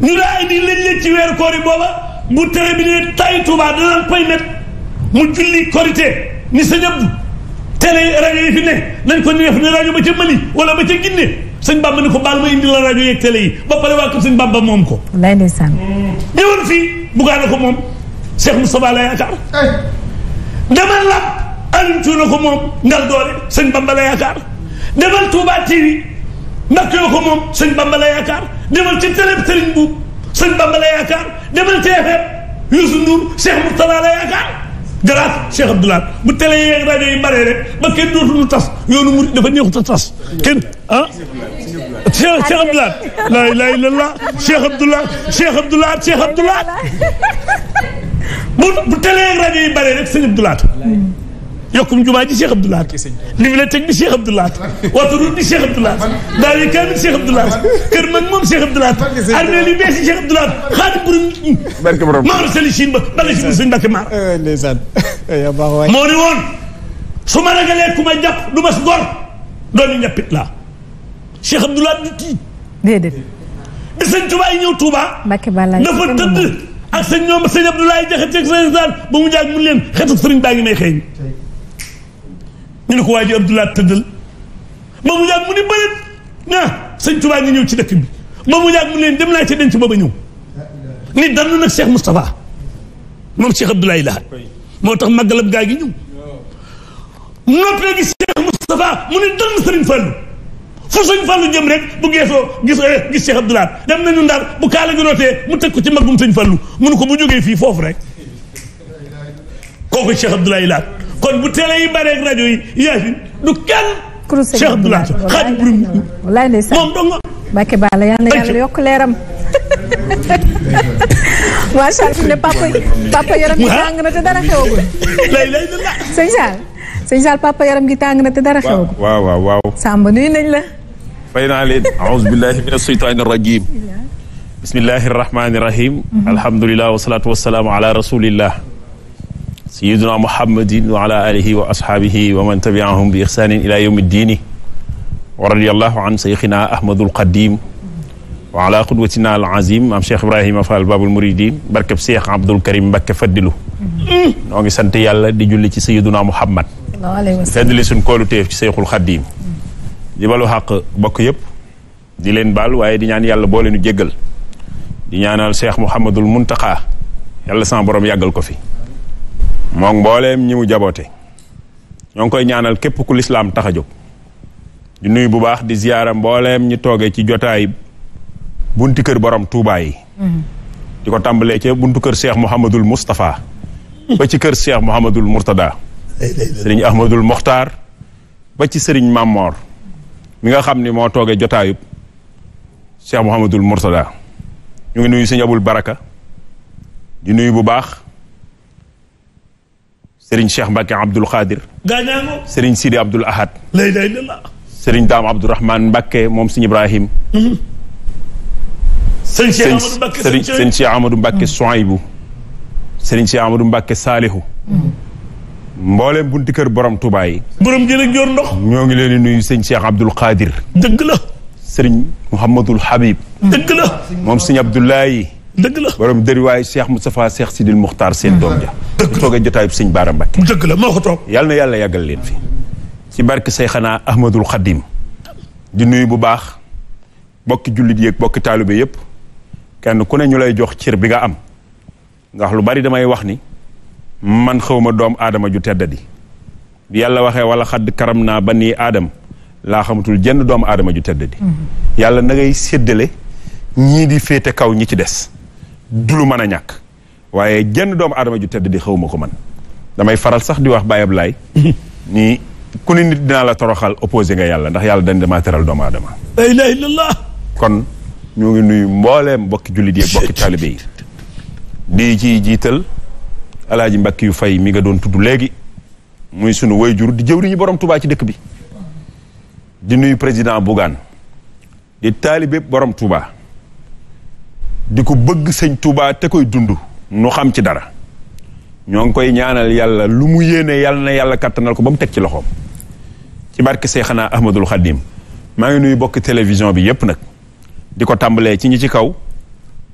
ñu daa indi lañ leen ci weeru koor yi booba bu tere bi ne tay Touba danaan koy met mu julli korité ni sa ñëpp télé rajo yi fi ne nañ ko ni def ne rajo ba ca Mali wala ba ca Guinée sëñ Bamba ni ko baal ma indi la rajo yeeg télé yi ba pare waa kër sëñ Bamba moom ko. lay ndeysaan. ñëwoon fii bugaana ko moom Cheikh Moustapha la yaakaar. demal la Alioune Thiaw na ko moom ngal doole sëñ Bamba la yaakaar demal Touba TV ndax ko moom sëñ Bamba la yaakaar. demal ci télé Serigne Boub sëñ Bamba la yaakaar demal TFM Youssou Ndour Cheikh Mourtala la yaakaar grâce Cheikh Abdoulaye bu télé yeeg rajo yi baree rek ba kenn dootul tas yoonu murid dafa neexut a tas kenn ah Cheikh Cheikh Abdoulaye laa ilaaha illallaah Cheikh Abdoulaye Cheikh Abdoulaye Cheikh Abdoulaye bu bu télé yeeg rajo yi baree rek sëñ Abdoulaye yokkum jumaa ji Cheikh Abdoulaye ni mu la teg bi Cheikh Abdoulaye waxtu bi Cheikh Abdoulaye daal yi kaamil Cheikh Abdoulaye kër mag moom Cheikh Abdoulaye armée li bees yi Cheikh Abdoulaye xaadim borom maaro sali Chine ba bala si suñ Mbàkke maar eh, eh, moo ni woon su ma ragalee ku ma jàpp du ma si gor doomi ñappit laa Cheikh Abdoulaye du tiit déedéet bi sëñ Tuubaa yi ñëw Tuubaa dafa tëdd ak sëñ ñoom sëñ Abdoulaye Jaxate ak sëñ Sall ba mu jaag mu leen xetu sëriñ baa ngi may xëy ñu ne ko waa ji Abdoulaye tëddal Mamou Diagne mu ni bëreet naa sëñ Touba ngi ñëw ci dëkk bi Mamou Diagne mu leen dem naa ci denc booba ñëw. ni danu nag Cheikh Moustapha moom Cheikh Abdoulaye Lahad moo tax màggalab gaa gi ñëw. noppee gi Cheikh Moustapha mu ni danu Serigne Fallou fu Serigne Fallou jëm rek bu geesoo gis eh, gis Cheikh Abdoulaye dem nañu ndar bu kaala gi rootee mu teg ko ci maggum Serigne Fallou mu ne ko bu jógee fii foofu rek kooku Cheikh Abdoulaye Lahad. kon bu télé yi bareeg rajo yi yaasin du kenn. kurus Cheikh Abdoulaye xaaj bu walaay ndeysaan moom dong. Mbacke Balla yal na yàlla yokk leeram. macha allah fi ne papa papa yaram gi tàng na te dara xewagul. lay lay la. sëñ Saal sëñ Saal papa yaram gi tàng na te dara xewagul. waaw waaw waaw. Samba nuyu nañ la. fay naa leen aouzu billahi min asheytaani rajim bismillahi rahmaani rahim. Mhm. alhamdulilah wasalaatu wasalaamu ala rasulillah. sayiduna muhammadin wa ala alihi wa ashaabihi wa man tabiahum bi ixsaanin ila yowmi ddiini wa radiallahu an seyxina ahmadul qadim wa ala qudwatina al azim maam Cheikh Ibrahima Fall babul muridi barkeb Cheikh Abdul Karim Mbakke faddilu noo ngi sant yàlla di julli ci sayiduna muhammad feddli suñ koolu téef ci seyxul xadim di balu xàq bokk yëpp di leen baal waaye di ñaan yàlla boo leenu jéggal di ñaanal Cheikh Mouhamadul Muntaqa yàlla sama borom yàggal ko fi moom mbooleem ñi mu jaboote ñoo ngi koy ñaanal képp ku lislaam tax a jóg di nuyu bu baax di ziyaara mbooleem ñi toogee ci jotaay bunti kër borom Touba yi mm-hmm. di ko tàmbalee ca buntu kër Cheikh Mouhamadul Moustapha ba ci kër Cheikh Mouhamadul Mourtada sëriñ Ahmadul Mokhtar ba ci sëriñ Mamor mi nga xam ni moo toogee jotaayub Cheikh Mouhamadul Mourtada ñu ngi nuyu sëñ Abul Baraka di nuyu bu baax Serigne Cheikh Mbacke Abdoul Khadir. gaañaango. Serigne Sidi Abdoul Ahad. la ilaha illallah. Serigne Dame Abdourahmane Mbacke moom Serigne Ibrahim. Mhm. Serigne Cheikh Amadou Mbacke Serigne Serigne Cheikh Amadou Mbacke mhm. Souaibou. Serigne Cheikh Amadou Mbacke Salihu. Mhm. mbooleem bunti kër borom Touba yi. borom jële joor ndox. ñoo ngi leen di nuyu sëñ Cheikh Abdoul Khadir. dëgg la. Serigne Mouhamadul Habib. dëgg la moom sëñ Abdoulaye. dëgg la borom seex Cheikh Moustapha Cheikh Sidil Muxtaar seen doom ja dëgg la toogee jotaayub sëñ Baara Mbakke dëgg la moo ko toog yàlla na yàlla yàggal leen fi ci barke say xanaa Ahmadul Xadim di nuyu bu baax bokki jullit yéeg bokki taalibe yëpp kenn ku ne ñu lay jox cër bi nga am ndax lu bari damay wax ni man xawma doom aadama ju tedd di yàlla waxee wala xadd karam naa ba ni aadam laa xamatul jenn doomu aadama ju tedd di mm-hmm. yàlla na ngay ñii di féete kaw ñi ci des du lu mën a ñàkk waaye jenn doomu aadama ju tedd di xaw ko man damay faral sax di wax Baye Ablaye ni ku ni nit dinaa la toroxal opposé nga yàlla ndax yàlla dañ damaa teral doomu aadama la ilaha kon ñu ngi nuyu mbooleem mbokki jullit yi mbokki taalibe yi di ci jiital alaaji mbakki yu fay mi nga doon tudd léegi muy sunu jur di jëw jëwriñu borom tubaa ci dëkk bi di nuyu président Bougane di taalibe borom tubaa di ko bëgg sëñ tubaa te koy dund nu xam ci dara ñoo ngi koy ñaanal yàlla lu mu yéene yàlla na yàlla kattanal ko ba mu teg ci loxoom ci barke Seexanaa Ahmadul Xadim maa ngi nuyu bokk télévision bi yépp nag di ko tàmbalee ci ñi ci kaw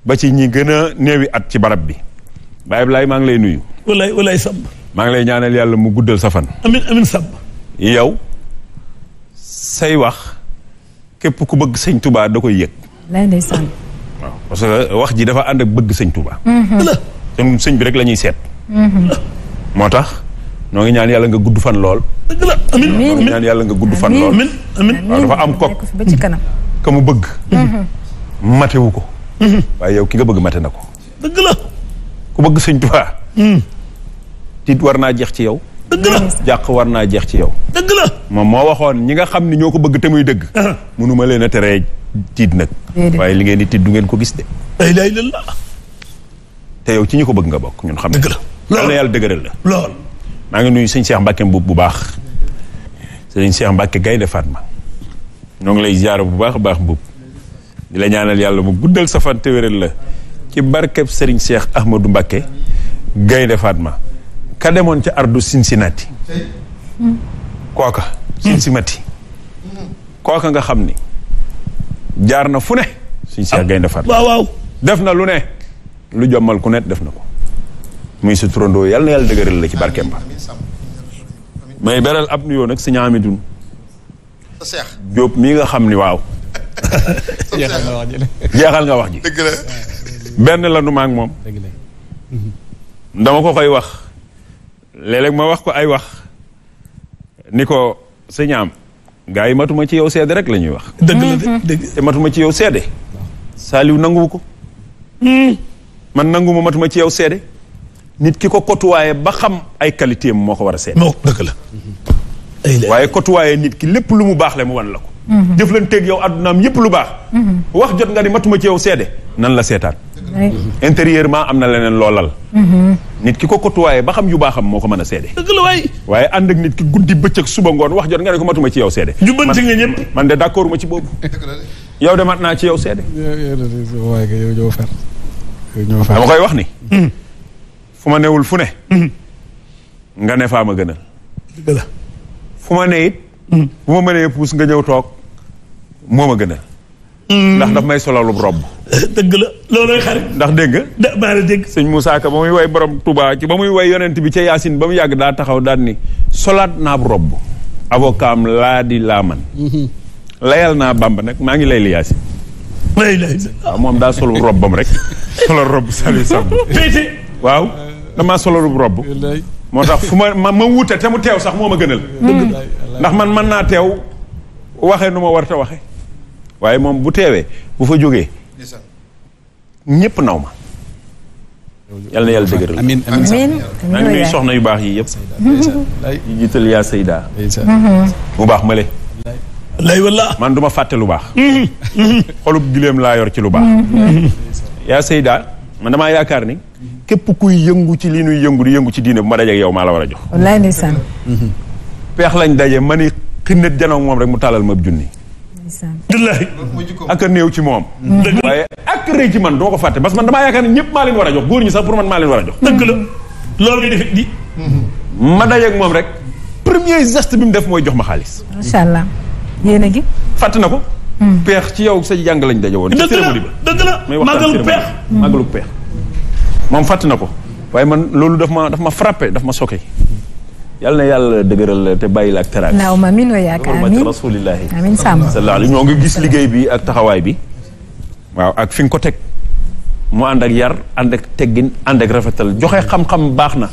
ba ci ñi gën a néewi at ci barab bi Baye laay maa ngi lay nuyu. walaay walaay Samb. maa ngi lay ñaanal yàlla mu guddal sa fan. amin amin Samb. yow say wax képp ku bëgg sëñ tubaa da koy yëg. waaw parce que wax ji dafa ànd ak bëgg sëñ Touba. dëgg mhm. sëñ bi rek la ñuy seet. Mhm. moo tax noo ngi ñaan yàlla nga gudd fan lool. dëgg la amiin noo ngi ñaan yàlla nga gudd fan lool. dafa am kok ba ci kanam. ka mu bëgg. Mhm. matewu ko. waaye yow ki nga bëgg mate na ko. dëgg la. ku bëgg sëñ Touba. tiit war naa jeex ci yow. dëgg la jàq war naa jeex ci yow. dëgg la moom moo waxoon ñi nga xam ne ñoo ko bëgg te muy dëgg. Uh-huh. mënuma leen a teree tiit nag. waaye li ngeen di tiit du ngeen ko gis de. la te yow ci ñi ko bëgg nga bokk ñun xam ne. dëgg la yàlla dëgëral la. lool maa ngi nuyu sëñ Cheikh Mbacke bu bu baax. sëñ Cheikh Mbacke Gaynde ma ñoo ngi lay ziar bu baax a baax mbubb di la ñaanal yàlla mu guddal sa fan te wéral la ci barkeb Serigne Cheikh Ahmadou Mbacke Gaynde ma ka demoon ca ardu Cincinnati kooka Cincinnati kooka nga xam ni jaar na fu ne suñ si àggay waaw def na lu ne lu jommal ku net def na ko muy si turandoo yàlla na yàlla dëgëral la ci barkeem ba may beral ab nuyoo nag sëñ Amidun Jóob mii nga xam ni waaw jeexal nga wax ji benn la nu maak moom dama ko koy wax léeg-léeg ma wax ko ay wax ni ko sëñ am gars yi matuma ci yow seede rek la wax. dëgg mhm. ci yow seede. Saliou nanguwu ko. Hmm. man nangu ma matuma ci yow seede. nit ki ko kotuwaaye ba xam ay qualité moo ko war a seede. dëgg waaye kotuwaaye nit ki lépp lu mu baax le mu wan la ko. Mhm. jëflanteeg yow addunaam yépp lu baax. Mhm. wax jot nga ni matuma ci yow seede. nan la seetaan. intérieurement am na leneen loolal. nit ki ko kotuwaaye ba xam yu baaxam moo ko mën a seede dëgg la waay waaye ànd ak nit ki guddi bëccëg suba ngoon wax jot nga ne ko matuma ci yow seede jubbanti nga man de d'accord ma yow de mat naa ci yow seede waaye yow ñoo fer dama koy wax ni hmm. fu ma newul fu ne hmm. nga ne faa ma gënal dëgg fu ma ne it hmm. bu ma mënee puus nga ñëw toog moo ma gënal Mm. ndax daf may solalub robb dëgg la loolooy xarit ndax dégg nga maa la dégg sëñ Moussa Ka ba muy way borom tubaa ci ba muy woy yonent bi ca Yaasin ba mu yàgg daa taxaw daan ni solaat naab robb avocat am laa di laa man mm-hmm. layal naa Bamba nag maa ngi lay li Yaasin moom daa solu robbam rek solo robb sali sam waaw damaa solalub robb moo tax fu ma ma ma wuute te mu teew sax moo ma gënal ndax man man naa teew waxe nu ma war ta waxe waaye moom bu teewee bu fa jógee ñëpp naw ma yàlla na yàlla dëgëral amiin amiin soxna yu baax yii yëpp yi mhm. jiital yaa sayda mhm. bu baax male lay wala man du ma fàtte lu baax mhm. xolub gileem laa yor ci lu baax yaa sayda man damaa yaakaar ni képp kuy yëngu ci lii nuy yëngu di yëngu ci diine bu ma dajeeg yow maa la war a jox wallaay ndeysaan peex lañ daje ma ni xinnet janoog moom rek mu tàllal ma junni billahi ak a néew ci moom mhm. waaye ak rëy ci man duma ko fàtte parce que man damaa yaakaar ne ñëpp maa leen war a jox góor ñi sax pour man maa leen war a jox dëgg la loolu mhm. ma daje ak moom rek premier geste bi mu def mooy jox ma xaalis macha allah yéen a fàtte na ko hmm. peex ci yow sa jàng lañ daje woon ci cérémonie ba dëgg la may waxtaan cérémonie màggalu peex moom fàtte na ko waaye man loolu daf ma daf ma frappé daf ma soke yàlla na yàlla dëgëral te bàyyil ak teraanga. naaw ma miin wa yaakaar amiin rasulillahi amiin sàmm sallallahu ñoo ngi gis liggéey bi ak taxawaay bi. waaw ak fi nga ko teg mu ànd ak yar ànd ak teggin ànd ak rafetal joxe xam-xam baax na.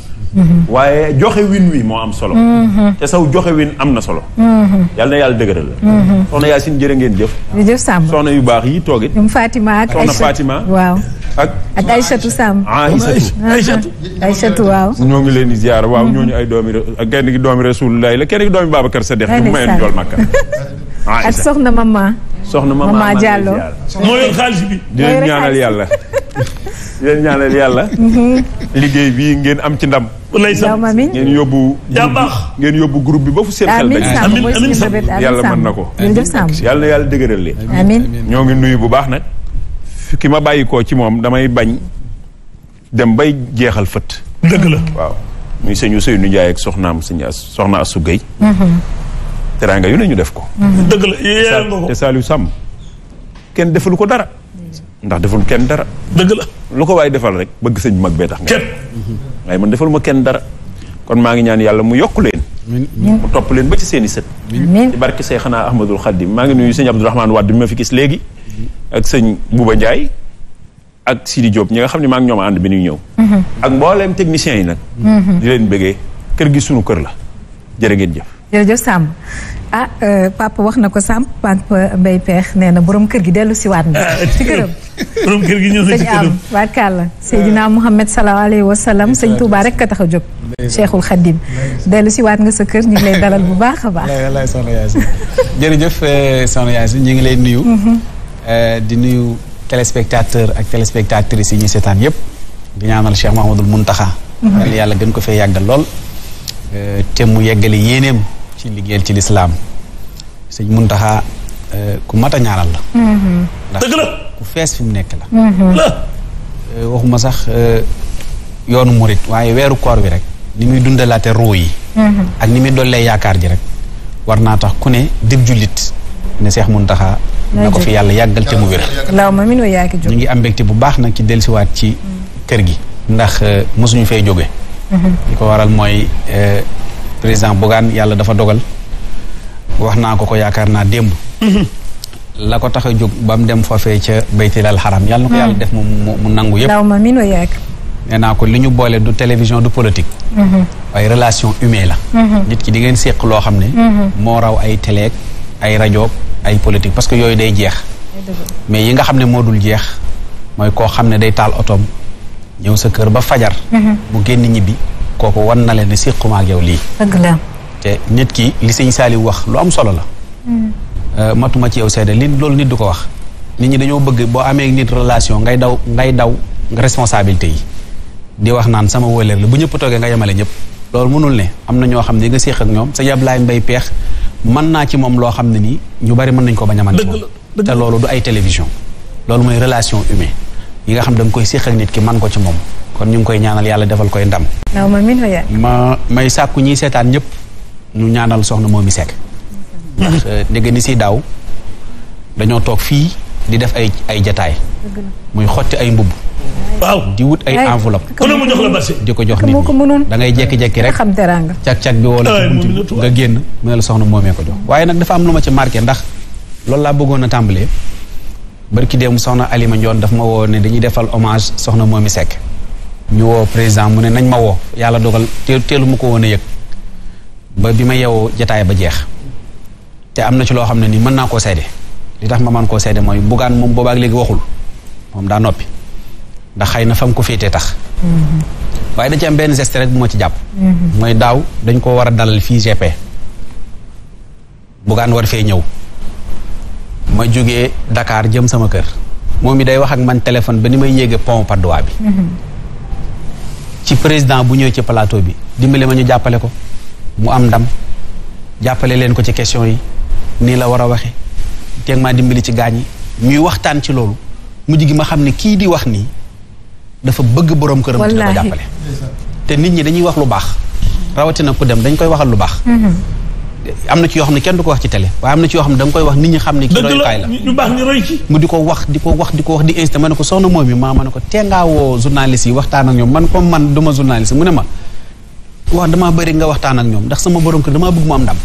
waaye joxe win wi moo am solo mm-hmm. te saw joxe win am na solo mm-hmm. yal na yàlla dëgëral la mm-hmm. soxna Yacine jërë ngeen jëf jërëjëf Samb soxna yu baax yi toogit Fatima ak soxna Fatima waaw ak ak Aïchatou uh-huh. ñoo ngi leen di ziar waaw ñooñu ay doomi kenn gi doomi Rasulullah la kenn gi doomi Babacar Sadikh ñu mayeen jool Makka ak soxna mama soxna mama mama Diallo moo yor xaalis bi di leen yàlla di leen ñaanal yàlla liggéey bi ngeen am ci ndam lay sax ngeen yóbbu. jàmbaax ngeen yóbbu groupe bi ba fu seen xel dañ. amiin amiin sàmm yàlla mën na ko. yàlla na yàlla dëgëral leen. amiin ñoo ngi nuyu bu baax nag. ki ma bàyyi koo ci moom damay bañ dem bay jeexal fët. dëgg la waaw. muy sëñ Ousseynou Ndiaye ak soxnaam sëñ as soxna Assou Guèye. Mhm. teraanga yu ne ñu def ko. Mhm. dëgg la yéen ko te Saliou Samb kenn deful ko dara. Mhm. ndax deful kenn dara. lu ko waay defal rek bëgg sëñ bu mag bee tax nga mm-hmm. waaye man defal ma kenn dara kon maa ngi ñaan yàlla mu yokk leen mu topp leen ba ci seen i sët ci barke see xanaa ahmadul xaddim maa ngi nuyu sëñ abdourahman wadd bi ma fi gis léegi mm-hmm. ak sëñ buba ndiaye ak Sidi Diop ñi bi ñuy ñëw mm-hmm. ak mbooleem techniciens yi nag di leen bëggee kër gi sunu kër la jërë ngeen jëf jërëjëf Samb ah euh, papa wax na ko Samb papa Mbaye Peex nee na kër gi dellu si na ah, ci borom kër gi ñëw na ci këram barkàlla Seydina Mouhamed sallallahu alayhi sëñ Touba rek ka tax a jóg Cheikhul Khadim dellu si waat nga sa kër ñu ngi lay bu baax a baax jërëjëf eh, soxna Yacine ñu ngi lay nuyu mm-hmm. eh, di nuyu téléspectateur ak téléspectatrices yi ñuy seetaan yëpp di ñaanal Cheikh Mahamadul Muntaxa mm-hmm. yàlla gën ko fee yàggal lool eh, te mu yeggale yéeneem ci liggéeyal ci lislaam sëñ Muntaxa ku mat a ñaanal la mm-hmm. dëgg la ku fees fi mu nekk la mm-hmm. euh, waxuma sax euh, yoonu murit waaye weeru koor bi rek ni muy dundalaate ruu yi mm-hmm. ak ni muy dollee yaakaar ji rek war naa tax ku ne dib jullit ne Seex mun taxa na ko fi yàlla yàggal te mu wér ñu ngi am mbégte bu baax nag ci dellusiwaat ci mm. kër gi ndax euh, mosuñu fee jóge mm-hmm. li ko waral mooy président Bougane yàlla dafa dogal wax naa ko ko yaakaar naa démb la ko tax a jóg ba mu dem foofee ca baytil al xaram yàlla na ko yàlla mm. def mu mu nangu yëpp nee ko li ñu boole du télévision du politique waaye mm-hmm. relation humaine la mm-hmm. nit ki di ngeen loo xam ne mm-hmm. moo raw ay téléeg ay rajoog ay politique parce que yooyu day jeex mais yi nga xam ne moo dul jeex mooy koo xam ne day taal otoom ñëw sa kër ba fajar bu génn ñibbi kooku wan na leen ne séqumaa ak yow lii te nit ki li sëñ Saali wax lu am solo la mm. Euh, matuma ci yow seede li loolu nit du ko wax nit ñi dañoo bëgg boo amee nit relation ngay daw ngay daw responsabilité yi di wax naan sama wëlër la bu ñëpp toogee nga yemale ñëpp loolu mënul ne am na ñoo xam ne nga séeq ak ñoom sa yablaay mbay peex mën naa ci moom loo xam ne nii ñu bari mën nañ ko bañ a mën te loolu du ay télévision loolu relation humaine yi nga xam da koy séeq ak nit ki man ko ci moom kon ñu ngi koy ñaanal yàlla defal koy ndam ma may sàkku ñiy seetaan ñëpp ñu ñaanal soxna moom i Seck ndax eh, dégg ni si daaw dañoo toog fii di def ay ay jataay muy xotti ay mbubb di wut ay enveloppe ku ne mu jox la basi di ko jox nit ñi da ngay jékki-jékki rek xam teranga cag-cag bi wala ci bunt nga génn mu ne la soxna moomee ko jox waaye nag dafa am lu ma ci marqué ndax loolu laa bëggoon a tàmbalee barki mu soxna Alima Ndione daf ma woo ne dañuy defal hommage soxna Momy sekk ñu woo président mu ne nañ ma woo yàlla dogal teelu ma ko woon a yëg ba bi ma yewoo jataay ba jeex te am na ci loo xam ne nii mën naa koo seede li tax ma man koo seede mooy bugaan moom boobaak léegi waxul moom daa noppi ndax xëy na fa ko féete tax. Mm-hmm. waaye da ci am benn geste rek bu ma ci jàpp. Mm-hmm. mooy daaw dañ ko war a dalal fii GP. bugaan ñëw. ma jógee Dakar jëm sama kër. moom mi day wax man téléphone ba ni may yéege pont Patte bi. Mm-hmm. ci président bu ñëwee ci plateau bi dimbali ma ñu jàppale ko mu am ndam jàppale leen ko ci question yi. nii la war a waxe teeg maa dimbali ci gaañ yi ñuy waxtaan ci loolu mujj gi ma xam ne kii di wax nii dafa bëgg borom këram ci la ko jàppale te nit ñi dañuy wax lu baax rawatina ku dem dañ koy waxal lu baax mhm. am na ci yoo xam ne kenn du ko wax ci télé waaye am na ci yoo xam ne da nga koy wax nit ñi xam ne ki royukaay ko wax di ko wax di ko wax di instant ma ne ko soxna moom mi maa ma ne ko teengaawoo journaliste yi waxtaan ak ñoom man comme man du ma journaliste mu ne ma waaw damaa bari nga waxtaan ak ñoom ndax sama borom kër damaa bëgg mu am ndam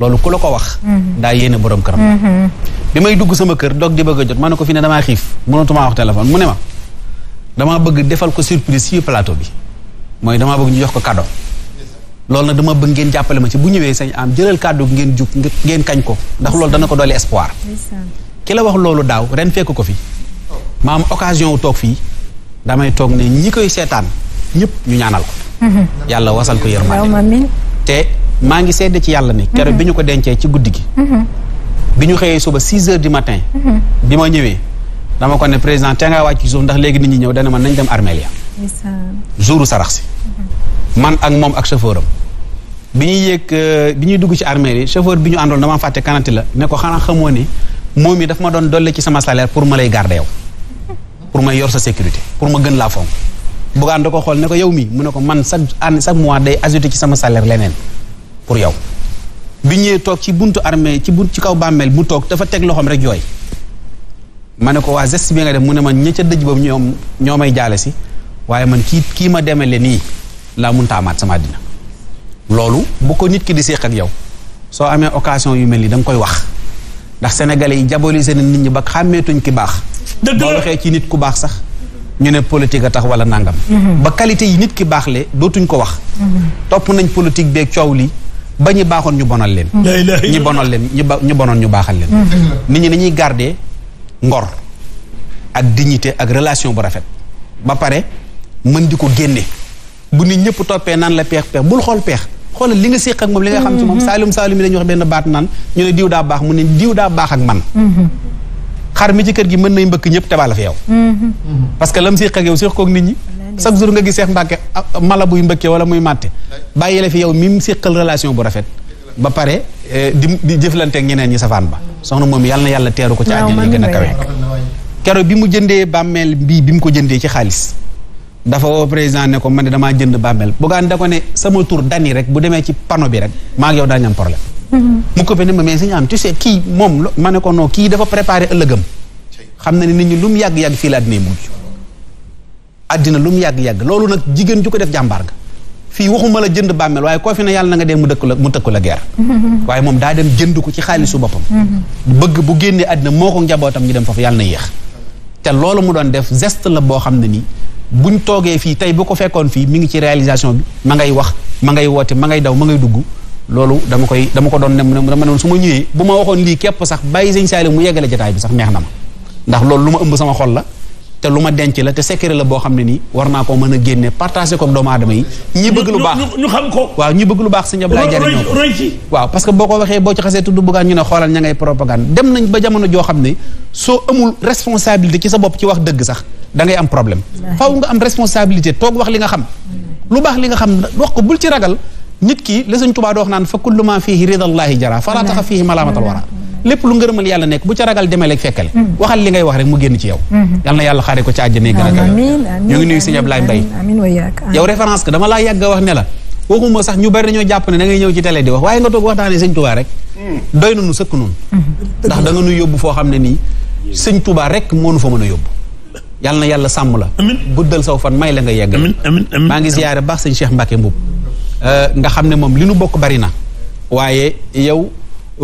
loolu ku la ko wax mm-hmm. daa yéene borom këram mm-hmm. bi may dugg sama kër dog di bëgg a jot ma ne ko fi ne damaa xiif mënatumaa wax téléphone mu ne ma damaa bëgg defal ko surprise ci plateau bi mooy damaa bëgg ñu jox ko cadeau loolu na dama bëgg ngeen jàppale ma ci bu ñëwee sañ am jëlal kàddu ngeen jug ngeen kañ ko ndax lool dana ko dolli espoir ki la wax loolu daaw ren fekk ko fi ma am occasion toog fii damay toog ne ñi koy seetaan ñëpp ñu ñaanal ko mm-hmm. yàlla te maa ngi sedd ci yàlla ni keroog bi ñu ko dencee ci guddi gi mhm. bi ñu xëyee suba six heures du matin mhm. bi ma ñëwee dama ko ne président te ngaa wàcc ci suuf ndax léegi nit ñi ñëw dana man nañ dem armeel ya jouru sarax si mhm. man ak moom ak chauffeur am bi ñuy yéeg euh, bi ñuy dugg ci armeel yi chauffeur bi ñu àndoon dama fàtte kanati la ne ko xanaa xamoo ni moom yi daf ma doon dolle ci sama salaire pour ma lay garder yow pour ma yor sa sécurité pour ma gën laa fonk bugaan da ko xool ne ko yow mi mu ne ko man chaque année chaque mois day ajouté ci sama salaire leneen pour yow bi ñëwee toog ci buntu armée ci buntu ci kaw bàmmeel bu toog dafa teg loxoom rek yooy ma ne ko waa geste bi nga def mu ne man ña ca dëj boobu ñoom ñoo may jaale si waaye man kii kii ma demele nii laa mun taamaat sama àddina loolu bu ko nit ki di séq ak yow soo amee occasion yu mel ni da nga koy wax ndax sénégalais yi diaboliser na nit ñi ba xàmmeetuñ ki baax boo waxee ci nit ku baax sax ñu ne politique a tax wala nangam. Mhm. ba qualité yi nit ki baaxle dootuñ ko wax. Mhm. topp nañ politique beeg coow li ba ñi baaxoon ñu bonal leen. Mhm. ñi bonal leen ñi ba ñu bonoon ñu baaxal leen. nit ñi dañuy garder ngor ak dignité ak relation bu rafet ba pare mën di ko génne bu nit ñëpp toppee naan la peex peex bul xool peex. xoolal li nga séq ak moom li nga xam ci moom saalum saalum yi dañuy wax benn baat naan ñu ne diw daa baax mu ne diw daa baax ak man xar mi ci kër gi mën nay mbëkk ñëpp tebal fi yow parce que la siq ak yow siq koog nit ñi chaque jour nga gis Seex Mbàkke ah, mala buy mbëkkee wala muy màtte bàyyi la fi yow mi mu siqal relation bu rafet ba pare eh, di di jëflanteeg ñeneen ñi safaan ba soxna moom yàlla na yàlla teeru ko ci àjjana yi gën a kawe kero bi mu jëndee bàmmeel bii bi mu ko jëndee ci xaalis dafa woo président ne ko man ne damaa jënd bàmmeel bugaan da ko ne sama tur dani rek bu demee ci panneau bi rek maa ngi yow daañu problème mu ko ne ma mais sëñ am tu sais kii moom ma ne ko non kii dafa préparé ëllëgam xam na ne nit ñi lu mu yàgg-yàgg fii la addinay mujj addina lu mu yàgg-yàgg loolu nag jigéen ju ko def jàmbaar ga fii waxuma la jënd bàmmeel waaye koo fi ne yàlla nga dee mu dëkk la mu tëkk la guerre waaye moom daa dem jënd ko ci xaalisu boppam bëgg bu génnee àddina moo ko njabootam ñu dem foofu yàlla na yéex te loolu mu doon def geste la boo xam ne nii buñ toogee fii tey bu ko fekkoon fii mi ngi ci réalisation bi ma ngay wax ma woote ma ngay daw ma ngay dugg loolu dama koy dama ko doon ne dama doon su ma ñëwee bu ma waxoon lii képp sax bàyyi sëñ Saaliw mu yeggale jataay bi sax neex na ma ndax loolu lu ma ëmb sama xol la te lu ma denc la te secret la boo xam ne nii war naa ko mën a génne partagé ko doomu aadama yi ñi bëgg baax ñu xam ko waaw ñi lu baax sëñ ko waaw parce que boo ko waxee boo ci xasee tudd bëggaan ñu ne xoolal ña ngay propagande dem nañ ba jamono joo xam ne soo amul responsabilité ci sa bopp ci wax dëgg sax da ngay am problème faaw nga am responsabilité toog wax li nga xam lu baax li nga xam wax ko bul ci ragal nit ki la sëñ Tuubaa doo naan fa kullu ma fiihi ridallahi jara fala taxa fiihi malamatal wara lépp lu ngërëmal yàlla nekk bu ca ragal demee lek fekkale mm. waxal li ngay wax rek mu génn ci yow mm-hmm. yàlla xaare ko ca àjjana gën a a wax ne la waxuma sax ñu bari da ngay ñëw ci télé di wax waaye nga toog waxtaanee sëñ Tuubaa rek mm. doy na nu sëkk noonu mm-hmm. ndax da nga nu yóbbu ne nii sëñ Tuubaa rek moo nu fa a yóbbu yal na yàlla sàmm la guddal saw fan may la nga yegg maa ngi ziyaare baax sëñ Cheikh Mbacke Mbuub Euh, nga xam ne moom li nu bokk bari na waaye yow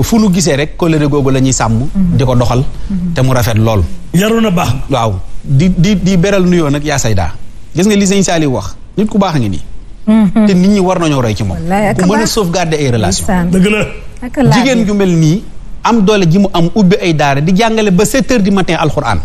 fu nu gisee rek kóllëre googu la ñuy sàmm mhm. di ko doxal mhm. te mu rafet lool yaru na baax waaw di di di beral nuyoo nag yaa saydaa gis nga li sëñ Saali wax nit ku baax a ngi nii mhm. te nit ñi war nañoo roy ci moom ku mën a sauvegarder ay relation dëgg la jigéen ju nii am doole ji mu am ubbi ay daara di jàngale ba sept heures du matin alxuraan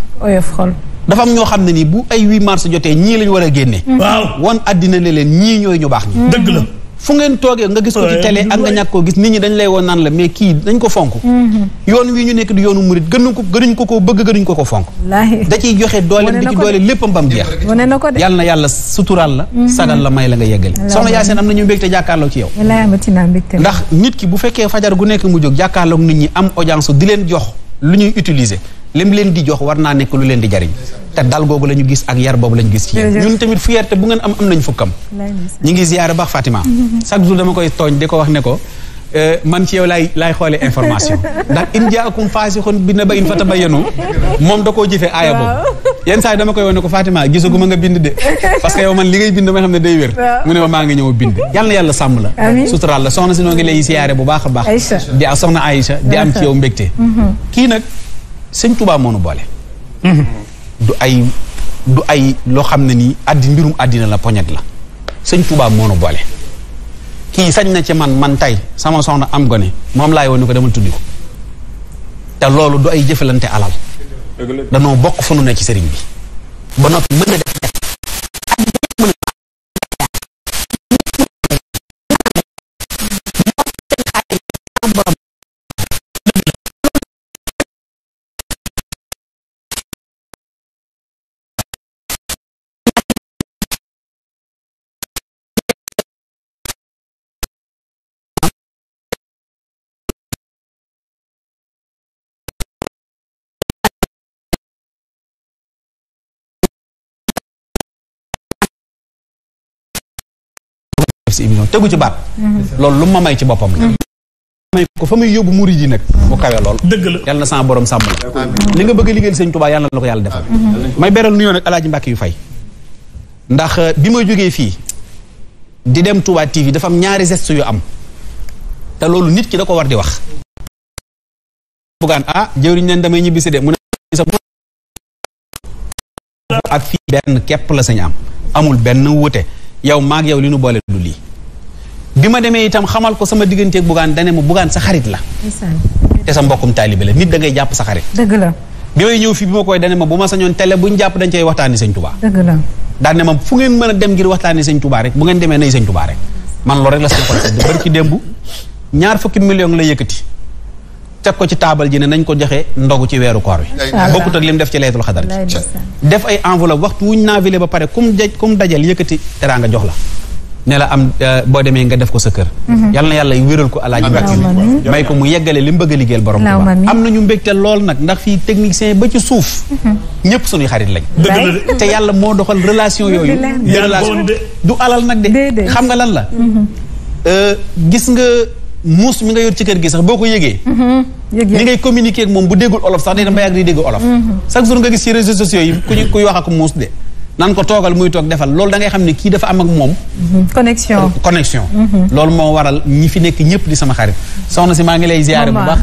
dafa am ñoo xam ne nii bu ay huit mars jotee ñii lañu war a génne waaw wan àddina ne leen ñii ñooy ñu baax ñi dëgg la fu ngeen toogee nga gis ko ci télé ak nga ñàkk koo gis nit ñi dañ lay woon naan la mais kii dañ ko fonk mm-hmm. yoon wi ñu nekk di yoonu murit gënuñ ko gënuñ ko koo bëgg gënuñ ko ko fonk da ciy joxe dooleem di ci doole léppam bam jeex yàlla na yàlla suturaal la mm-hmm. sagal la may la nga yeggale soxna Yaasin am na ñu mbégte jàkkaarloo ci yow ndax nit ki bu fekkee fajar gu nekk mu jóg jàkkaarloog nit ñi am audience di leen jox lu ñuy utiliser lim leen di jox war naa nekk lu leen di jariñ te dal googu la ñu gis ak yar boobu la gis ci yéen ñun tamit fierté bu ngeen am am nañ fukkam ñi ngi ziyaara baax Fatima chaque jour dama koy tooñ di ko wax ne ko euh, man ci yow laay laay xoolee information ndax in jaakum faasixun bi naba'in fatabayyanu moom da koo jëfee aaya boobu yenn saa dama koy wone ko Fatima gisaguma nga bind de parce que yow man li ngay bind may xam ne day wér mu ne maa ngi ñëw bind yal yàlla sàmm la sutural la soxna si noo ngi lay siyaare bu baax a sëñ Touba moo boole. du ay du ay loo xam ne nii addi mbirum àddina la poñet la sëñ Touba moo boole. kii sañ na ci man man tey sama soxna am gone moom laay woon ko demal tuddi ko te loolu du ay jëfalante alal. danoo bokk fu nu ne ci sëriñ bi. ba noppi mën na def si tegu ci baat lool lu ma may ci boppam la may ko fa muy yóbbu murid yi nag mu kawee lool dëgg la yàlla na sama borom sàmm la li nga bëgg a liggéeyal sëñ Tuubaa yàlla na la ko yàlla defal may beral nuyoo nag alaaji Mbàkke yu fay ndax euh, bi ma jógee fii di dem Touba TV dafa am ñaari geste yu am loolu nit ki da ko war di wax bugaan ah jëwriñ ñibbisi de mu ne sañ am amul benn wute yow maag yow li nu boole du bi ma demee itam xamal ko sama digganteeg bugaan dane ma bugaan sa xarit la te sa mbokkum taalibe la nit da ngay jàpp sa xarit la bi may ñëw fii bi ma koy dane ma bu ma sañoon télé bu ñu jàpp dañ cay waxtaani sëñ tubaa dëgg la daan ma fu ngeen mën a dem ngir waxtaani sëñ tubaa rek bu ngeen demee nay sëñ tubaa rek man loolu rek la sama xol sedd bari ci démb ñaar fukki million la yëkkati teg ko ci taabal ji ne nañ ko joxe ndogu ci weeru koor wi bokkut ak lim def ci laytul xadar def ay enveloppe waxtu wuñ naafile ba pare kum daj kum dajal yëkkati teraanga jox la ne la am euh, boo demee nga def ko sa kër mhm. yal na yàlla wéral ko alaaji Mbàkke may ko mu yeggale li mu bëgg a liggéeyal borom Tuuba am nañu mbégte lool nag ndax fii technicien ba ci suuf mhm. ñëpp suñuy xarit lañ te yàlla moo doxal relation yooyu relation du alal nag de xam nga lan la mhm. euh, gis nga muus mi nga yor ci kër gi sax boo ko yëgee ni ngay communiquer ak moom bu déggul olof sax day dem ba yàgg di dégg olof chaque jour nga gis ci réseaux sociaux yi ku ñu kuy wax nan ko toogal muy toog defal loolu da ngay xam ne kii dafa am ak moom. Mhm. connexion connexion. Mhm. loolu moo waral ñi fi nekk ñëpp di sama xarit. soxna si maa ngi lay ziare bu baax.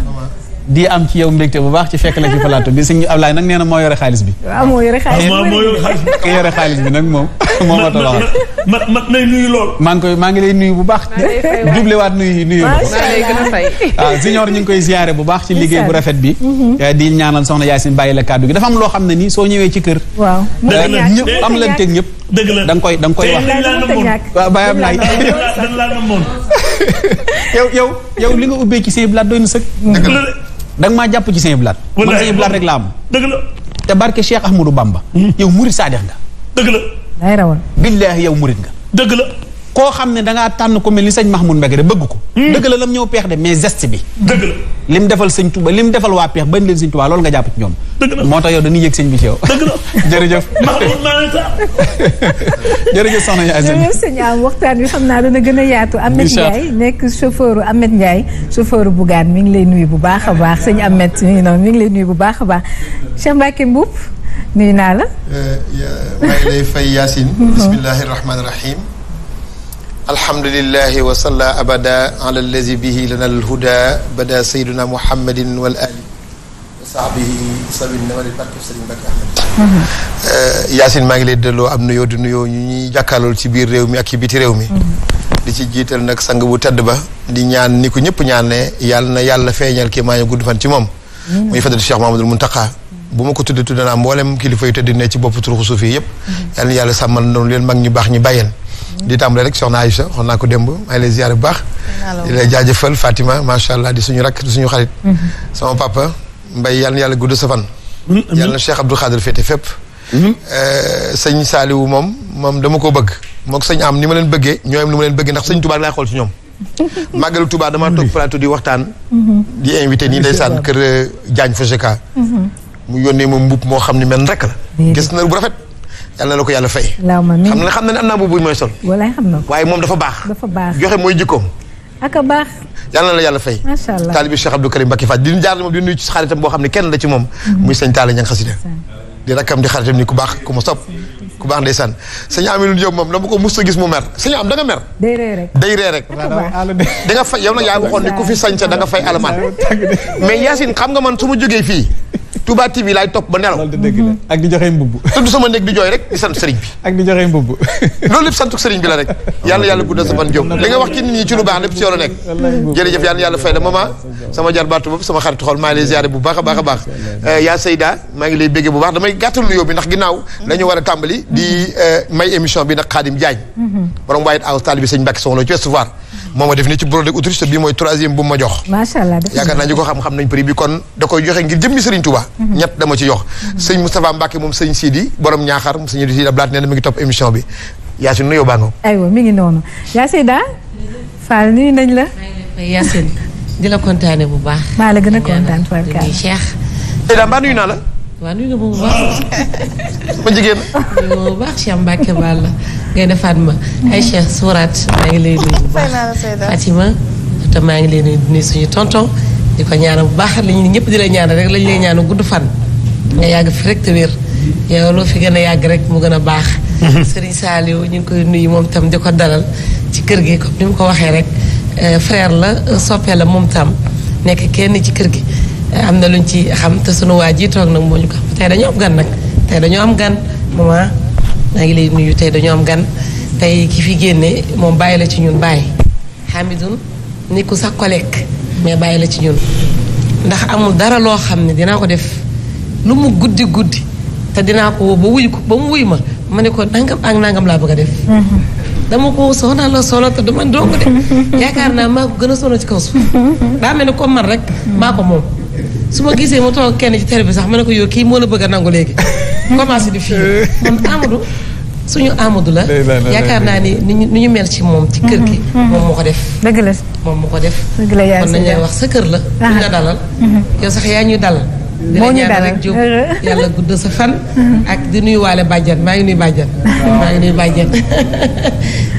di am ci yow mbégte bu baax ci fekk la ci plateau bi si Ablaye nag nee na moo yore xaalis bi. Ah, moo yore xaalis bi ah, moo yore xaalis bi. ki yore xaalis bi nag moom. moo ma toll ma ma ma nuyu lool. koy maa ngi lay nuyu bu baax. jublewaat nuyu nuyu na ko. maa a fay. Ah, ñu ngi koy ziyaare bu baax. ci liggéey bu rafet bi. Mm-hmm. Eh, di ñaanal soxna Yacine bàyyi la kàddu gi dafa am loo xam ne nii soo ñëwee ci kër. waaw eh, ñëpp eh, am lan teg ñëpp. dëgg la da koy da nga koy wax. waaw bàyyam laay yow yow yow li nga ubbee ci sëñ Blaat doy na sëg. da maa jàpp ci Sëñ Blaat man Sëñ Blaat rek la am dëgg la te barke Cheikh Ahmadou Bamba hmm. yow murit saadix nga dëgg la day rawal billaahi yow murit nga dëgg la koo xam ne dangaa tànn ko mel ni sëñ Mahmoud Mbacke de bëgg ko hmm. dëgg la lam ñëw peex de mais geste bi dëgg la lim defal sëñ Touba lim defal waa peex bañ leen sëñ Touba loolu nga jàpp ci ñoom moo tax yow dañuy yëg sëñ bi ci yow dëgg la jërëjëf Mahmoud Mbacke jërëjëf soxna Yacine jërëjëf sëñ am waxtaan bi xam naa dana gën a yaatu Ahmed Ndiaye nekk chauffeur Ahmed Ndiaye chauffeur Bougane mi ngi lay nuyu bu baax a baax sëñ Ahmed mi ngi lay nuyu bu baax a baax Cheikh Mbacke Mboup nuyu naa la eh, maa ngi lay fay Yacine mhm. bismillahi rahmaani alhamdulillahi wa salla abada ala allazi bihi lana alhuda bada sayyiduna muhammadin wal ali wa sahbihi sabin eh, maa ngi lay delloo am nuyoo di nuyoo ñu ñuy jàkkaarlool ci biir réew mi ak ci biti réew mi di ci jiital nag sang bu tedd ba di ñaan ni ko ñëpp ñaan ne yàlla na yàlla feeñal kii maa ngi gudd fan ci moom muy fadal Cheikh Mahamadul Muntaqa bu ma ko tudd tudd naa mboolem kilifa yu tedd ci boppu turuxu suuf yi yëpp yàlla na yàlla sàmmal noonu leen mag ñu baax ñu bàyyeen di tàmbale rek soxna Aïcha xoon naa ko démb maa ngi lay ziar bu baax. di lay jaajëfal Fatima macha allah di suñu rakk di suñu xarit. Mhm. sama papa Mbaye yal na yàlla gudd sa fan. Mhm, yal na Cheikh Abdou Khadir fépp. Mhm. Eh, sëñ Saliou moom moom dama ko bëgg. moog sëñ am ni ma leen bëggee ñooyam ni ma leen bëggee ndax sëñ Touba laa xool si ñoom. màggalu Touba damaa toog plateau di waxtaan. di invité nii ndeysaan kër eh, Diagne Fojeka. mu yónnee ma mbub moo xam ne man rek la. bu rafet. yal na la ko yàlla fay. xam na xam na ne am naa mbubb mooy sol. waaye moom dafa baax. dafa baax mooy jikkoom. ak a baax. yal na la yàlla fay. macha allah taalibi Cheikh Abdou Karim Mbacké Fall di jaar moom di nuyu ci xaritam boo xam ne kenn la ci moom. Mhm. muy sëñ Talla Niang moom dama ko mus a gis mu mer sëñ am da nga mer. day ree rek day ree rek. da nga fay yow nag yaa waxoon ni ku fi sañca da nga fay alamaan mais Yacine xam nga man su ma jógee fii tubaa TV laay topp ba nelaw. Mhm. ak di joxe mbubb. tudd sama néeg di jooy rek di sant sëriñ bi. ak di joxe mbubb. loolu lépp santuk sëriñ bi la rek. yàlla yàlla guddal sa fan Diop li nga wax ci nit ñi ci lu baax lépp ci yow la nekk. jërëjëf yàlla la maman a baax a baax. Eh, yaa Seyda maa ngi lay béggee bu baax damay gàttal nuyoo bi ndax ginnaaw dañu war a tàmbali di eh, may émission bi nag Khadim Diagne mhm. borom White House taalibi sëñ Mbacke Soxla ci Ouest Foire moo ma def nii ci bureau de autriche te bii mooy troisième bu ma jox macha allah yaakaar naa ñu xam-xam nañ prix bi kon da koy joxe ngir jëmmi Serigne Touba mhm. ñett dama ci jox mhm. sëñ Moustapha Mbacke moom sëñ Sidi borom ñaaxar mu sëñ Sidi Ablaat nee na mi ngi topp émission bi yaa si nuyoo baa nga aywa ngi noonu yaa si daa Fall nañ la Yacine di la kontaane bu baax maa la gën a kontaan Fall Cheikh daa mbaa nuyu naa la waaw nuyu nga ma bu baax. ma jigéen. nuyu nga ma bu baax Cheikh Mbacke ngay defaat ma. ay Cheikh Sourat maa ngi lay bu baax Fatima te maa ngi lay nuyu suñu tonton di ko ñaanal bu baax li ñu ñëpp di la ñaanal rek lañu lay ñaanal gudd fan. nga yàgg fi rek te fi gën a yàgg rek mu gën a baax. Mhm. Serigne Saliou ñu ngi koy nuyu moom tam di dalal ci kër gi comme ni mu ko waxee rek euh, frère la euh, soppee la moom tam nekk kenn ci kër gi. am na luñ ci xam te sunu waa ji toog nag moo ñu ko xam tey dañoo am gan nag dañoo am gan maman maa ngi lay nuyu tey dañoo am gan tey ki fi génne moom bàyyi la ci ñun bàyyi Hamidou ni ku sa collègue mais bàyyi la ci ñun ndax amul dara loo xam ne dinaa ko def lu mu guddi guddi te dinaa ko woo wuy ko ba mu wuy ma ma ne ko nangam ak nangam laa bëgg a def mhm. dama ko soxna la solo te du man doo ko de yaakaar naa maa ko gën a solo ci kaw suuf mhm. daa mel ni comme man rek maa ko moom su ma gisee mu toog kenn ci télé bi sax ma ne ko yow kii moo la bëgg a nangu léegi commencé di fii man Amadou suñu Amadou la yaakaar naa ni ni ñu mel ci moom ci kër gi mhm. Mhm. moom moo ko def dëgg la moom moo ko def dëgg yaa kon lay wax sa kër la ñu la dalal mhm. yow sax yaa ñuy dalal moo ñu dalal rek jóg yàlla gudd sa fan ak di nuyu waale bàjjan maa ngi nuyu bàjjan maa ngi nuyu bàjjan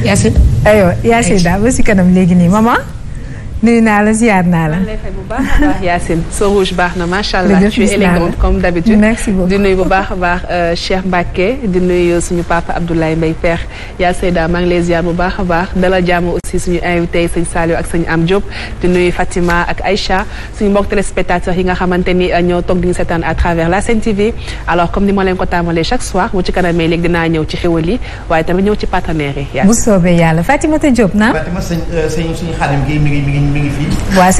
Yacine aywa Yacine ba si kanam léegi nii maman nuyu naa la ziar naa la. bu baax a baax Yacine sa rouge baax na macha allah. tu es élégante comme d'habitude. merci beaucoup di nuyu bu baax a baax euh, Cheikh Mbacke di nuyu suñu papa Abdoulaye Mbaye Père yaa Seyda maa ngi lay ziar bu baax a baax dala jàmm aussi suñu invité yi sëñ Saliou ak sëñ Am Diop. di nuyu Fatima ak Aïcha suñu mbokk téléspectateurs yi nga xamante ni euh, ñoo toog di ñu seetaan à travers la Sen TV alors comme ni ma leen ko tàmbalee chaque soir mu ci kanamee léegi dinaa ñëw ci xéwal yi waaye tamit ñëw ci partenaires yi. bu soobee yàlla Fatimata Diop naa. Fatima sëñ euh, sëñ mi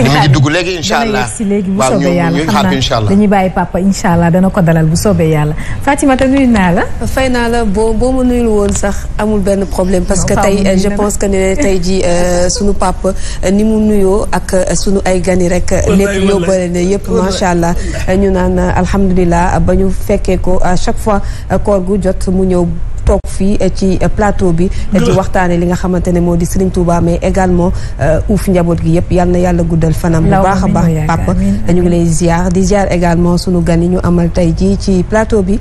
ngi allah si léegi bu soobee yàlla xam bàyyi papa incha allah dana ko dalal bu soobee yàlla Fatimata nuyu naa la. fay naa la boo boo ma nuyul woon sax amul benn problème parce que tey euh, je pense que ne tey jii euh, sunu papa euh, ni mu nuyoo ak sunu ay gani rek lépp yóbbaale ne yëpp macha allah ñu naan alhamdulilah ba ñu fekkee ko à chaque fois koor gu jot mu ñëw. toog fii eh, ci eh, plateau bi eh, di waxtaane li nga xamante ne moo di Serigne Touba mais également uuf njaboot gi yëpp yal na yàlla guddal fanam bu baax a baax papa ñu ngi lay ziar di ziar également sunu gan ñu amal tey jii ci plateau bi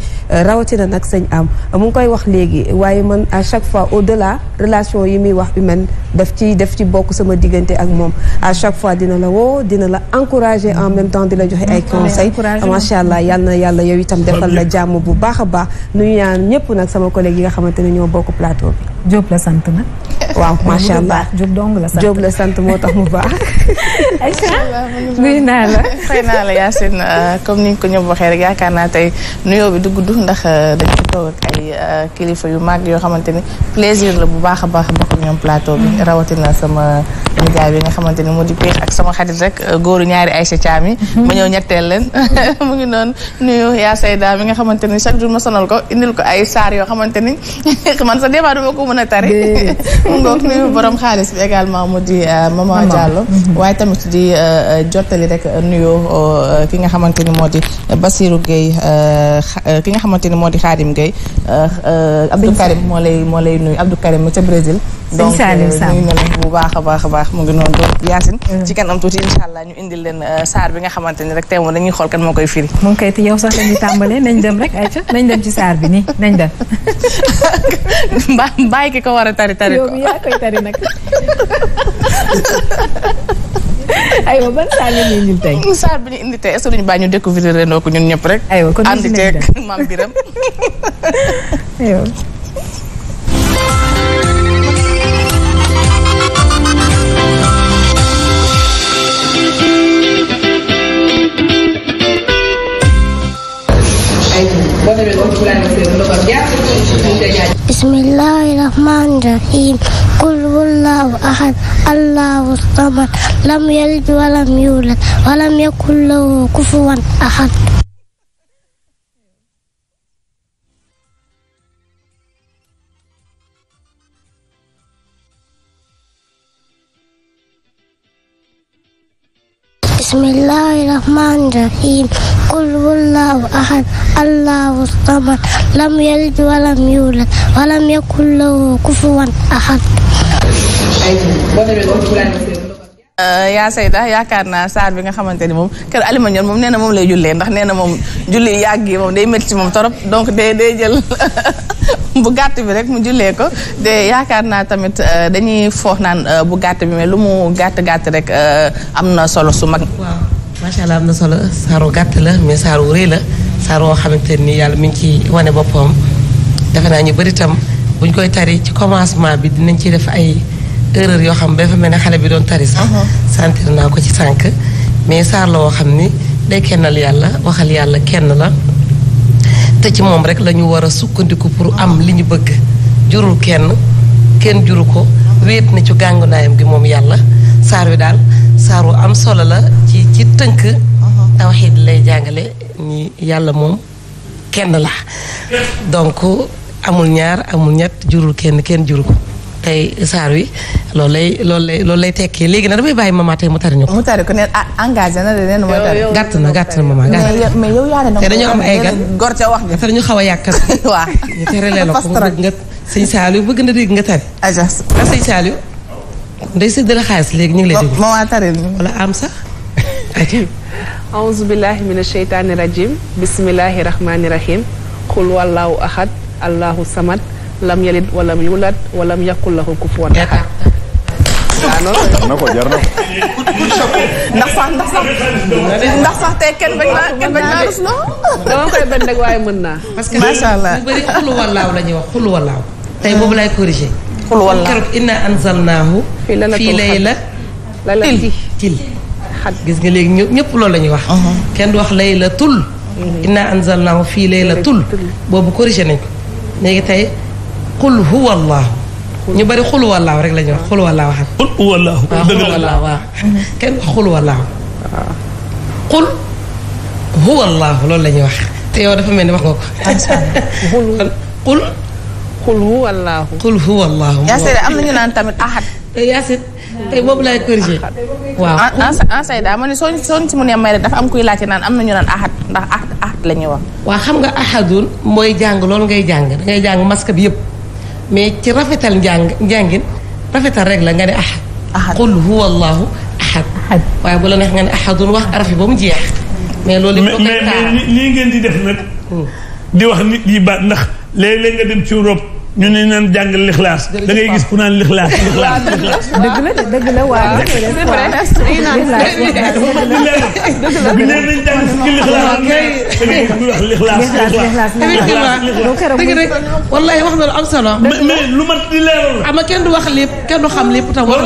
rawatina nag sëñ am mu koy wax léegi waaye man à chaque fois au delà relation yi muy wax humaine daf ci daf ci bokk sama diggante ak moom à chaque fois dina la woo dina la encourager en même temps di la joxe ay conseils macha allah yal na yàlla yow itam defal la jàmm bu baax baax nuyu yi nga xamante ne ñoo bokk plateau bi. Diop la sant na. waaw macha allah Diop dong la sant Diop sant moo tax mu baax. macha nuyu naa la. xëy naa la Yacine euh, comme ni ñu ko ñëpp waxee rek yaakaar naa tey nuyoo bi du gudd ndax euh, dañ ko ak ay euh, kilifa yu mag yoo xamante ni plaisir la bu baax baax bokk ñoom plateau bi mm-hmm. rawatina sama nijaay bi nga xamante ni moo di peex ak sama xarit rek góoru ñaari Aïcha Thiam yi. Mm-hmm. ma ñëw ñetteel leen mu ngi noonu nuyu yaa Seyda mi nga xamante ni chaque ma sonal ko indil ko ay saar yoo xamante ni man sa débat duma ko mën a tari mu ngoog nuyu borom xaalis bi également di euh, Maman Diallo mhm. waaye tamit di euh, jottali rek nuyoo euh, ki nga xamante ni moo di Basirou Gueye ki nga xamante ni moo di Khadim Gueye Abdou Karim moo lay moo lay nuyu Abdou Karim mu ca Brésil donc nuyu na baax a baax a baax mu ngi noonu donc Yacine ci kanam tuuti ñu indil leen saar bi nga xamante ni rek tey moom dañuy xool kan moo koy firi mu ngi koy yow sax lañuy tàmbalee nañ dem rek ayca nañ dem ci saar bi nii nañ dem bàyyi ki ko war a tari tari ko yow yaa koy tari nag. aywa ban saal la ñuy ñun tey. saal bi ñu indi tey est ce que duñu ñu découvrir rendoo ko ñun ñëpp rek. aywa kon ñu ngi maam Biram. aywa. bismillahi rahmaani rahiim qul huwallahu ahad allahu samad lam yalid walam yulad walam yakun lahu kufuwan ahad bismillahirrahmanirrahim qul huwallahu ahad allahu samad lam yalid walam yulad walam yakul lahu kufuwan ahad Euh, yaa Seyda yaakaar naa saar bi nga xamante ni moom kër Alima moom nee na moom lay jullee ndax nee na moom julli yàgg yi moom day métti ci moom torop donc day day jël gàtt bi rek mu jullee ko te yaakaar naa tamit euh, dañuy foox naan euh, bu gàtt bi mais lu mu gàtt gàtt rek am na solo su mag. waaw macha am na solo saaru gàtt la mais saaru rëy la saaru woo xamante nii yàlla mi ngi ciy wane boppam defe naa ñu bëri tam buñ koy tari ci commencement bi dinañ ci def ay. erreur yoo xam ba fa mel ne xale bi doon tari sax uh-huh. sentir naa ko ci sànq mais saar la woo xam ni day kennal yàlla waxal yàlla kenn la te ci moom rek la ñu war a sukkandiku pour am li ñu bëgg jurul kenn kenn juru ko wéet na ci gàngunaayam gi moom yàlla saar wi daal saaru am solo la ci ci tënk uh-huh. tawxiid lay jàngale ni yàlla moom kenn la donc amul ñaar amul ñett jurul kenn kenn juru ko tey saar wi loolu lay loolu lay loolu lay tekki léegi nag damay bàyyi mama tey mu tari ñu ko. mu tari ko neen ah engagé na de neen mooy tari. gàtt na gàtt na mama gàtt mais yow yaa ne te dañoo am ay gan gor ca nga te dañu xaw a yàkkal. waaw ñu terele la ko nga sëñ Saliou bëgg na dégg nga tari. agence ndax ah, sëñ Saliou. ndey si dala xaalis léegi ñu ngi lay déglu. mama tari wala am sax. aouzu billahi mina sheytaani rajim bismillahi rahmaani rahim. xul wallaahu ahad allahu samad. lam yalid walam yulad walam yakul lahu kufuwan ahad na naa waaye mën naa. parce que macha bu bëri xulu walaaw la ñuy wax xulu walaaw. tey boobu laay corriger. xulu walaaw keroog inna anzalnaahu. fii layla til til xat gis nga léegi ñëpp loolu la ñuy wax. Uh-huh. kenn du wax laylatul. Mm-hmm. inna anzalnaahu fii laylatul. boobu corriger nañ ko léegi tey. qul huwa allahu ñu bari xul wallaaw rek la ñuy wax xul wallaaw xam. xul wallaaw ah, dëgg la waaw kenn wax xul wallaaw. waaw xul huwa allahu loolu la ñuy wax te yow dafa mel ni wax nga ko. xul xul huwa allahu. xul huwa allahu. Yacine am na ñu naan tamit ahad. Eh, Yacine te boobu laay corrigé. waaw ansay ah, ah, daa ma ne soo soo si mu ne may rek dafa am kuy laajte naan am na ñu naan ahad ndax ahad ahad la ñuy wax. waa xam nga ahadun mooy jàng loolu ngay jàng dangay jàng masque bi yëpp. mais ci rafetal njàng njàngin rafetal rek la nga ne ahad. ahad qul huwa allahu ahad. ahad waaye bu la neex nga ne ahadun wax arafi ba mu jeex. mais loolu mais mais lii ngeen di def nag. Hmm. di wax nit yi baat ndax léeg-léeg nga dem ci Europe. ñu ne naan jàng lixlaas da ngay gis ku naan lixlaas lixlaas lixlaas dëgg la dëgg la waaw bi ne nañ jàng fukki gis wax lixlaas lixlaas wallahi wax am solo ah, kenn wax lépp kenn du xam lépp tam wax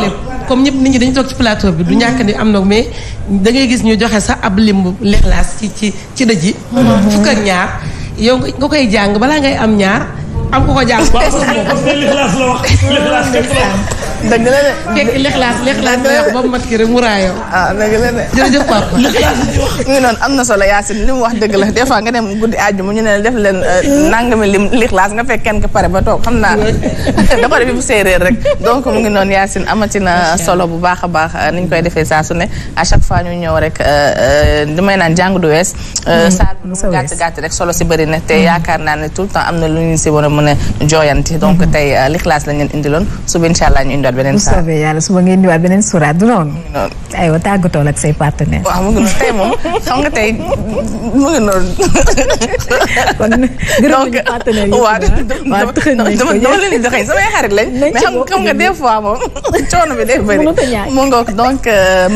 comme ñëpp nit ñi dañu toog ci plateau du ñàkk ni am na mais da gis ñu joxe sax ab limb lixlaas ci ci ci dëj yi mm-hmm. fukk ñaar yow nga koy jàng balaa ngay am ñaar am ko ko jàpp. est ce que waaw parce que lixlaas la wax. lixlaas képp la wax. dëgg la de. fekk lexlaas lexlaas ba mu mat ki rek mu ah, la de. jërëjëf papa. lexlaas li ngi noonu am na solo Yacine li mu wax dëgg la des fois nga dem guddi àjjuma ñu ne def leen euh, nangami lim lexlaas nga fekk kenn ka pare ba toog xam naa da pare bi bu séeréer rek donc mu ngi noonu Yacine amati na solo bu baax a baax euh, ni koy defee saa su ne à chaque fois ñu ñëw rek li euh, may naan jàng du wees. Mm-hmm. saa lu gàtt gàtt rek solo si bëri na te mm-hmm. yaakaar naa ne tout le temps am na lu ñu si war a mën a jooyanti donc mm-hmm. tey lexlaas la ñu leen indiloon suba incha allah ñu indiwaat beneen yàlla suba nga indiwaat beneen suraat du noonu. aywa tàggatool ak say partenaires. waaw mu ngi noonu tey moom xam nga tey mu ngi noonu. kon gërëm nañu partenaires yi. waaw dama dama dama leen di joxe samay lañ. mais xam nga des moom mu ngoog donc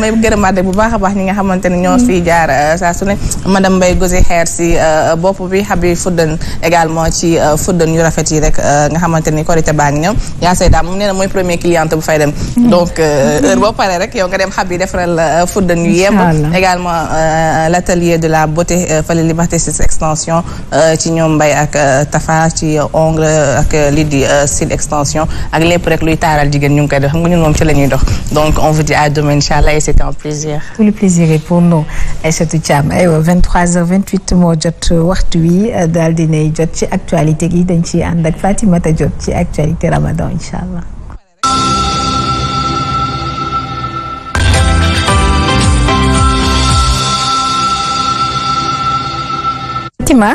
may gërëmaate bu baax a baax ñi nga xamante ne ñoo fi jaar saa su ne madame Mbaye Gosi xeer si bopp bi Habib Fuddan également ci Fuddan yu rafet yi rek nga xamante ni korité baa ngi ñëw yaa say daam premier client. présidente bu fay dem. Mm-hmm. donc euh, boo paree rek yow nga dem xab yi defaral euh, food de nuit yemb également euh, l' de la beauté fële Liberté 6 extension ci ñoom mbay ak Tafa ci ongle ak li di sud extension ak lépp rek luy taaral jigéen ñu ngi koy def xam nga ñun moom ci la ñuy dox donc on vous dit à demain incha allah et c' plaisir. tout le plaisir pour nous Aïssatou Thiam aywa 23 h moo jot waxtu wi daal di nay jot ci actualité gi dañ ci ànd ak Fatimata jot ci actualité Fatima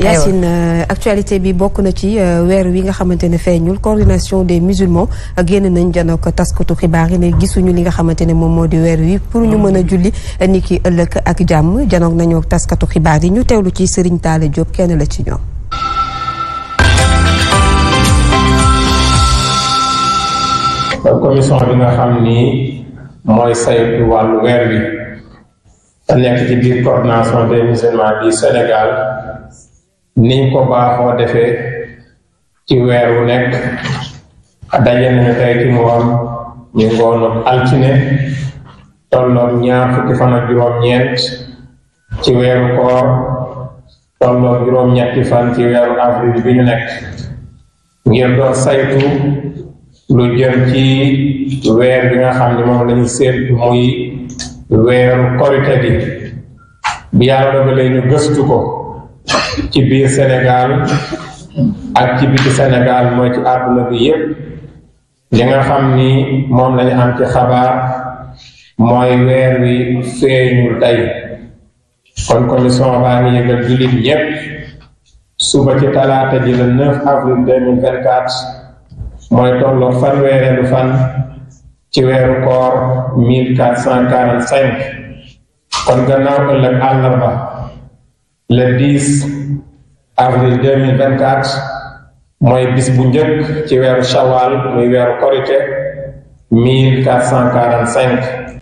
Yacine euh, actualité bi bokk na ci euh, weer wi nga xamante ne feeñul coordination des musulmans euh, génn nañ janok taskatu xibaar yi ne gisuñu li nga xamante ne moom moo di pour ñu mën a julli ni ki ëllëg ak jàmm janoog nañoo taskatu xibaar yi ñu teewlu ci Serigne Talla Diop la ci ñoom bi nga weer wi te nekk ci biir coordination des musulmans du Sénégal niñ ko baaxoo defee ci weer wu nekk daje nañu tey ci mu am ñu ngoonu altine tolloog ñaar fukki fan ak juróom-ñeent ci weeru koor tolloog juróom-ñetti fan ci weeru avril bi ñu nekk ngir doon saytu lu jëm ci weer bi nga xam ne moom lañu seetlu muy weeru korite gi bi yàlla dogalee ñu gëstu ko ci biir Sénégal ak ci biti Sénégal mooy ci àdduna bi yépp li nga xam ni moom lañu am ci xabaar mooy weer wi feeñul tey kon commission baa ngi yëgal jullit yépp suba ci talaata ji le 9 avril 2024 mooy tolloog fanweereelu fan ci weeru koor mille quatre cent quarante cinq kon gannaaw ëllëg àllarba le dix avril deux mille vingt quatre mooy bis bu njëkk ci weeru shawal muy weeru korite mille quatre cent quarante cinq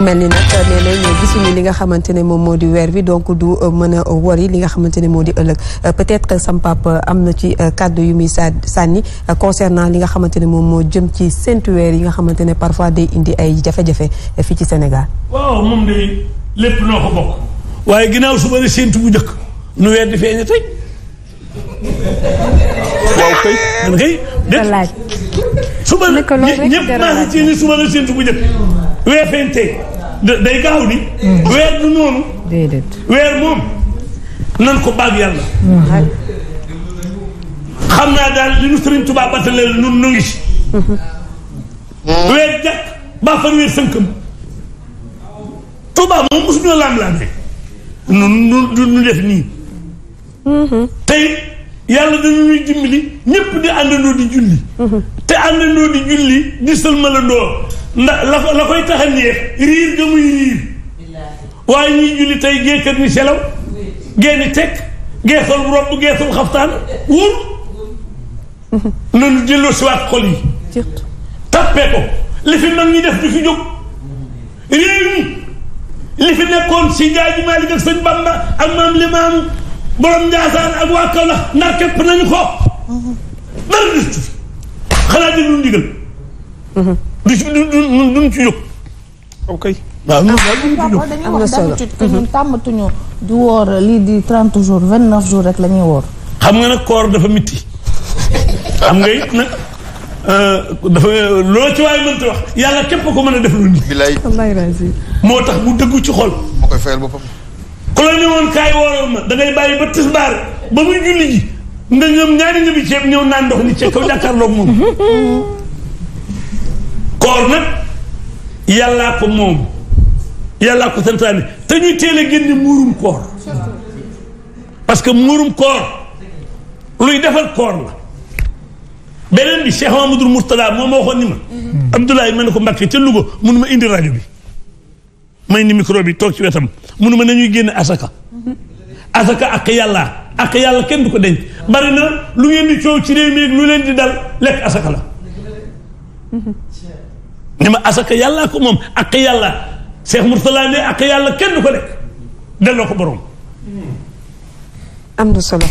mel ni nag nee nañ li nga xamante ne moom moo di weer bi donc du euh, mën a wari li nga xamante ne moo di ëllëg euh, peut-être sam pap euh, am na ci kàddu yu muy sànni concernant li nga xamante ne moom moo jëm ci séntu weer yi nga xamante ne parfois day indi ay jafe-jafe fii ci senegal waaw moom day lépp noo ko bokk. waaye ginnaaw suba de séntu bu njëkk nu weer di feeñe tey. suba ñëpp maa bu njëkk. weefente day gaaw di hmm. weer du noonu weer moom nan ko baag yàlla hmm. xam naa daal li nu Sëriñ Tuubaa battaleel nun nu ngi si hmm. weer jàkk baa fan weer sënkam Tuubaa moom mosu ñoo laam-laame nun nu nu def nii tey yàlla dañu ñuy dimbali ñëpp di àndandoo di julli te àndandoo di julli di sëlmalandoo ndax la la koy tax a niir riir ga muy riir waaye ñuy julli tey gee ni selaw gee ni teg gee sol robb gee sol xaftaan wóor nanu si waat xol yi tappee ko li fi mag ñi def du fi jóg réew li fi nekkoon si jaaji Maalik ak sëñ Bamba ak maam Limaamu borom Njaasaan ak waa Kaolack ndar képp nañu ko mhm. dara gis xanaa déglu du ci du duñ ci jóg. ok waaw noonu daal ah, duñ ci jóg. am na solo que ñun tàmmatuñu di woor lii di trente jours vingt neuf jours rek la ñuy woor. xam nga nag koor dafa mitti xam nga it nag euh, dafa loo ci waaye mënta wax yàlla képp ko mën a def lu nii. bilaay moo tax bu dëggu ci xol. moo koy fayal boppam. ku la ne woon kaay wooral ma da ngay bàyyi ba tisbaar ba muy julli ji nga ñoom ñaari ñëbi ceeb ñëw naan ndox ni ceeb kaw jàkkaarloog moom. koor nag yàllaa ko moom yàllaa ko santaane te ñu teel a génne muurum koor parce que muurum koor luy defal koor la beneen bi Cheikh Mamadou Mourtada moom ma waxoon ni ma Abdoulaye ma ne ko Mbàkke ca Louga mënu ma indi rajo bi may ni micro bi toog ci wetam mënu ma nañuy génn asaka asaka ak yàlla ak yàlla kenn du ko denc bari na lu ngeen di coow ci réew mi lu leen di dal lekk asaka la ne ma asaka yàllaa ko moom ak yàlla Cheikh Mourtala ne ak yàlla kenn du ko lekk delloo ko borom. am na solo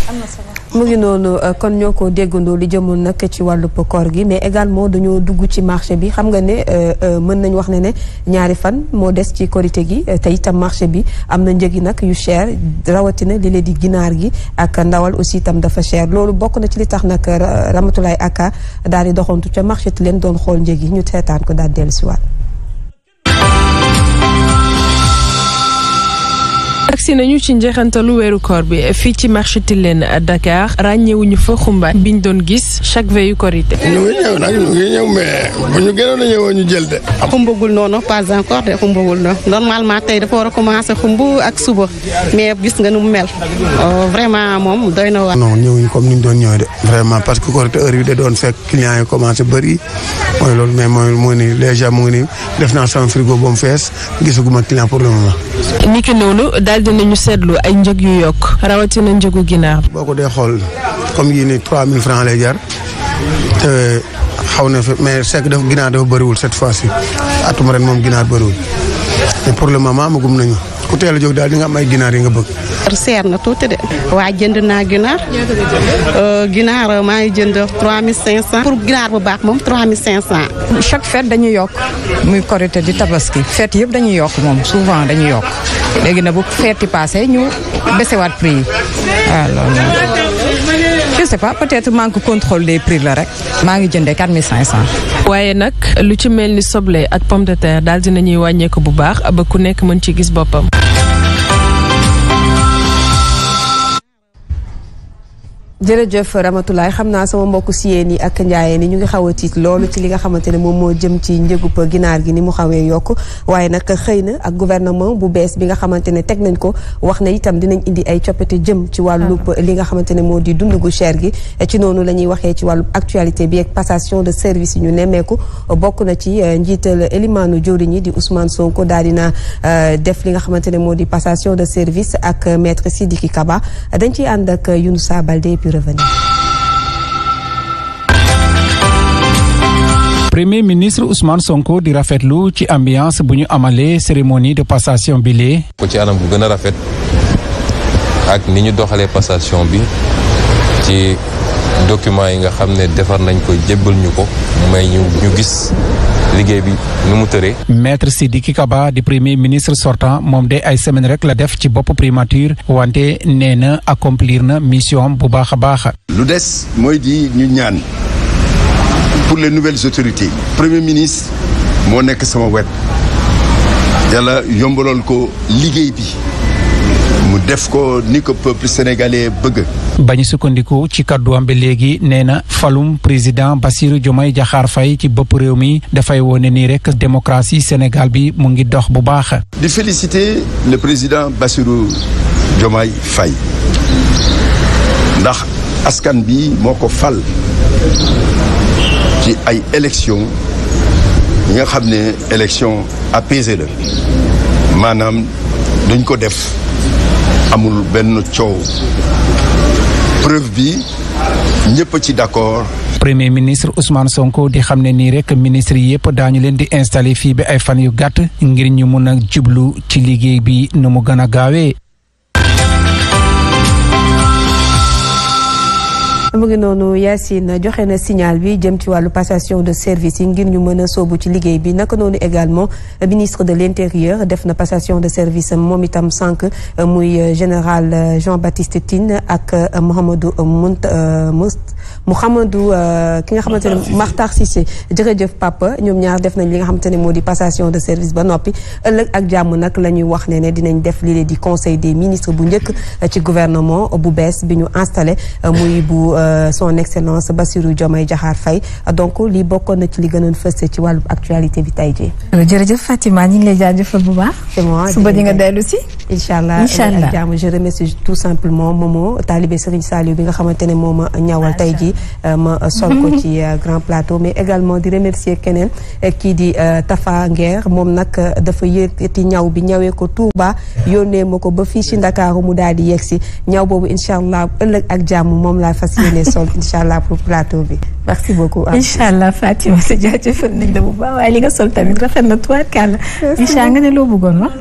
mu ngi noonu euh, kon ñoo ko déggandoo li jëmoon nag ci wàllub koor gi mais également dañoo dugg ci marché bi xam nga ne euh, euh, mën nañ wax ne ne ñaari fan moo des ci korité gi te itam marché bi am na njëgi nag yu cher rawatina li leen di ginaar gi ak ndawal aussi itam dafa cher loolu bokk na ci li tax nag Ramatulaay Aka daa di doxantu ca marché tu leen doon xool njëg yi ñu seetaan ko daal dellusiwaat agsi nañu ci njeexantalu weeru koor bi fii ci marché Tilène Dakar ràññewuñu fa xumbaay biñ doon gis chaque veille korité. ñu ñëw nag ñu ngi ñëw mais bu a ñëwoon ñu jël de. xumbagul noonu pas encore de xumbagul noonu normalement tey dafa war a commencer xumb ak suba mais gis nga nu mu mel euh, vraiment moom doy na waar. non ñëwuñu comme ni ñu doon ñëwee de vraiment parce que korité heure bi da doon fekk clients yi commencé bëri mooy loolu mais mooy mooy ni déjà mu ngi def naa sama frigo ba mu fees gisaguma client pour le daal dinañu seetlu ay njëg yu yokk rawatina njëgu ginaar. boo ko dee xool comme yii nii 3000 francs lay jar te xaw na fi mais sekk daf ginaar dafa bëriwul cette fois ci atum ren moom ginaar bëriwul. te pour le moment amagum nañu ku teel a jóg daal di nga am ay ginaar yi nga bëgg. seer na tuuti de. waa jënd naa ginaar. Euh, ginaar maa ngi jënd 3500. pour ginaar bu baax moom 3500. chaque fête dañu yokk muy korité di tabaski fête yëpp dañuy yokk moom souvent dañuy yokk léegi na bu fête yi paase ñu waat prix yi waaw loolu je sais pas peut-être manque contrôle des prix la rek maa ngi jëndee quatre mille cinq waaye nag lu ci mel ni soble ak pomme de terre daal dinañuy wàññeeku bu baax ba ku nekk mën ci gis boppam. jërëjëf Ramatoulaye xam naa sama mbokk siyeen yi ak njaayeen ni ñu ngi xaw a tiit loolu ci li nga xamante ne moom moo jëm ci njëgub ginaar gi ni mu xawee yokk waaye nag xëy na ak gouvernement bu bees bi nga xamante ne teg nañ ko wax na itam dinañ indi ay coppite jëm ci wàllu ah. li nga xamante ne moo di dund gu cher gi ci noonu la ñuy waxee ci wàllu actualité bi ak passation de service yi ñu nemmeeku bokk na ci euh, njiital élimaanu jëwriñ yi di Ousmane Sonko daal dina euh, def li nga xamante ne moo di passation de service ak maître Sidiki Kaba dañ ciy ànd ak euh, Younousa Baldé de premier ministre Ousmane Sonko di rafetlu ci ambiance bu ñu amalee cérémonie de passation bi lee ko ci anam bu gën a rafet ak ni ñu doxalee passation bi ci document yi nga xam ne defar nañ ko jébbal ñu ko may ñu gis liggéey bi nu mu tëree. maître Sidiki Kaba di premier ministre sortant moom de ay semaine rek la def ci bopp primature wante nee na accomplir na mission bu baax a baax. lu des mooy di ñu ñaan pour les nouvelles autorités premier ministre moo nekk sama wet yàlla yombaloon ko liggéey bi. mu def ko ni ko peuple sénégalais bëgg. bañu sukkandiku ci kàdduwam bi léegi nee na falum président Bassirou Diomaye Diakhar fay ci bopp réew mi dafay wone nii rek démocratie Sénégal bi mu ngi dox bu baax. di féliciter le président Bassirou Diomaye fay ndax askan bi moo ko fal ci ay élections yi nga xam ne élection apaisée la maanaam dañ ko def. amul benn coow preuve bi ñëpp ci d'accord premier ministre Ousmane Sonko di xam ne nii rek ministre yi yëpp daañu leen di installé fii bi ay fan yu gàtt ngir ñu mun a jublu ci liggéey bi nu mu gën a gaawee mu ngi noonu na joxe na signal bi jëm ci wàllu passation de service yi ngir ñu mën a soobu ci liggéey bi naka noonu également ministre de l' intérieur def na passation de service moom itam sànq muy euh, général euh, Jean-Baptiste Tine ak euh, Mouhamadou Mount Mouhamadou ki nga xamante ne Makhtar Cissé jërëjëf Papa ñoom ñaar def nañ li nga xamante ne moo di passation de service ba noppi ëllëg ak jàmm nag la ñuy wax ne ne dinañ def lii di conseil des ministres bu njëkk ci gouvernement bu bees bi ñu installé muy Euh, son excellence Bassirou Diomaye jaxaar Faye donc lii bokkoon na ci li gënoon fës ci wàllu actualité bi tay jii. Euh, jërëjëf Fatima ñu ngi lay jaajëfal bu baax. c'est moi suba di nga dellu si. incha allah incha allah jàmm je remercie tout simplement Momo Talibé Serigne Saliou bi nga xamante ne moo euh, ma ñawal tay jii ma ci grand plateau mais également di remercier keneen kii di Tafa Nguer moom nag dafa yëkkati ñaw bi ñawee ko Touba yónnee ma ko ba fii ci Ndakaaru mu daal di yegg si ñaw boobu incha allah ëllëg ak jàmm moom laa fas yéene sol incha allah pour plateau bi merci beaucoup. incha allah Fatima sa jaajëfal nañ la bu baax waaye li nga sol tamit rafet na tuwaat kàlla. incha nga ne loo bëggoon wax.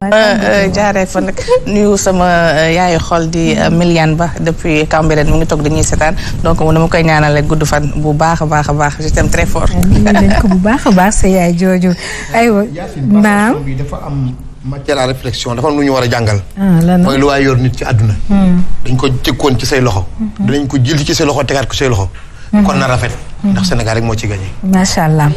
Euh, euh, jaaree fa nag nuyu sama euh, yaayu xool di Miliane Ba depuis Cambérène mu ngi toog dañuy seetaan donc dama koy ñaanale gudd fan bu baax a baax a baax je très fort. nuyu nañ ko bu baax a baax sa yaay jooju ay naam dafa matière a réflexion dafa am lu ñu war a jàngal. Ah, mooy lu waay yor nit ci àdduna. Hmm. dañ ko jëkkoon ci say loxo. Hmm. dinañ ko jël ci say loxo tegaat ko say loxo. Hmm. kon na rafet. ndax Sénégal rek moo ci gagné. macha allah.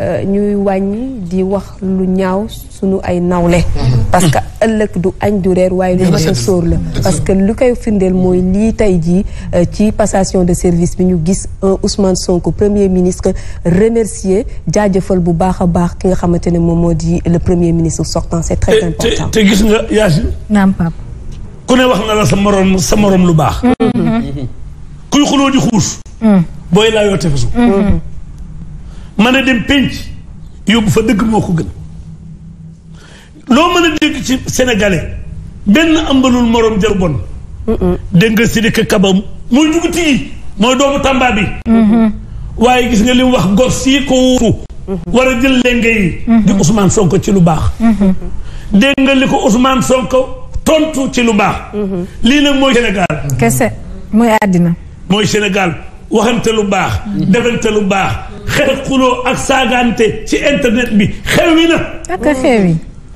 Euh, ñuy wàññ di wax lu ñaaw suñu ay nawle parce que ëllëg du añ du reer waaye lu mat a sóor la parce que lu koy firndeel mooy lii tey jii euh, ci passation de service bi ñu gis un Ousmane premier ministre remercier jaajëfal bu baax a baax ki nga xamante ne moom moo di le premier ministre sortant c'est très eh, important te gis nga Yacine ku ne wax na la sa morom sa morom lu baax mm-hmm. kuy xuloo di xuus mm-hmm. booy laayoo tefesu mm-hmm. mën a dem penc yóbbu fa dëgg moo ko gën loo mën a dégg ci sénégalais benn ambalul morom jar bon dégg nga Sidiki Kaba mooy dugg yi mooy doomu Tamba bi mm-hmm. waaye gis nga li wax gos yi ko mm-hmm. war a jël lenge yi di mm-hmm. Ousmane Sonko ci lu baax dégg nga li ko Ousmane Sonko tontu ci lu baax lii nag mooy Sénégal kese mooy àddina mooy Sénégal waxante lu baax defante lu baax xeex xuloo ak saagaante ci internet bi xewi na. ak xewi.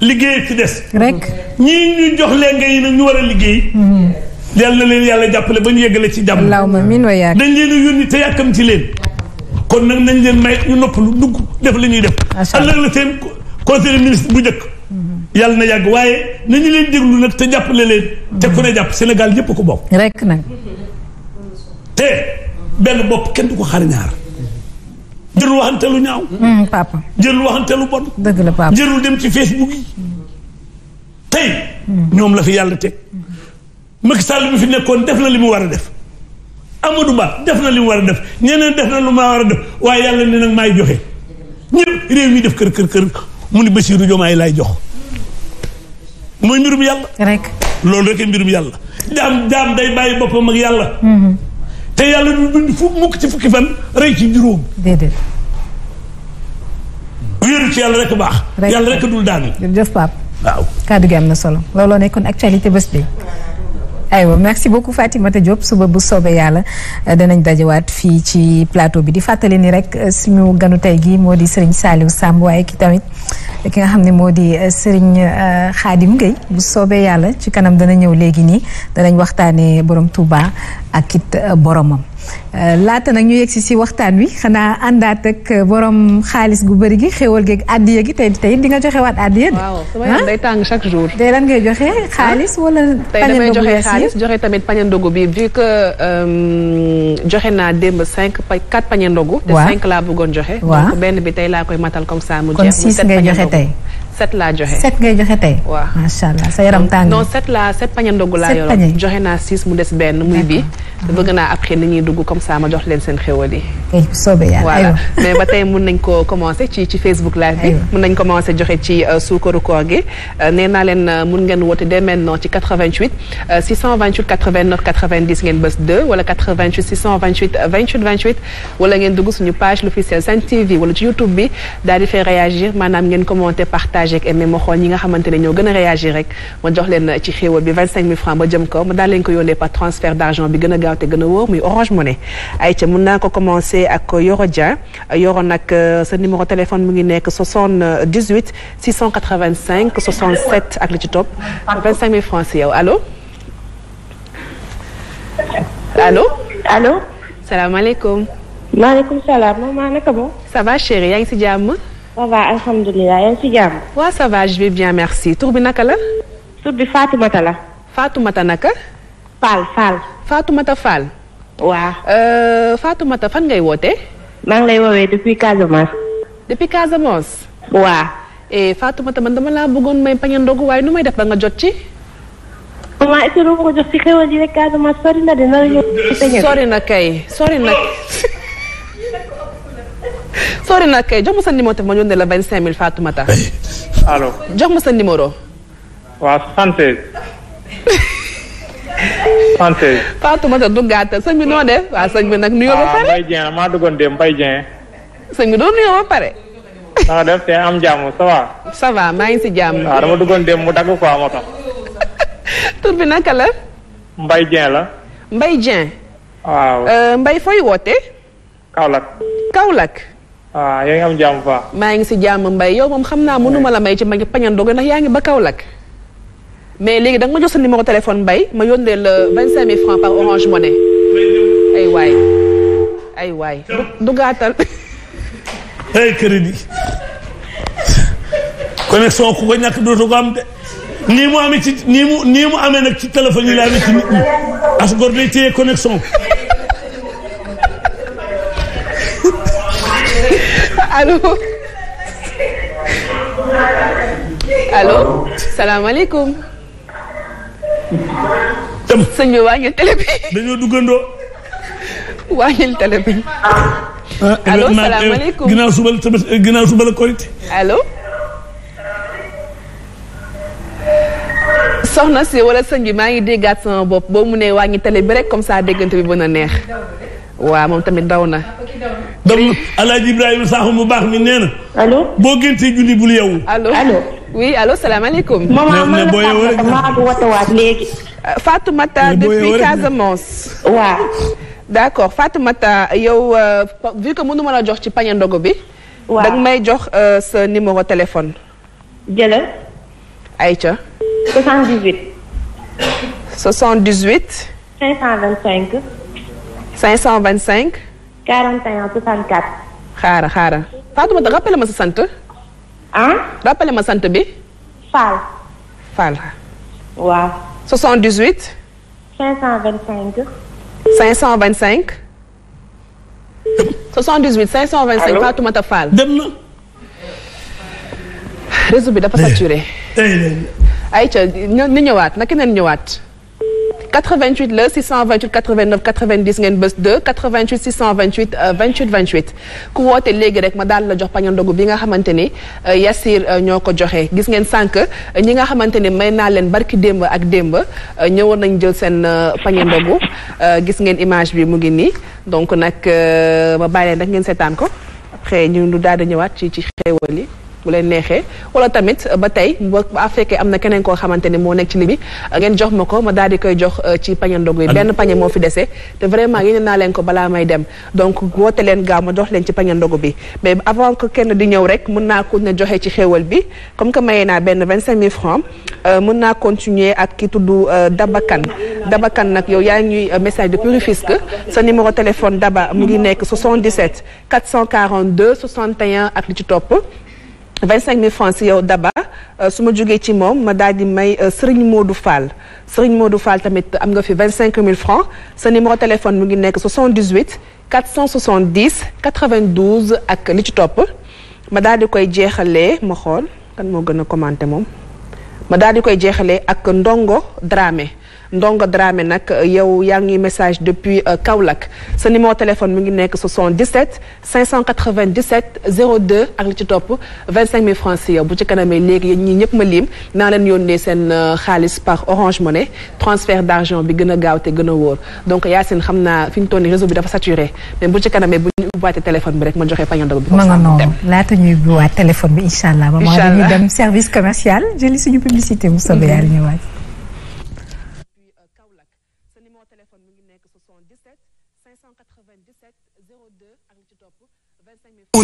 liggéey ci des. rek ñii ñu jox leen ngay nag ñu war a liggéey. Mhm. yal na leen yàlla jàppale ba ñu yeggale ci jàmm. allahumma amiin wa yaa dañ leen a yónni te yàkkam ci leen. kon nag nañ leen may ñu noppalu dugg def la ñuy def. macha allah la seen conseil ministre bu njëkk. Mhm. yàlla na yàgg waaye nañu leen déglu nag te jàppale leen. te ku ne jàpp senegal ñëpp ko bokk. rekk nag. te benn bopp kenn du ko xar jërul waxante lu ñaaw. Hmm, papa jërul waxante lu bon. dëgg la papa jërul dem ci Facebook yi. tey. ñoom la fi yàlla teg. Macky sàll bi fi nekkoon def na li mu war a def. Amadou Ba def na li war a def ñeneen def na waaye yàlla ne nag maay joxe. ñëpp réew mi def kër kër kër mu ni Bassirou Diomaye laay jox. mooy mbirum yàlla. rek loolu rek mbirum yàlla. daam daam day bàyyi boppam ak yàlla. Hmm. te yàlla du bind fu mukk ci fukki fan rey ci juróom. déedéet. wéeru ci yàlla rek baax. yàlla rek dul daanu. jërëjëf Pape. waaw kàddu gi am na solo looloo nekkoon actualité bés bi. aywa merci beaucoup Fatimata Diop suba bu soobee yàlla eh, danañ dajewaat fii ci plateau bi di fàttali ni rek eh, suñu ganu tey gi moo di Serigne Saliou sàmb waaye ki tamit eh, ki nga xam ne moo di Serigne xaadim Gueye bu soobee yàlla ci kanam dana ñëw léegi nii danañ waxtaanee borom Touba ak it boromam. Euh, laata nag ñu yegsi si waxtaan wi xanaa àndaat ak euh, borom xaalis gu bëri gi xéwal gi ak addiya gi tey tey di nga joxe waat addiya. waaw ah? day tàng chaque jour. tey lan ngay joxe ah? xaalis wala. pañe ndogu tey damay joxe tamit pañe ndogu bi vu euh, joxe naa démb cinq pa quatre pañe ndogu. te cinq laa bëggoon joxe. waaw donc benn bi tey laa koy matal comme ça mu jeex. kon six ngay tey. set laa joxe set ngay joxe tey. waaw macha allah sa yaram tàng. non set laa set pañe ndogu laa yoroon. joxe naa six mu des benn muy bi. bëgg naa après ni ñuy dugg comme ma jox leen seen xéwal yi. mais ba tey mun nañ ko commencé ci Facebook live bi. mun nañ commencé joxe ci euh, suukaru koor gi. Euh, nee naa leen euh, mun ngeen woote dès maintenant ci ngeen bës 2 ngeen dugg suñu page l'officiel Sen TV wala ci YouTube bi daal di fay réagir maanaam ngeen commenté partagé ak aimé ma xool nga xamante ñoo gën a réagir rek ma jox leen ci xéwal bi 25 francs ba jëm kaw ma daal leen ko yónnee par transfert d'argent bi gën ayca mun naa ko commencer ak Yoro Dia Yoro nag euh, sa numéro téléphone mu ngi nekk 78 685 67 ak li ci topp 25 000 francs yow allo allo. alo salaamaaleykum. maaleykum salaam maman naka bon. ça va chérie yaa ngi ci jàmm. ça va alhamdulilah yaa ngi ci jàmm. waaw ça va bien merci tur bi naka la. tur bi Fatoumata la. Fatoumata naka. Fall Fall. Fatoumata Fall. waaw. Fatoumata fan ngay woote maa ngi lay woowee depuis Casamance. depuis Casamance. waa et Fatoumata man dama laa bëggoon may pañe ndogu waaye nu may def ba nga jot ci. maman est na de nar a sori na kay sori na. na kay jox ma sa numéro te la vingt cinq mille Fatoumata. jox ma sa numéro. waaw 76. Anta. Fatoumata sëñ bi noo def waaw sëñ bi nag nuyoo ba pare. Ah, maa duggoon dem Mbaye Dieng. sëñ bi doo nuyoo ba pare. naa def te am jàmm ça va. maa ngi ci jàmm. waaw ah, dama duggoon dem mu dagg quoi moo tur bi naka la. Mbaye Dieng la. mbay Dieng. waaw euh, Mbaye fooy woote. Kaolack. Kaolack. waaw ah, yaa ngi am jàmm fa. maa ngi si jàmm Mbaye yow moom xam naa mënuma la may ci ma ngi ndax yaa ngi ba kaw Kaolack. mais léegi da nga ma jox sa numéro téléphone Mbaye ma yónnee la vingt cinq mille francs par Orange Money ay waay ay waay du gàttal ay crédit connexion ku ko ñàkk dootu ko am de nii mu amee ci nii mu nii mu amee nag ci téléphone yi la amee ci nit ñi as gor day téye connexion allo allo salaamaaleykum dem sëñ bi wàññil télé bi. dañoo duggandoo. wàññil télé bi. Ah, allo salaamaaleykum ginnaaw suba la tamit eh, ginnaaw suba la korite. allo. soxna si wala sëñ bi maa ngi déggaat sama bopp boo mu ne wàññi télé bi rek comme ça déggante bi mën a neex. waaw moom tamit daw na. daw na Alaaji Ibrahima mu baax mi nee na. allo boo gëntee julli bul yow. allo allo oui allo salaamaaleykum. maman man la Fatou watawaat léegi. Euh, Fatoumata depuis Casamance. waaw. d'accord Fatoumata yow euh, vu que la jox ci pañe ndogo bi. waaw da may jox euh, sa numéro téléphone. jëlal. Aïcha. 78. 525. 41 64. xaara xaara Fatoumata rappelé ma sa sant. ah. rappelé ma sant bi. Fall. Fall. waaw. 78. 525. 525. 78 525. allo Fatoumata Fall. dem na. réseau bi dafa saturé. Eh, ay ca ñu ñëwaat na keneen ñëwaat. 88 la 628 89 90 ngeen bés 2 88 628 28 28 ku woote léegi rek ma daal la jox paña ndogu bi nga xamante ni euh, Yassir euh, ñoo ko joxe gis ngeen sànq euh, ñi nga xamante ni may naa leen barki démb ak démb ñëwoon nañ jël seen paña ndogu gis ngeen image bi mu ngi nii donc nag ma bàyyi leen rek ngeen seetaan ko après ñu daal di ñëwaat ci ci xéewal yi bu leen neexee wala tamit ba tey ba fekkee am na keneen koo xamante ne moo nekk ci li bi ngeen jox ma ko ma daal di koy jox euh, ci pañe ndog yi benn pañe moo fi dese te vraiment yéene naa leen ko balaa may dem donc woote leen gaaw ma jox leen ci pañe ndog bi mais avant que kenn di ñëw rek mën naa ko na joxe ci xéewal bi comme que mayee naa benn vingt cinq mille euh, mën naa continuer ak ki tudd Dabakan euh, Dabakan nag yow yaa ngi ñuy message de Purifisque sa numéro téléphone Daba mu ngi nekk 77 442 61 ak li ci topp 25 000 francs si yow daba euh, su ma jógee ci moom ma daal di may euh, Serigne Modou Fall Serigne Modou Fall tamit am nga fi 25 000 francs sa numéro téléphone mu ngi nekk 78 470 92 ak li ci topp ma daal di koy jeexalee ma xool kan moo gën a commenté moom ma daal di koy jeexalee ak Ndongo Dramé Ndongo Dramé nag yow yaa ngi message depuis euh, Kaolack sa numéro téléphone mu ngi nekk 77 597 02 ak li ci topp 25 000 francs si yow bu ci kanamee léegi yéen ñii ñëpp ma lim naa leen yónnee seen euh, xaalis par Orange Money transfert d' bi gën a gaaw te gën a wóor donc Yacine xam naa fi ñu toll nii réseau bi dafa saturé mais bu ci kanamee bu ñu ubbiwaatee téléphone bi rek ma joxe paño ndog bi. ma nga noonu laata ñuy bi incha allah. incha allah maman dañuy dem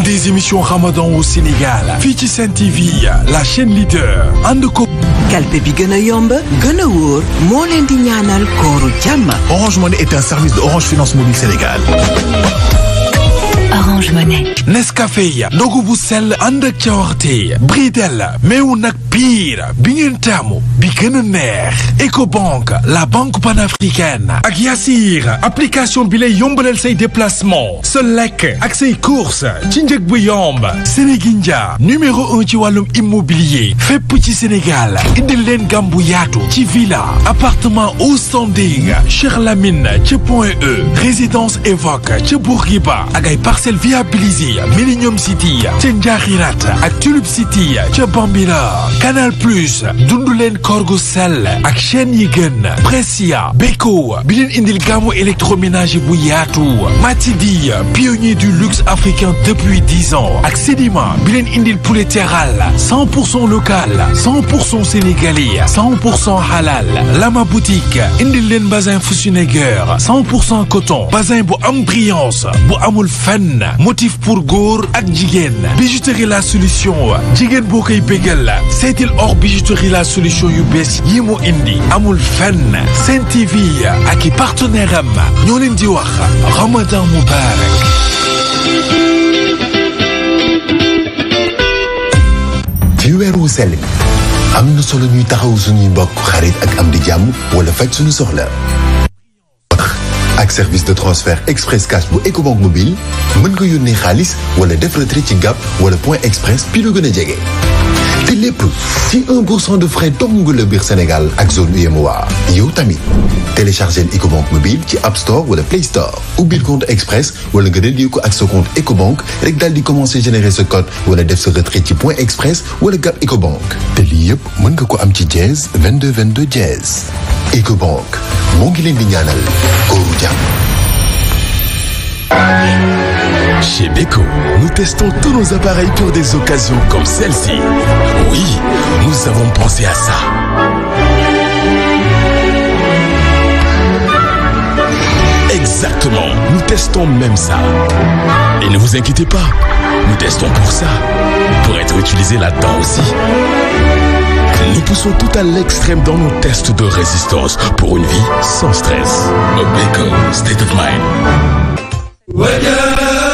des émissions Ramadan au Sénégal fii ci Sen TV la chaîne leader ànd ko kalpe bi gën a yomb gën a wóor moo leen di ñaanal kooru jàmm Orange Money est un service de Orange Finance Mobile Sénégal Orange Money. Nescafé ndogu bu sell ànd ak cawarté bridel meewu nag pire bi ngeen taamu bi a neex Ecobank la banque panafricaine ak Yassir application bi lay yombalal say déplacement sa lekk ak say course ci njëg bu yomb Sénégindia numéro un ci wàllum immobilier fépp ci Sénégal indil leen yaatu ci villa appartement au E résidence Évoque ca Bourguiba parcelle viabilisée Millennium City ca Njaaxirat ak Tulip City ca Canal Plus dund leen korgu sell ak chaîne yi gën Precia Beko bi leen indil gamme électroménager bu yaatu Matidi pionnier du luxe africain depuis dix ans ak Sedima bi leen indil pouletiéral cent pour cent local cent pour cent sénégalais cent pour cent halal Lama boutique indil leen bazin Fusuneger cent pour cent coton bazin bu am brillance bu amul benn motif pour góor ak jigéen bijouterie la solution wa jigéen boo koy bégal la seetil or bijouterie la solution yu bees yi mu indi amul fenn Sen TV ak i partenaire am ñoo leen di wax Ramadan Mubarak ci weeru sell bi am nu solo ñuy taxaw suñuy mbokk xarit ak am di jàmm wala faj suñu soxla ak service de transfert express cash bu Ecobank mobile mën nga yónnee xaalis wala def retrait ci Gap wala Point Express pi lu gën a jege. te lépp ci 1% de dong la biir Sénégal ak zone yow tamit téléchargeel Ecobank mobile ci App Store wala Play Store ubbil compte express wala nga relier ko ak sa compte Ecobank rek daal di commencer générer sa code wala def sa retrait ci point express wala gab Ecobank te lii yëpp mën nga ko am ci dièse 22 22 dièse Ecobank moo ngi leen di ñaanal Chez Beko, nous testons tous nos appareils pour des occasions comme celle-ci. Oui, nous avons pensé à ça. Exactement, nous testons même ça. Et ne vous inquiétez pas, nous testons pour ça, pour être utilisé là-dedans aussi. Nous poussons tout à l'extrême dans nos tests de résistance pour une vie sans stress. Beko, state of mind.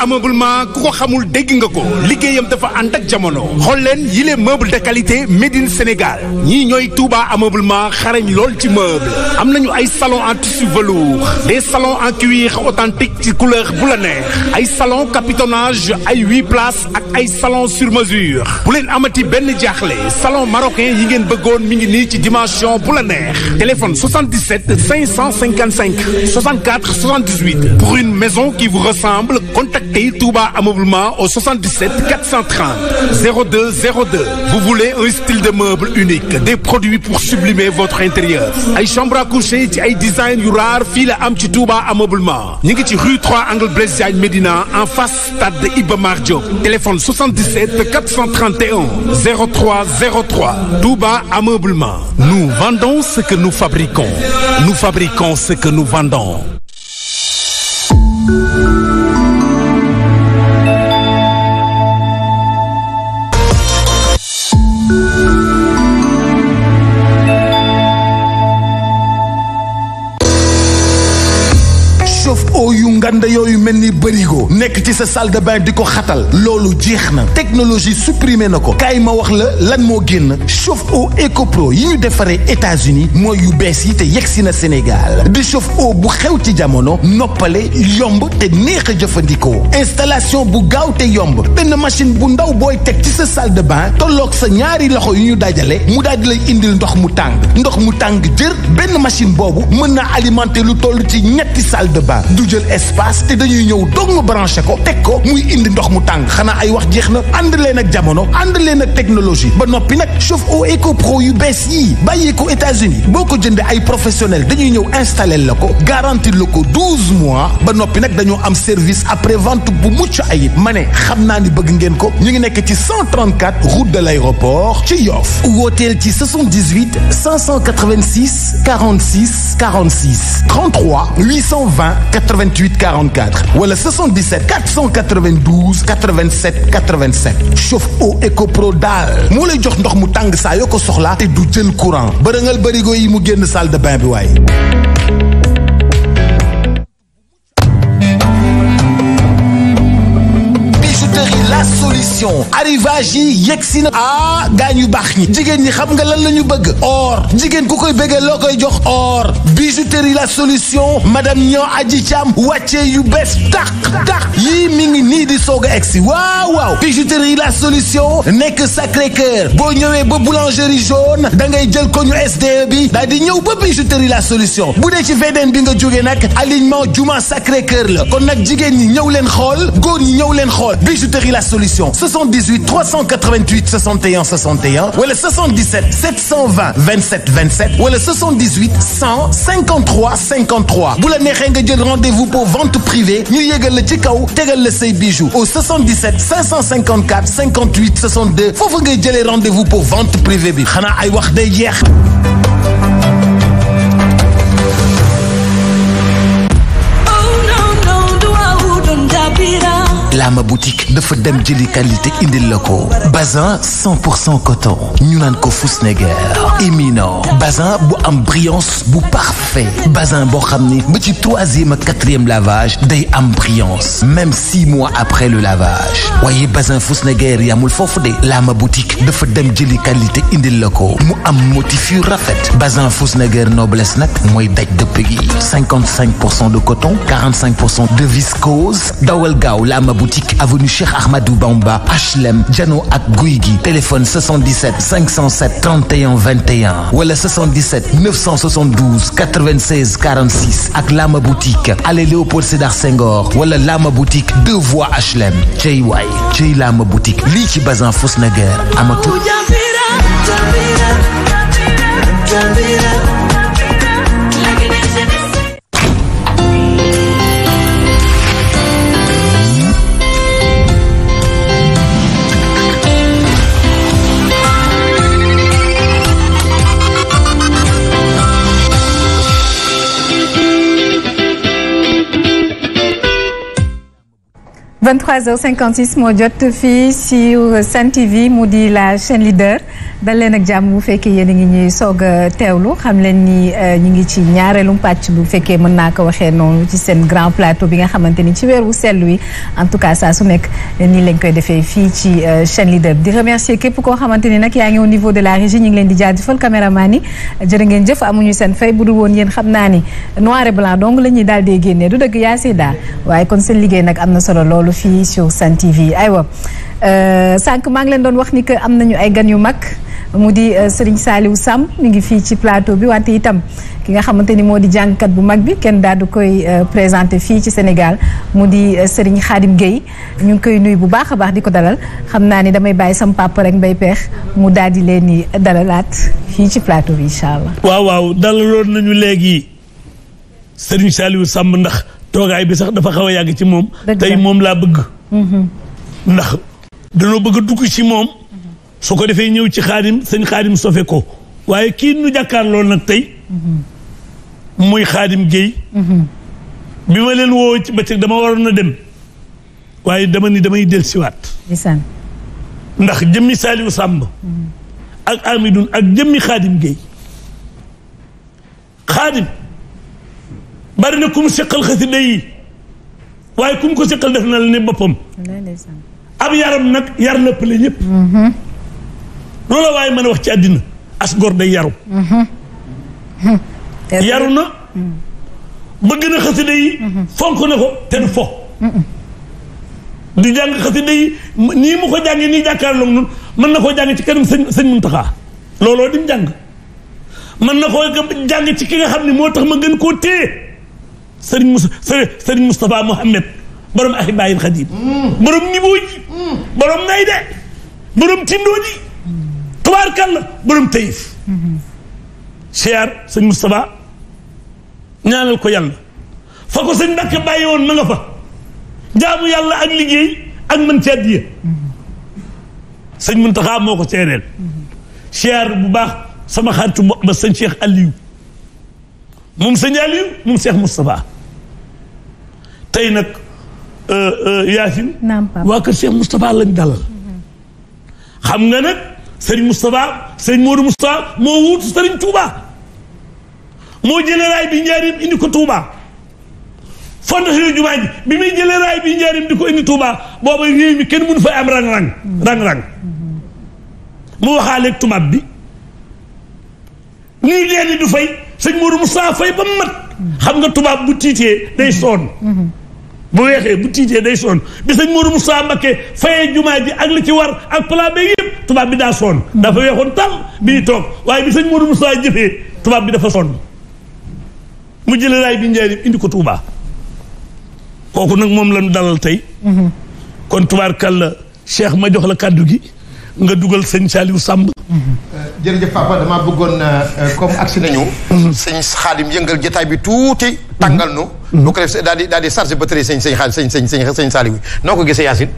ameublement ku ko xamul dégg nga ko liggéeyam dafa ànd ak jamono xool leen yile meuble de qualité made in Sénégal ñii ñooy Touba ameublement xarañ lool ci meuble am nañu ay salon en tissu velours des salons en cuir authentique ci couleur bu la neex ay salon capitonnage ay huit places ak ay salon sur mesure bu leen amati benn jaaxle salon marocain yi ngeen bëggoon mu ngi nii ci dimension bu la neex téléphone 77 555 64 78 Pour une maison qui vous ressemble, contactez Touba Ameublement au 77 430 02 02. Vous voulez un style de meuble unique, des produits pour sublimer votre intérieur. ay chambre à ci ay design yu raar fii la am ci Touba Ameublement. ñu ngi ci rue 3 angle Blaise Diagne Médina en face stade de Iba Mar Diop. téléphone 77 431 03 03. Touba Ameublement. Nous vendons ce que nous fabriquons. Nous fabriquons ce que nous vendons. nganda yooyu mel ni bërigo nekk ci sa salle de di ko xatal loolu jeex na technologie supprimé na ko kaay ma wax la lan moo génn chauffe-eau EcoPro yi ñu defaree États-Unis mooy yu bees yi te yegsi na Sénégal di chauffe-eau bu xew ci jamono noppale yomb te neex a jëfandikoo installation bu gaaw te yomb benn machine bu ndaw booy teg ci sa salle de bain sa ñaari loxo yu ñu dajale mu daal di indil ndox mu tàng ndox mu tàng jër benn machine boobu mën n alimenter lu toll ci ñetti salle espace te dañuy ñëw dong branché ko teg ko muy indi ndox mu tàng xanaa ay wax jeex na ànd leen ak jamono ànd leen ak technologie ba noppi nag chauffe-eau Eco Pro yu bees yii bàyyee ko États-Unis boo ko jëndee ay professionnel dañuy ñëw installé la ko garantir la ko douze mois ba noppi nag dañoo am service après vente bu mucc ay ma ne xam naa ni bëgg ngeen ko ñu ngi nekk ci 134 route de l'aéroport ci Yoff wooteel ci 78 586 46 46 33 820 88 44 wala 77 492 87 87 chauffe eau Ecopro daal moo lay jox ndox mu tàng saa yoo ko soxlaa te du jël courant bërëngal bërigo yi mu génn salle de bain bi waaye. attention arrivage yi yegg si na ah gaa yu baax ñi jigéen ñi xam nga lan la ñu bëgg or jigéen ku koy bëggee loo koy jox or bijouterie la solution madame ñoo aji caam wàccee yu bees tax tax yii mi ngi nii di soog a egg si waaw waaw bijouterie la solution nekk sacré cœur boo ñëwee ba boulangerie jaune da ngay jël ko ñu SDE bi daal di ñëw ba bijouterie la solution bu dee ci VDN bi nga jógee nag alignement juma sacré kër la kon nag jigéen ñi ñëw leen xool góor ñi ñëw leen xool bijouterie la solution 78 388 61 61 wala 77 720 27 27 wala 78 100 53 53 bu la neexee nga jël rendez-vous pour vente ñu yëgal la ci kaw tegal la say bijoux au 77 554 58 62 foofu ngay jëlee rendez-vous pour vente bi xanaa ay wax day jeex. laama boutique dafa dem jëli qualité indil la ko bazin 100 pour cent coton ñu naan ko Fusneger éminent bazin bu am brillance bu parfait bazin boo xam ni ba ci troisième ak quatrième lavage am brillance même six mois après le lavage waaye bazin Fusneger yamul foofu de laama boutique dafa dem jëli qualité indil la ko mu am motif yu rafet bazin Fusneger noblesse nag mooy daj dëpp gi de coton 45 pour cent de viscose dawal gaaw laama boutique boutique avenue Cheikh Ahmadou Bamba HLM Jano ak Guy gi téléphone 77 507 31 21 wala 77 972 96 46 ak Lama boutique allée Léopold Sédar Senghor wala Lama boutique deux voies HLM cey waay cey Lama boutique lii ci bazin Fos Naguère amatu. 23h56 moo jot fii si Sen TV mu di la chaîne leader dal leen ak jàmm bu fekkee yéen a ngi ñuy soog teewlu xam leen ni euh, ñu ngi ci ñaareelu pàcc bu fekkee mën naa ko waxee noonu ci seen grand plateau bi nga xamante ni ci weer wu sell wi en tout cas saa su nekk nii lañ koy defee fii ci euh, chaîne leader di remercier képp koo xamante ni nag yaa ngi au niveau de la régie ñu ngi leen di jaajëfal caméraman yi jërë ngeen jëf amuñu seen fay bu dul woon yéen xam naa ni noir et blanc la ñuy daal di génnee du dëgg yaa si daal waaye kon seen liggéey nag am na solo loolu fii sur Sen TV aywa euh, sànq maa ngi leen doon wax ni que am nañu ay gan yu mag mu di euh, Serigne Saliou Sam mu ngi fii ci plateau bi wante itam ki nga xamante ni moo di jàngkat bu mag bi kenn daal du koy euh, présenté fii ci Sénégal mu di sëriñ Khadim Gueye ñu ngi koy nuyu bu baax a baax di ko dalal xam naa ni damay bàyyi sam papa rek mbay peex mu daal di leen di dalalaat fii ci plateau bi incha allah. waaw waaw dalaloon nañu léegi Serigne Saliou Sam ndax. toogaay bi sax dafa xaw a yàgg ci moom tey moom laa bëgg mm-hmm. ndax danoo bëgg a dugg ci moom mm-hmm. soo ko defee ñëw ci xaadim sëñ xaadim sofe ko waaye kii nu jàkkaar loolu nag tey mm-hmm. muy xaadim géey bi ma leen woo ci dama waroon a dem waaye dama ni damay del siwaat ndax jëmmi Saliou sàmb ak Amidun ak jëmmi xaadim géey xaadim bari na ku mu seqal xasida waaye ku ko seqal def na la ne boppam ab yaram nag yar na pële ñëpp loolu waaye mën a wax ci àddina as gor day yaru yaru na bëgg na xasida yi fonk na ko te du fo du jàng xasida yi nii mu ko jàngee nii jàkkaarloog mën na koo jàng ci kanam sëñ sëñ Muntaxa looloo di mu jàng mën na koo jàng ci ki nga xam ne moo tax ma gën koo téye sëriñ Moussa sëriñ Moustapha Mohamed borom Ahibaayil Xadim. Mm. borom niveau ji. Mm. borom Nayde. borom Tindoo ji. tubaarkàlla borom Taïf. siyaar sëñ Moustapha ñaanal ko yàlla fa ko sëñ Mbàkke bàyyi woon ma nga fa jaamu yàlla ak liggéey ak mën ci àddiya sëñ moo ko seereel siyaar bu baax sama xaritu mbokk ba sëñ Cheikh Aliou moom sëñ Aliou moom Cheikh Moustapha tey nag euh, euh, Yacine. naam papa waa kër lañ dalal. xam nga nag sëriñ Moustapha sëriñ Modou Moustapha moo wuutu sëriñ tuuba moo jëlee raay bi njaarim indi ko Touba. fondation jumaa ji bi muy jëlee raay bi njaarim di ko indi Touba booba réew mi kenn mënu fa am rang-rang. rang-rang mu waxaaleeg tubaab bi. nii dee du fay. sëñ Modou Moussa Faye ba mat xam nga tubaab bu tiitee day sonn bu weexee bu tiitee day sonn bi sëñ Modou Moussa Mbacké fayee jumaa ji ak li ci war ak plan beeg yëpp tubaab bi daa soon dafa weexoon tal bi ñu toog waaye bi sëñ Modou Moussa jëfee tubaab bi dafa sonn mu jëlee raay bi njaarim indi ko Touba kooku nag moom lañu dalal tey mhm. kon tubaarkàlla Cheikh ma jox la kàddu gi nga dugal sëñ Saliou Samb. Euh, jërëjëf papa damaa bëggoon euh, euh, comme agsi nañu. Mhm. sëñ xaadim yëngal jotaay bi tuuti. tàngal nu. bu mhm. ko def daal di daal di chargé batterie sëñ sëñ xaadim sëñ sëñ sëñ Saliou noo ko gisee Yacine.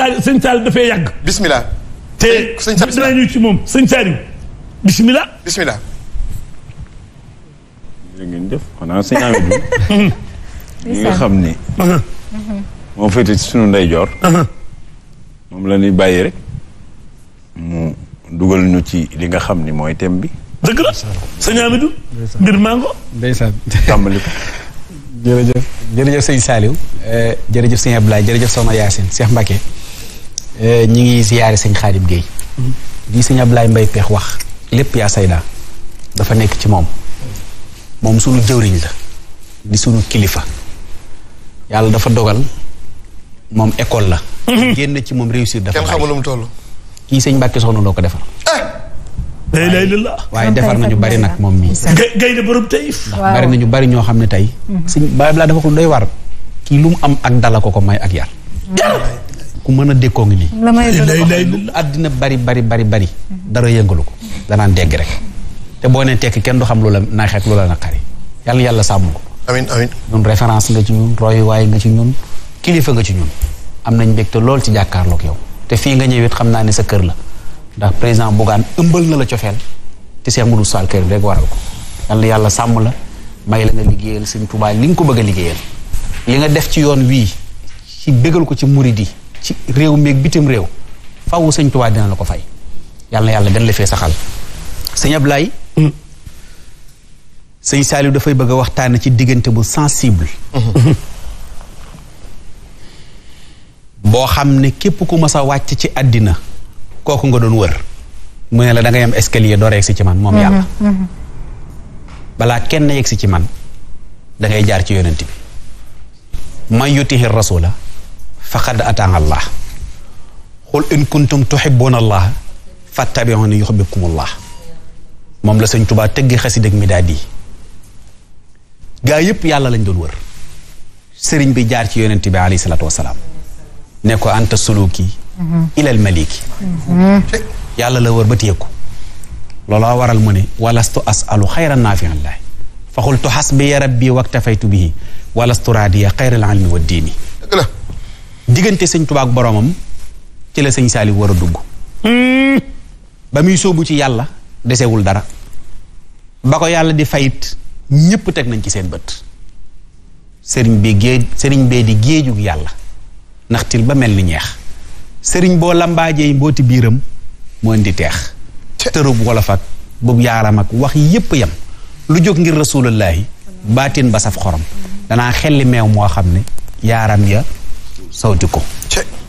aywa dafay yàgg. bismillah. te bisimilah ñu ci moom sëñ Saliou. bismillah. bismillah. ngeen def xam ni. Uh-huh. Mhm. moo féete ci sunu ndeyjoor. Uh-huh. moom la ñuy bàyyi rek mu dugal ñu ci li nga xam ni mooy thème bi. dëgg la sëñ Amidou. mbir mango. ndeysaan tàmbali ko. jërëjëf jërëjëf sëñ Saliou. Eh, jërëjëf sëñ Abdoulaye jërëjëf Soxna Yacine Cheikh Mbacke. Eh, ñi ngi ziyaare sëñ Khadim Gueye. Uh-huh. lii sëñ Abdoulaye Mbaye Peex wax. lépp yaa sayda dafa nekk ci moom. moom sunu jëwriñ la. di sunu kilifa. yàlla dafa dogal moom école la. Mhm. génn ci moom réussir dafa. kenn xamul lu mu toll. kii sëñ Mbàkke soxna loo ko defar. Eh! lay la waaye defar nañu bari nag moom mii. gay na borom tayif bari nañu bari ñoo xam ne tey. Mhm. sëñ Baye Abdoulaye dafa ko doy war kii lu mu am ak dala ko ko may ak yar. Mhm. ku mën a dékkoo ngi nii. la may lu àddina bari bari bari dara yëngalu ko. danaan dégg rek. te boo nee tekki kenn du xam lu la naax ak lu la naqari. yàlla yàlla sàmm ko. amiin amiin. ñun référence nga ci ñun royuwaay nga ci kilifa nga ci ñun am nañ mbégte lool ci jàkkaarloog yow te fii nga ñëwit xam naa ne sa kër la ndax président Bougane ëmbal na la cofeel te Cheikh Modou Sall kër bi waral ko yal na yàlla sàmm la may la nga liggéeyal Sëñ Tuubaa li nga ko bëgg a liggéeyal def ci yoon wii ci bégal ko ci muridi ci réew meeg bitim réew faww Sëñ Tuubaa dina la ko fay yàlla yàlla gën la fee saxal sëñ Ablaye mm. sëñ Saliou dafay bëgg a waxtaan ci diggante bu sensible mm-hmm. boo xam ne képp ku mas a wàcc ci àddina kooku nga doon wër mu ne la da nga yem escalier door a ci man moom mhm, yàlla mhm. balaa kenn yegsi ci man da jaar ci yonent bi man yutihi rasula faqad ataa allah qul in kuntum tuhibbuna allah fattabi'uni yuhibbukum allah moom la sëñ tubaa tëgg xasida ak midaadi gaa yépp yàlla lañ doon wër sëriñ bi jaar ci yonent bi alayhi salaatu wasalaam ne ko anta suluki ilal maliki yàlla la wër ba téyeku looloo waral mu ne walastu asalu xayran naafian laay faxultu xasbiya rabbi waktafaytu bihi walastu raadiya xayral almi wa diggante sëñ tubaak ak boroomam ci la sëñ Saaliw war a dugg ba muy sóobu ci yàlla desewul dara ba ko yàlla di fayit ñépp teg nañ ci seen bët sëriñ bi di géejug yàlla ndax ba mel ni ñeex sëriñ boo lambaajee mbooti biiram moo indi teex tërub wolof ak boobu yaaram ak wax yépp yam lu jóg ngir rasulullahi baatin ba saf xorom danaa xelli meew moo xam ne yaaram ya sawti ko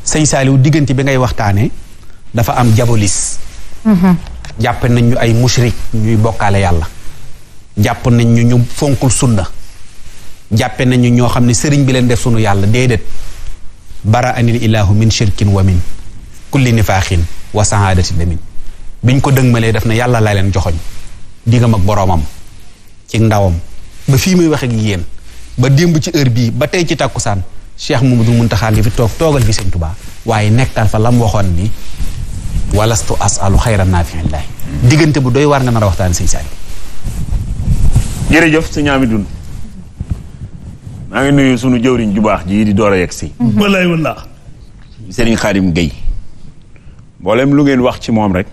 sëñ Saaliw diggante bi ngay waxtaanee dafa am jabolis mm-hmm. jàpp nañ ñu ay mushrik ñuy bokkaale yàlla jàpp nañ ñu ñu fonkul sunna jàppe nañu ñoo xam ne sëriñ bi leen def sunu yàlla déedéet bara anil ilaahu min shirkin wa min kulli nifaaxin wa sahaadati damin biñ ko dëgmalee def na yàlla laa leen joxoñ diggam ak boroomam ci ndawam ba fii muy wax ak ba démb ci heure bii ba tey ci tàkku saan tàkkusaan cheikh mamadou muntaxaa ngi fi toog toogal fi sëñ tubaa waaye nekkal fa lam waxoon ni walastu asalu xayra naafiillahi diggante bu doy waar nga nar a waxtaan sëñ saali jërëjëf sëñ Amidoune maa ngi nuyu sunu jëwriñ ju baax ji di door a yegg si. walaay mhm. walaay. Serigne xaarim géey mboolem lu ngeen wax ci moom rek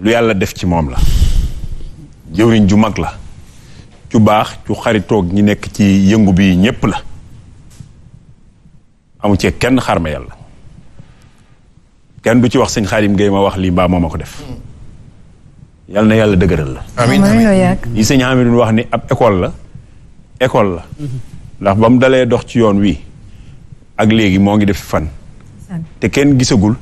lu yàlla def ci moom la. jëwriñ ju mag la. ju baax ju xaritoog ñi nekk ci yëngu bi ñépp la. amu cee kenn xar xarma yàlla. kenn du ci wax sëñ Khadim Gueye ma wax lii mbaa moom a ko def. Mm. yàlla na yàlla dëgëral la. amiin amiin li sëñ Hamidou wax ni ab école la. école la. ndax ba mu dalee dox ci yoon wi ak léegi moo ngi def fan. te kenn gisagul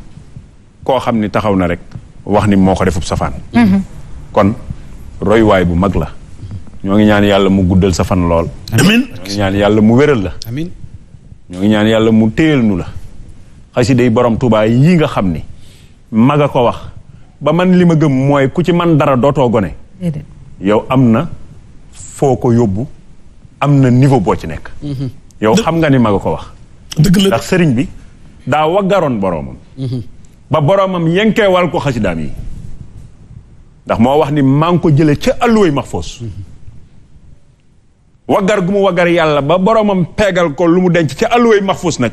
koo xam ni taxaw na rek wax ni moo ko defub safaan. Mhm. kon royuwaay bu mag la. ñoo ngi ñaan yàlla mu guddal sa fan lool. amiin yàlla mu wéral la. amiin ñoo ngi ñaan yàlla mu téyal nu la. xasiday borom Tuubaa yi nga xam ni mag a ko wax ba man li ma gëm mooy ku ci man dara dootoo gone. yow am na foo ko yóbbu. am na niveau boo ci nekk. Mhm. yow xam nga ni ma nga ko wax. dëgg la ndax sëriñ bi daa waggaroon boroomam. Mhm. ba boroomam yenkeewal ko xasidaam yi ndax moo wax ni maa ko jële ca alluway maxfoos mhm. waggar gu mu waggar yàlla ba boroomam peegal ko lu mu denc ca alluway maxfoos nag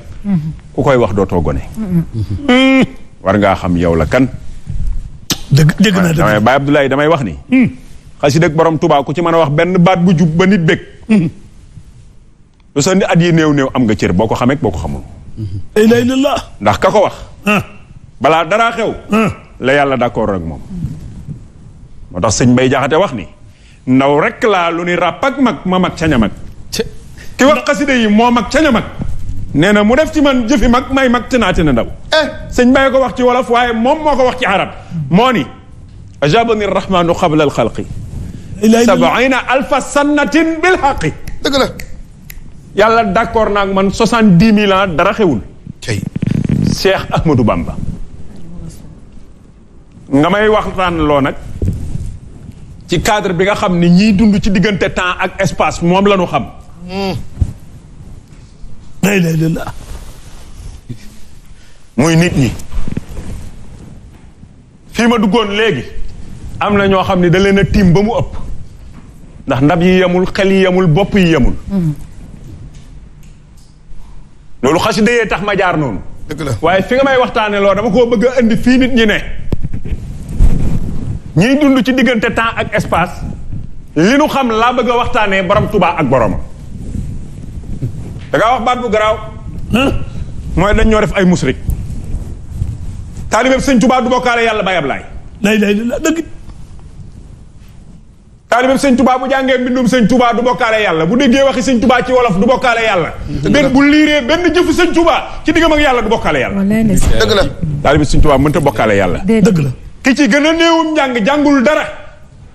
ku koy wax dootoo gone hmm. war ngaa xam yow la kan dëgg dëgg na damay Baye Abdoulaye damay wax ni hmm. xasida ak borom Tuubaa ku ci mën a wax benn baat bu jub ba nit bëgg lu sa ni at yi néew néew am nga cër boo ko xamee boo ko xamul ilaa illallah ndax ka ko wax balaa daraa xew la yàlla d'accord ak moom moo tax sëñ Mbay Jaxate wax ni ndaw rek laa lu ni ràpp ak mag ma mag caña mag ki wax xaside yi moo mag caña mag nee na mu def ci man jëfi mag may mag tinaati na ndaw eh sëñ Mbay ko wax ci wolof waaye moom moo ko wax ci arab moo ni ajaabani rahmaanu qabla alxalqi sabaina alfa sannatin bil haqi dëgg la yàlla d'accord naag man soixante dix mille ans dara xewul tey Cheikh Ahmadou Bamba nga may waxtaan loo nag ci cadre bi nga xam ni ñii dund ci diggante temps ak espace moom la xam la muy nit ñi fii ma duggoon léegi am na ñoo xam ni da leen tiim ba mu ëpp ndax ndab yi yamul xel yi yemul bopp yi yemul mhm. loolu xasida yee tax ma jaar noonu dëgg la waaye fi nga may waxtaane loo dama koo bëgg a indi fii nit ñi ne ñiy dund ci diggante temps ak espace li nu xam laa bëgg a waxtaanee borom tubaa ak boromam da ngaa wax baat bu garaaw mooy dañ ñoo def ay musrik taalibeeb sëñ tubaa du bokkaale yàlla ba ab lay taalibam sëñ tubaa bu jàngee mbindum sëñ tubaa du bokkaale yàlla bu déggee waxi sëñ tubaa ci wolof du bokkaale yàlla mm-hmm. benn bu liiree benn jëfu sëñ tubaa ci diggam ak yàlla du bokkaale yàlla dëgg la taalibam sëñ tubaa mënta bokkaale yàlla dëgg la ki ci gën a néewum njàng jàngul dara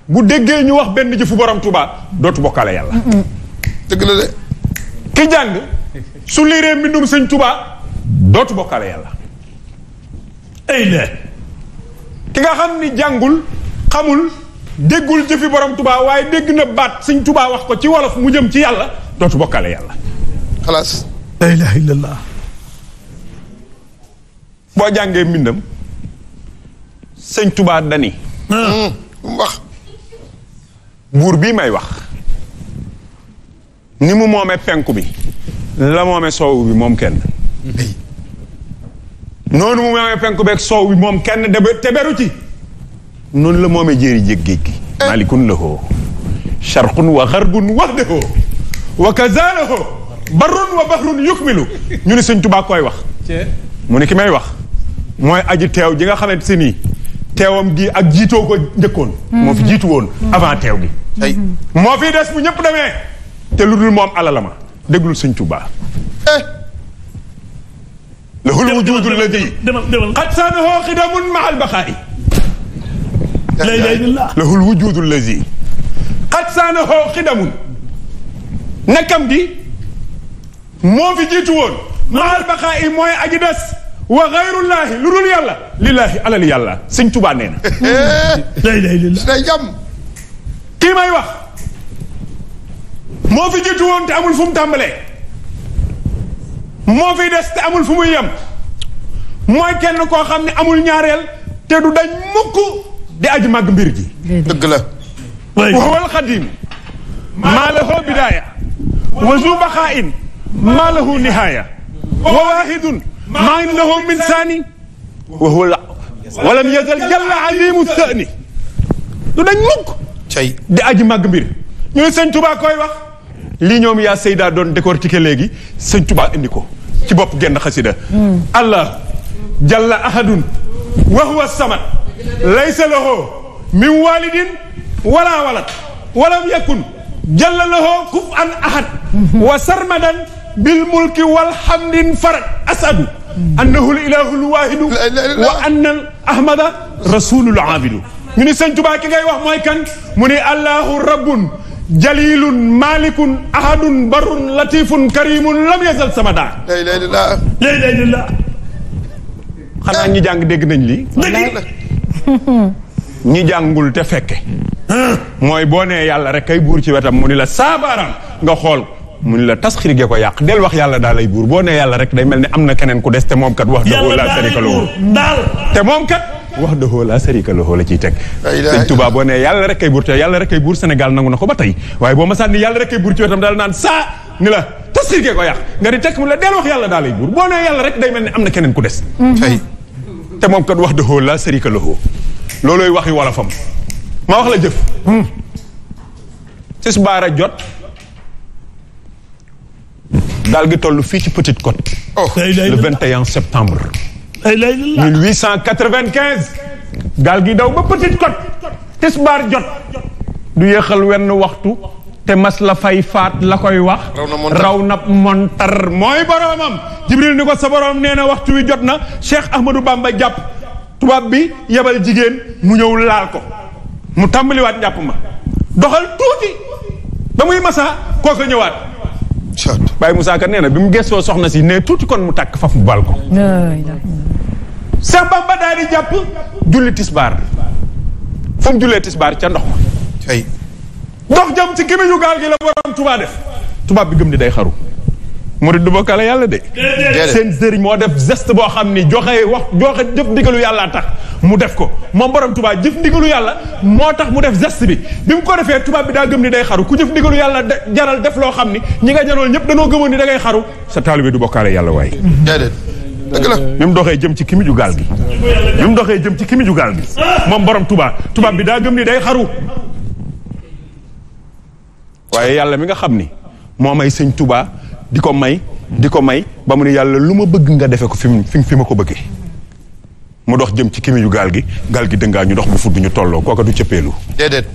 bu déggee ñu wax benn jëfu borom tubaa dootu bokkaale yàlla dëgg la de ki jàng su liiree mbindum sëñ tubaa dootu bokkaale yàlla ki nga xam ni jàngul xamul déggul jëfi borom tubaa waaye dégg na baat sëñ tubaa wax ko ci wolof mu jëm ci yàlla dootu bokkale yàlla xalaas la ilaha illallah boo jàngee mbindam sëñ tubaa dani hmm. wax buur bii may wax ni mu moome penku bi la moome soow bi moom kenn noonu mu moome penku beeg soow bi moom kenn de te beru ci noonu la moomee jéeri jég géej gi eh. malikun lahoo charqun wa xarbun wahdahoo wa kazalahoo barrun wa bahrun yukmilu ñu ni sëñ tubaa koy wax mu ni ki may wax mooy aji teew ji nga xamante si nii teewam gi ak jiitoo ko njëkkoon moo fi mhm. jiitu woon mhm. avant teew gi moo fi des bu ñëpp demee te lu dul moom ala la ma déglul sëñ tubaa eh. lahul wujudu alladi qad sanahu xidamun ma al la ilaha illallah lahul wujudul lazi xat saana xoo xidamun nakam gi moo fi jiitu woon maal baxaa i mooy aji des wa xayrullaahi lu dul yàlla lillaahi alal yàlla sëñ tubaa nee na may wax moo fi jiitu woon te amul fu mu tàmbalee moo fi des te amul fu muy yem mooy kenn koo xam ne amul ñaareel te du dañ mukk di aji màgg mbir ji. dëgg la. wa huwa alxadim maa lahu bidaaya wa zu baxaain maa lahu nihaaya wa waahidun maa lahu min saani wa huwa walam yazal jalla alimu sani du dañ mukk cay di aji màgg mbir ñu ne sëñ Tuba koy wax lii ñoom yaa Seyda doon décortiquer léegi sëñ Tuba indi ko ci bopp genn xasida hmm. allah jalla ahadun wa huwa samad laysa lahu min walidin wala walad walam yakun jalla lahu kuf an ahad wa sarmadan bil mulki wal hamdin farad asadu annahu l ilahul wahidu wa anna ahmada rasulul abidu ñu ni sëñ Tuubaa ki ngay wax mooy kan mu ni allahu rabbun jalilun malikun ahadun barun latifun karimun lam yazal sama daa la ilaha illallah la ilaha illallah xanaa ñi jàng dégg nañ lii dégg ñi jàngul te fekke mooy boo nee yàlla rek kay buur ci wetam mu ni la saabaram nga xool mu ni la tasxir ge ko yàq del wax yàlla daal buur boo nee yàlla rek day mel ne am na keneen ku des te moom kat wax dëgg laa sarika lahu daal te moom kat wax dëgg laa sarika lahu la ciy teg sëñ Tuubaa boo nee yàlla rek kay buur te yàlla rek kay buur Sénégal nangu na ko ba tey waaye boo ma yàlla rek kay buur ci wetam daal naan saa ni la tasxir ge ko yàq nga di tekk mu la del wax yàlla daalay lay buur boo nee yàlla rek day mel ni am na keneen ku des te moom kat wax dëxoo la sërika loxoo loolooy waxi wala fam ma wax la jëf tis hmm. baara jot daal gi toll fii ci Petite Côte oh. le 21 septembre gaal gi daw ba Petite Côte tis jot du yéexal wenn waxtu te mas la fay faat la koy wax raw na montar mooy boroomam jibril ni ko sa boroom nee na waxtu wi jot na cheikh ahmadou bamba jàpp tubaab bi yebal jigéen mu ñëw laal ko mu tàmbaliwaat jàpp ma doxal tuuti ba muy masa kooku ñëwaat bàyyi Moussa nee na bi mu gestoo soxna si ne tuuti kon mu tàkk faf mu bal ko cheikh bamba daal di jàpp julli tisbaar fu jullee tisbaar ca ndox ma ndox jëm ci gémmiñu gaal gi la borom Touba def tubaab bi gëm ni day xaru murid du bokkale yàlla de seen sëriñ moo def geste boo xam ni joxe wax joxe jëf ndigalu yàlla tax mu def ko moom borom Touba jëf ndigalu yàlla moo tax mu def geste bi bi mu ko defee tubaab bi daa gëm ni day xaru ku jëf ndigalu yàlla jaral def loo xam ni ñi nga jarool ñëpp danoo gëmoon ni da ngay xaru sa taalibe du bokkale yàlla waaye dëgg la jëm ci kimiju gaal gi mu doxee jëm ci kimiju gaal moom borom Touba tubaab bi daa gëm ni day xaru waaye yàlla mi nga xam ni moo may sëñ tubaa di ko may di ko may ba mu ne yàlla lu ma bëgg nga defe ko fi mu fi ma ko bëggee mu dox jëm ci kimi yu gaal gi gaal gi dëngaa ñu dox bu fudd ñu tolloo kooka du cëppeelu déedéet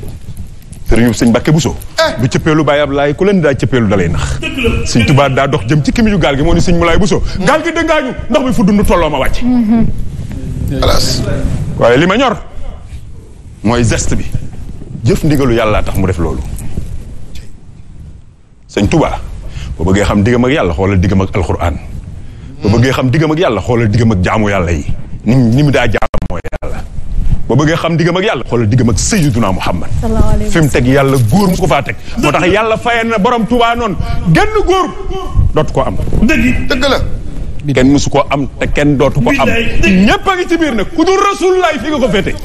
sëriñu sëñ Mbàkke Buso eh. du cëppeelu Baay Ablaay ku leen di daa cëppeelu da lay nax daa dox jëm ci kimi yu gaal gi moo ni sëñ Mulaay Buso gaal gi dëngaa ñu ndox mi fudd ñu tolloo ma wàcc xalaas waaye li ma ñor mooy gest bi jëf ndigalu yàlla tax mu def loolu sëñ Touba ba bëggee xam diggam ak yàlla xoolal diggam ak alxuraan ba bëggee xam diggam ak yàlla xoolal diggam ak jaamu yàlla yi ni ni mu daa jaamoo yàlla ba bëggee xam diggam ak yàlla xoolal diggam ak Sayyiduna Muhammad fi mu teg yàlla góor mu ko faa teg moo tax yàlla fayal na borom Touba noonu genn góor dootu ko am dëgg dëgg la kenn mësu ko am te kenn dootu ko am ñépp a ngi ci biir nag ku dul rasulullaay fi nga ko féete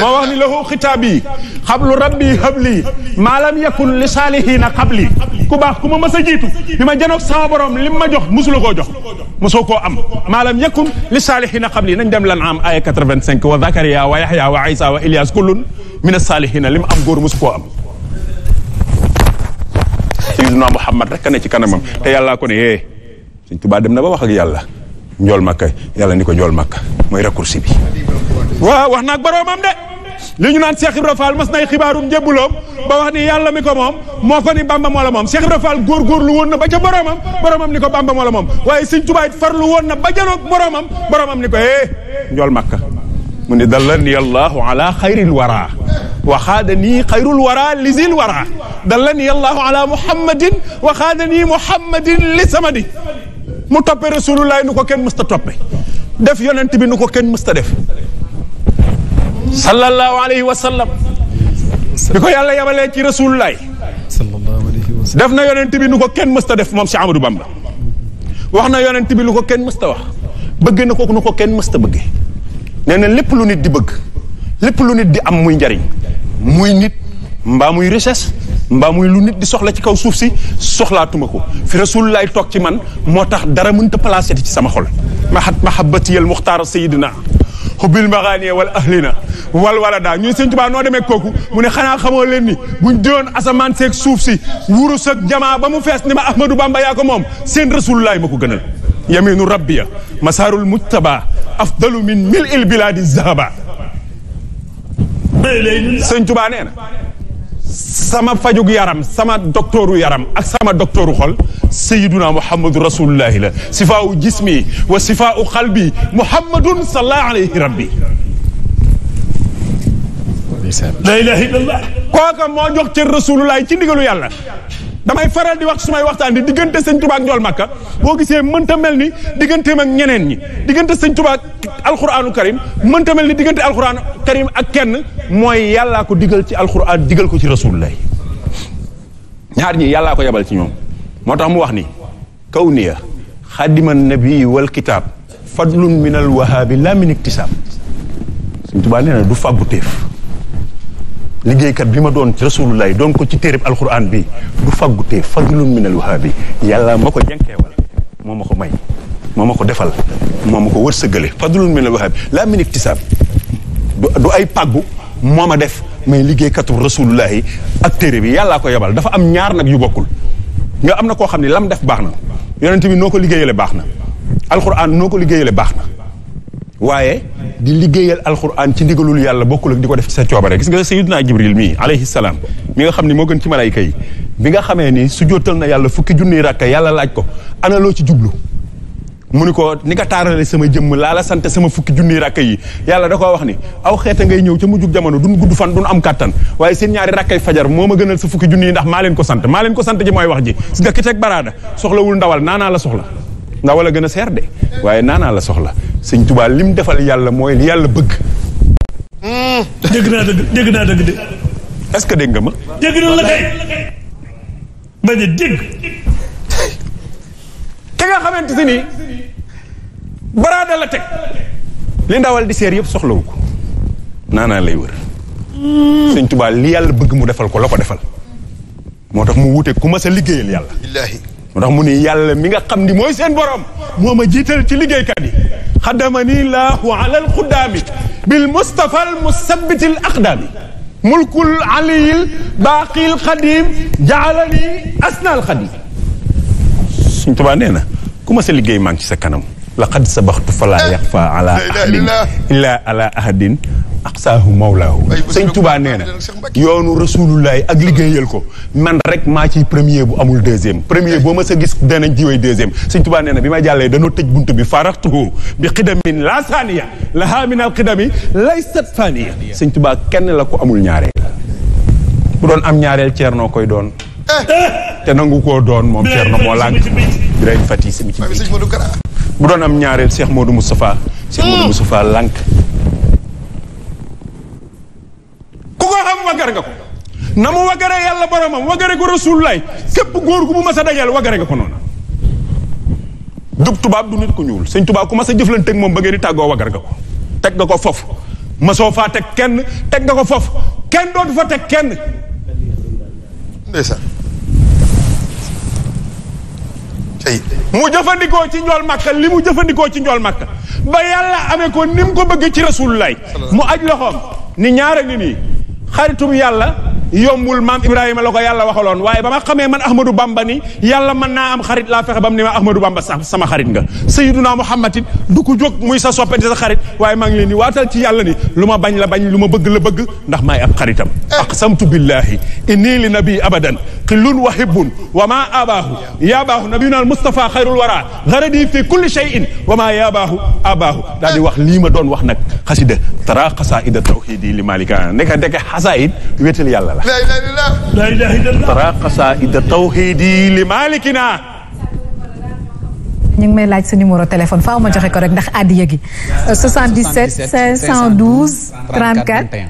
moo wax ni lahu xitaabi xablu rabbi habli maalam yakun li saalihiina xabli ku baax ku ma mës a jiitu bi ma janoog sama borom li ma jox mësula koo jox mësoo koo am maalam yakun li saalihiina xabli nañ dem lan am aya 85 wa zakariya wa yaxya wa isa wa ilyas kullun min as-saalihiina li mu am góor mësu koo am Sayyiduna Muhammad rek ne ci kanamam te yàllaa ko ne eh. Sëñ Tuubaa dem na ba wax ak yàlla njool makka yàlla ni ko njool makka mooy raccourci bi waaw wax naag boroomam de li ñu naan Cheikh Ibra Fall mas nay xibaarum njëbbuloom ba wax ni yàlla mi ko moom moo ko ni Bamba moo la moom Cheikh Ibra Fall góorgóorlu woon na ba ca boroomam boroomam ni ko Bamba moo la moom waaye Sëñ Tuubaa it farlu woon na ba janoog boroomam boroomam ni ko eh njool makka mu ni dallani allahu ala xayril wara waxaadani xayrul wara lisil wara dallani allahu ala muhammadin waxaadani muhammadin li samadi mu toppee rasulullah nu ko kenn mësta toppe def yonent bi nu ko kenn mësta def sallallahu alayhi wa sallam bi ko yàlla yabalee ci rasulullah def na yonent bi nu ko kenn mësta def moom si Amadou Bamba wax na yonent bi ko kenn mësta wax bëgg na ko nu ko kenn mësta bëgge nee na lépp lu nit di bëgg lépp lu nit di am muy njariñ muy nit mbaa muy richesse mbaa muy lu nit di soxla ci kaw suuf si soxlaatuma ko fi rasulullaay toog ci man moo tax dara mënta placé ci sama xol mahat mahabatiyal muxtaar sayidina xubbil maxaanie wal ahlina wal wala daa ñu ne sëñ Tuubaa noo demee kooku mu ne xanaa xamoo leen ni buñ doon asamaan seeg suuf si wurus ak jamaa ba mu fees ni ma ahmadou bamba yaa ko moom seen rasulullaay ma ko gënal yaminu rabbiya masaarul mujtaba afdalu min mil il biladi zahaba sëñ Tuubaa nee na sama fajug yaram sama doktooru yaram ak sama doktooru xol sayiduna muhammadu rasulullahi la sifaau jismi wa sifaau qalbi muhammadun sallallahu alayhi rabbi la ilaha illallah kooka moo jox cër rasulullahi ci ndigalu yàlla damay faral di wax su may waxtaan di diggante sëñ Tuubaa ak Makka boo gisee mënta mel ni digganteem ak ñeneen ñi diggante sañ tubaak ak alxuraanu karim mënta mel ni diggante alxuraanu karim ak kenn mooy yàllaa ko digal ci alxuraan digal ko ci rasulullah ñaar ñi yàllaa ko yabal ci ñoom moo tax mu wax ni kaw niya xadima nabii wal kitaab fadlun min al wahaabi la min iktisaab sëñ Tuubaa nee na du fàggu téef liggéeykat bi ma doon ci rasulullah doon ko ci téereb alquran bi du faggutee fadlun minal wahaabi yàlla ma ko jenkeewal moo ma ko may moo ma ko defal moo ma ko wërsëgale fadlun minal wahaabi laa min iktisaab du ay paggu moo ma def may liggéeykatu rasulullah yi ak téere bi yàllaa ko yebal dafa am ñaar nag yu bokkul nga am na koo xam ne lam def baax na yonent bi noo ko liggéeyale baax na alquran noo ko liggéeyale baax na waaye di liggéeyal alxuraan ci ndigalul yàlla bokkul ak di ko def ci sa coobare gis nga sayyidina jibril mii alayhi salaam mi nga xam ne moo gën ci malayka yi bi nga xamee ni su jootal na yàlla fukki junniy rakka yàlla laaj ko ana loo ci jublu mu ni ko ni nga taarale sama jëmm laa la sant sama fukki junniy rakka yi yàlla da ko wax ni aw xeeta ngay ñëw mu mujjub jamono duñ gudd fan duñ am kàttan waaye seen ñaari rakkay fajar moo ma gënal sa fukki junni yi ndax maa leen ko sant maa ko sant ji wax ji gis teg baraada soxlawul ndawal naanaa soxla ndax a gën a seer de waaye naanaa la soxla sëñ tubaal li mu defal yàlla mooy li yàlla bëgg. Hmm. dégg naa dëgg de. est que dégg nga ma. dégg na la ndawal di yëpp soxlawu ko. naanaa lay wër. Hmm. yàlla bëgg mu defal ko la ko defal. moo tax mu wuute ku ma sa liggéeyal yàlla. moo tax mu ni yàlla mi nga xam ni mooy seen borom moo ma jiital ci liggéeykat yi xadamani laahu ala alxuddaami bil mustafa al musabbiti al aqdaami mulkul aliyil baaqil xadim jaalani asna al xadim suñ tubaa nee na ku ma sa liggéey maa ngi ci sa kanam laqad sabaxtu falaa yaxfa ala ahadin illaa ala ahadin aqsaahu mawlaahu sëñ Touba nee na yoonu rasulullahi ak liggéeyal ko man rek maa ci premier bu amul deuxième premier boo ma sa gis danañ jiwee deuxième sëñ Touba nee na bi ma jàllee danoo tëj bunt bi faraxtuhu bi xidamin la saaniya laha min al xidami laysat faaniya sëñ Touba kenn la ko amul ñaareel bu doon am ñaareel ceernoo koy doon eh. te nangu koo doon moom ceerno moo lànk bi ray fati sami ci bu doon am ñaareel Cheikh Modou Moustapha Cheikh Modou hmm. Moustapha lànk ku ko xam wagar nga ko na mu wagare yàlla boromam wagare ko rasulullaay sépp góor gu mu mas a dajal wagare nga ko noonu dub tubaab du nit ku ñuul sëñ tubaab ku mas a jëflante ak moom ba ngeen di tàggoo wagar nga ko teg nga ko foofu masoo faa teg kenn teg nga ko foofu kenn dootu fa teg kenn ndeysaan mu jëfandikoo ci njool makka li mu jëfandikoo ci njool makka ba yàlla amee ko ni ko bëgg ci rasulullah mu aj loxoom ni ñaara ngi nii xaritum yàlla yombul maam Ibrahima la ko yàlla waxaloon waaye ba ma xamee man Ahmadou Bamba ni yàlla mën naa am xarit laa fexe ba mu ne ma Ahmadou Bamba sax sama xarit nga Sayyiduna Muhammad it du ko jóg muy sa soppe di sa xarit waaye maa ngi ni di waatal ci yàlla ni lu ma bañ la bañ lu ma bëgg la bëgg ndax maay ab xaritam eh. aqsamtu billahi inni li nabi wax xillun wa hibbun wa maa abaahu yaabaahu nabiyuna al mustafa xayrul wara garadi fi kulli shay'in wa maa yaabaahu abaahu daal di eh. wax lii ma doon wax nag xasida tara xasaida tawhidi li malika nekk ndeke xasaid wéetal yàlla la la ilaha illallah la ilaha illallah tara qasaida tawhidi li malikina ñu ngi may laaj sa numéro téléphone faaw ma joxe ko rek ndax àddiya gi 77 512 34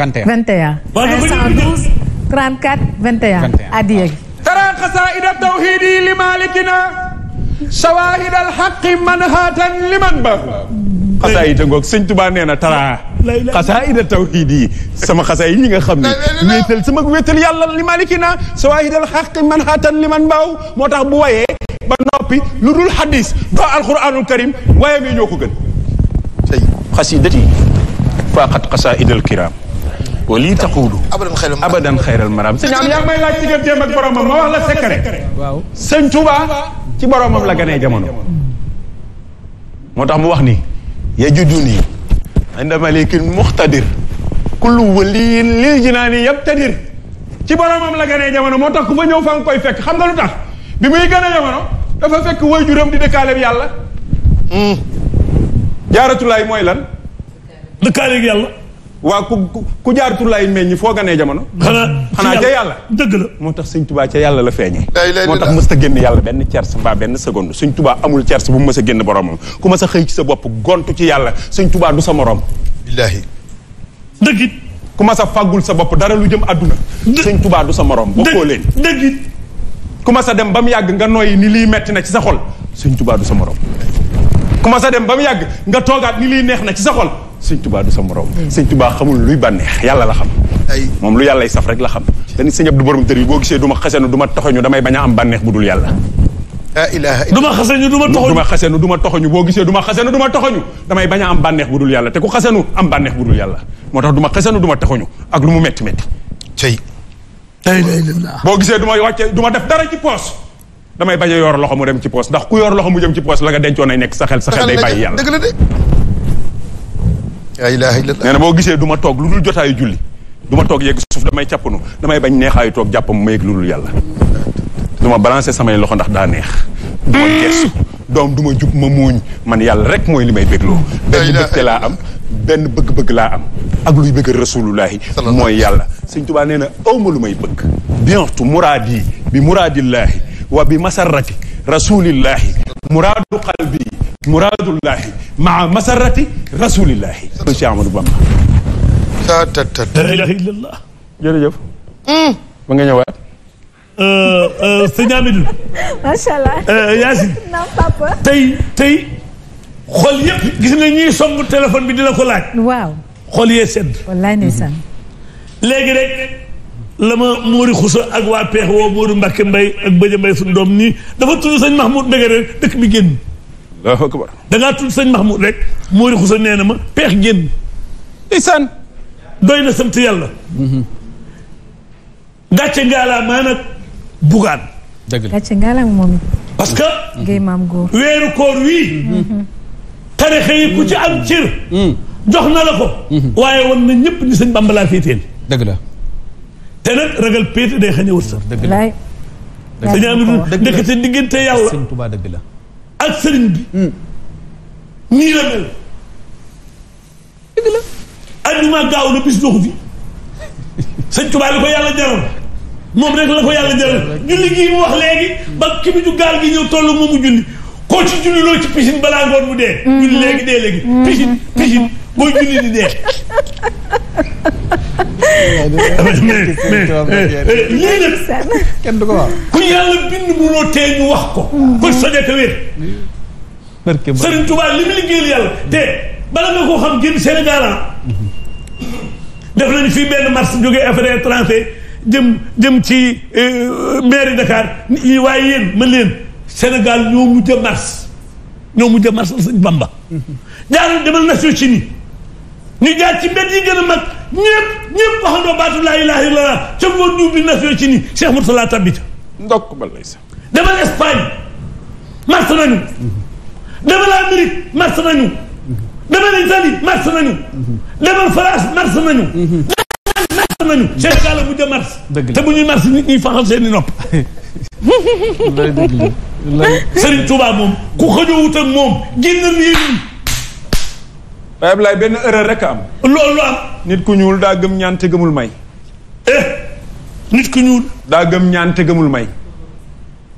21 21 512 34 21 àddiya gi tara qasaida tawhidi li malikina shawahid al haqq manhatan liman bahu xasaa yi tangoog sëñ tubaa nee na taraa xasaa ida tawxiid yi sama xasaa yi ñi nga xam ne wéetal sama wéetal yàlla li maliki naa sawaahidal xaq man xaatan li man mbaaw moo tax bu wayee ba noppi lu dul xadis ba alquranul karim waaye mi ñoo ko gën tey xasidati faqat xasaidal kiram wa lii taxuulu abadan xayral maram sëñ am yaa ngi may laaj digganteem ak boromam ma wax la secret waaw mm. moo tax mu wax nii yajiduni inda malikin muxtadir kullu waliyin lil jinaani yabtadir ci boromam la gënee jamono moo tax ku fa ñëw fa nga koy fekk xam nga lu tax bi muy gën a jamono dafa fekk waajuram di dëkkaaleeb yàlla hmm. jaaratulaay mooy lan dëkkaaleeb yàlla waa ku ku jaar tur laay meññ foo ganee jamono. xanaa xanaa ca yàlla dëgg la. moo tax sëñ tubaa ca yàlla la feeñee. moo tax mës ta génn yàlla benn cerce mbaa benn seconde suñ tubaa amul cerce bu mu mës a génn boromam ku mës a ci sa bopp gontu ci yàlla sëñ tubaa du sa morom. billaahi. ku mës a fàggul sa bopp dara lu jëm àdduna. sëñ tubaa du sa morom. bokkoo leen dëgg ku mës a dem ba mu yàgg nga noyyi ni liy metti na ci sa xol sëñ tubaa du sa moroom ku mës sa dem ba mu yàgg nga toogaat ni liy neex na ci sa xol sëñ tubaa du sa morom sëñ tubaa xamul luy bànneex yàlla la xam moom lu yàllay saf rek la xam te ni sëñ Abdu borom tër boo gisee du ma xasenu du ma toxoñu damay bañ a am bànneex bu dul yàlla du ma xasenu du ma toxoñu du ma xasenu du boo gisee du ma xasenu du ma toxoñu damay bañ a am bànneex bu dul yàlla te ku xasenu am bànneex bu dul yàlla moo tax du ma xasenu du ma toxoñu ak lu mu métti métti cey boo gisee du ma wàcce du ma def dara ci poos damay bañ a yor loxo mu dem ci poos ndax ku yor loxo mu jëm ci poos la nga dencoon ay nekk sa xel sa xel day bàyyi yàlla nee na boo gisee duma toog lu dul jotaayu julli du ma toog yegg suuf damay càppanu damay bañ neexaayu toog jàppam ma yegg lu dul yàlla du ma samay loxo ndax daa neex du ma geesu doom du ma jub ma muuñ man yàlla rek mooy li may bégloo benn bëgte laa am benn bëgg-bëgg laa am ak luy bëgg rasulullahi mooy yàlla sëñ tubaa nee na awma lu may bëgg bientu muraad yi bi muraadillahi wa bi masarrati rasulillahi muraadu qalbi muraadullahi maa masarati rasulillahi Cheikh Amadou Bamba ta ta ta la ilaha illallah jërëjëf ba hmm. nga ñëwaat euh, euh, sëñ Amidou macha allah euh, Yacine naam papa tey tey xool yëpp gis nga ñuy somb téléphone bi di la ko laaj waaw xool yee sedd wallaay ndeysaan mhm. léegi rek la ma Mori Xusa ak waa peex woo Mori Mbacke Mbay ak Bëja Mbay suñu doom nii dafa tudd sëñ Mahmoud Mbégéré dëkk bi génn allahu akbar da ngaa tudd sëñ Mahmoud rek Mouride Khoussa nee na ma peex génn. ndeysaan. doy na sant yàlla. gàcce ngaalaam maa nag bugaan. dëgg la gàcce moom it. parce que. ngay maam góor weeru koor wii. tarixa yi ku ci am cër. jox na la ko. waaye wan na ñëpp ni sëñ Bamba laa féeteel. dëgg la. te nag ragal péete day xañ a wërsëg. dëgg la dëgg la dëgg la dëgg la dëgg la dëgg la ak sëriñ bi. nii la mel. dëgg la. àdduma gaaw na bis doxu fi. sëñ Tuubaa li ko yàlla jaral moom rek la ko yàlla jaral julli gii mu wax léegi ba ki bi ju gaal gi ñëw toll moomu julli koo ci julli loo ci piscine balaa ngoon mu dee. Mm-hmm. julli léegi dee léegi. Mm-hmm. piscine piscine. boo julli di dee. lii nag wax. ku yàlla bind munoo tee ñu wax ko. kon soñe ko wér. barke Sëriñ li mu liggéeyal yàlla te bala nga koo xam génn Sénégal def nañu fii benn mars jógee affaire étranger jëm jëm ci mairie Dakar yi waaye yéen mën leen Sénégal ñoo mujj a mars ñoo mujj a mars Sëriñ Bamba. jaarale demal ñu jaar ci mbedd yi gën a mag ñëpp ñëpp waxandoo baatu laa ilaha illallah ca góor ñu bi nation ci nii Cheikh Mourtala Tabita. ndokk ba lay sax. demal Espagne mars nañu. demal Amérique mars nañu. demal Italie mars nañu. demal France mars nañu. mars nañu. Cheikh Gala bu jëm mars. te bu ñuy mars nit ñi faxal seen i nopp. lay ku xëjoo wut ak moom génn nii. waaye Ablaye benn erreur rek am. loolu la nit ku ñuul daa gëm ñaan te gëmul may. Eh, nit ku ñuul. daa gëm ñaan te gëmul may.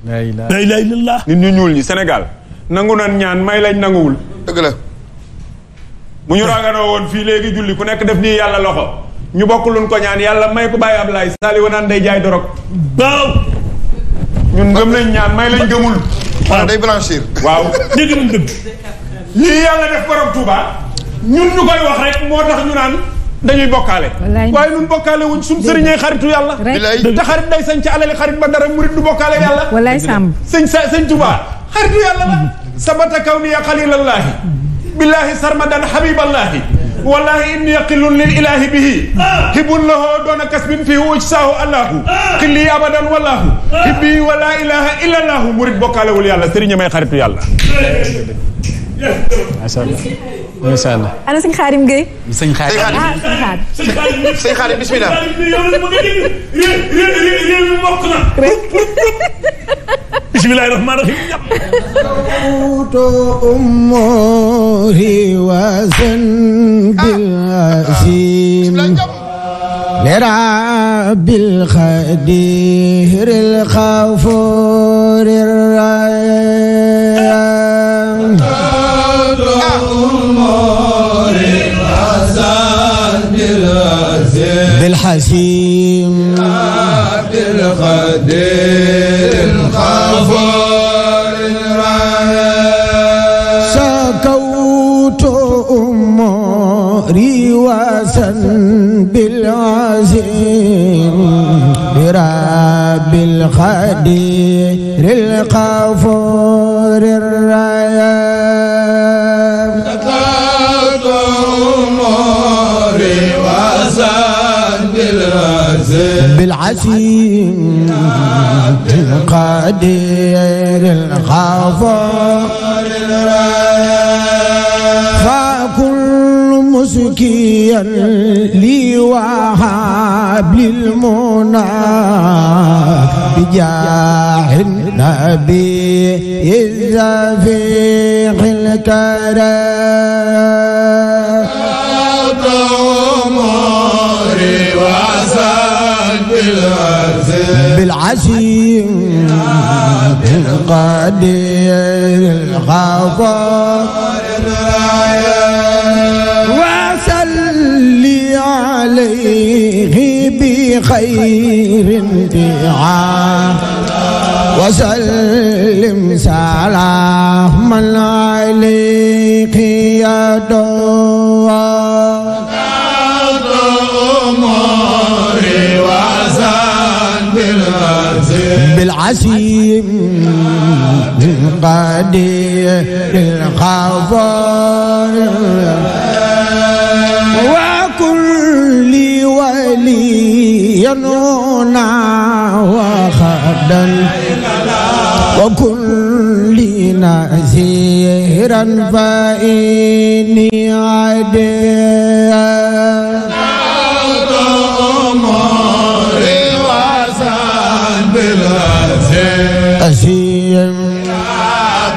la ilaha nit ñu ñuul ñi senegal nangu nan ñaan may lañ nanguwul. dëgg la. bu ñu rànganoo woon fii léegi julli ku nekk def nii yàlla loxo ñu bokk luñ ko ñaan yàlla may ko bàyyi Ablaye Saliou naan jaay dorog. baaw. ñun gëm nañ ñaan may lañ gëmul. waaw day blanchir. waaw. dégg nañ dëgg. lii yàlla def borom Touba. ñun ñu koy wax rek moo tax ñu naan dañuy bokkaale waaye nun bokkaale wuñ suñ xaritu yàlla te xarit day sañ ci alali xarit ba dara murit du bokkaale yàlla wallaay sàmm sëñ sa sëñ Tuubaa xaritu yàlla la sabata kaw ni ya xalilallaahi billaahi sarmadan habiballaahi wallahi inni qillun lil ilahi bihi hibun lahu doona kasbin fii ujsaahu allahu xilli abadan wallahu hibbi wala ilaha illa allahu murit bokkaale yàlla sëriñe may xaritu yàlla incha allah. ana sëñ Xaadim Guèye. sëñ Xaadim ah sëñ Xaadim. sëñ Xaadim bisimilah. bisimilah rahmaan rahim. Uto umuri wazan bil azim. لرب الخدير الغفور الرحيم العزيم عبد القدير الغفور الرحيم سكوت أموري وسن بالعزيم برب القدير الغفور الرحيم سكوت أموري وسن بالعزيم القدير الغفار فكل مسكيا لي وهاب للمنى بجاه النبي إذا في الكرم وعسى بالعزيم القدير الغفار وسلي عليه بخير انتعاء وسلم سلاما عليك يا دوار عسيم قدير الخبر وكل ولي ينونا وخدا وكل نذيرا فإني عدل أسيم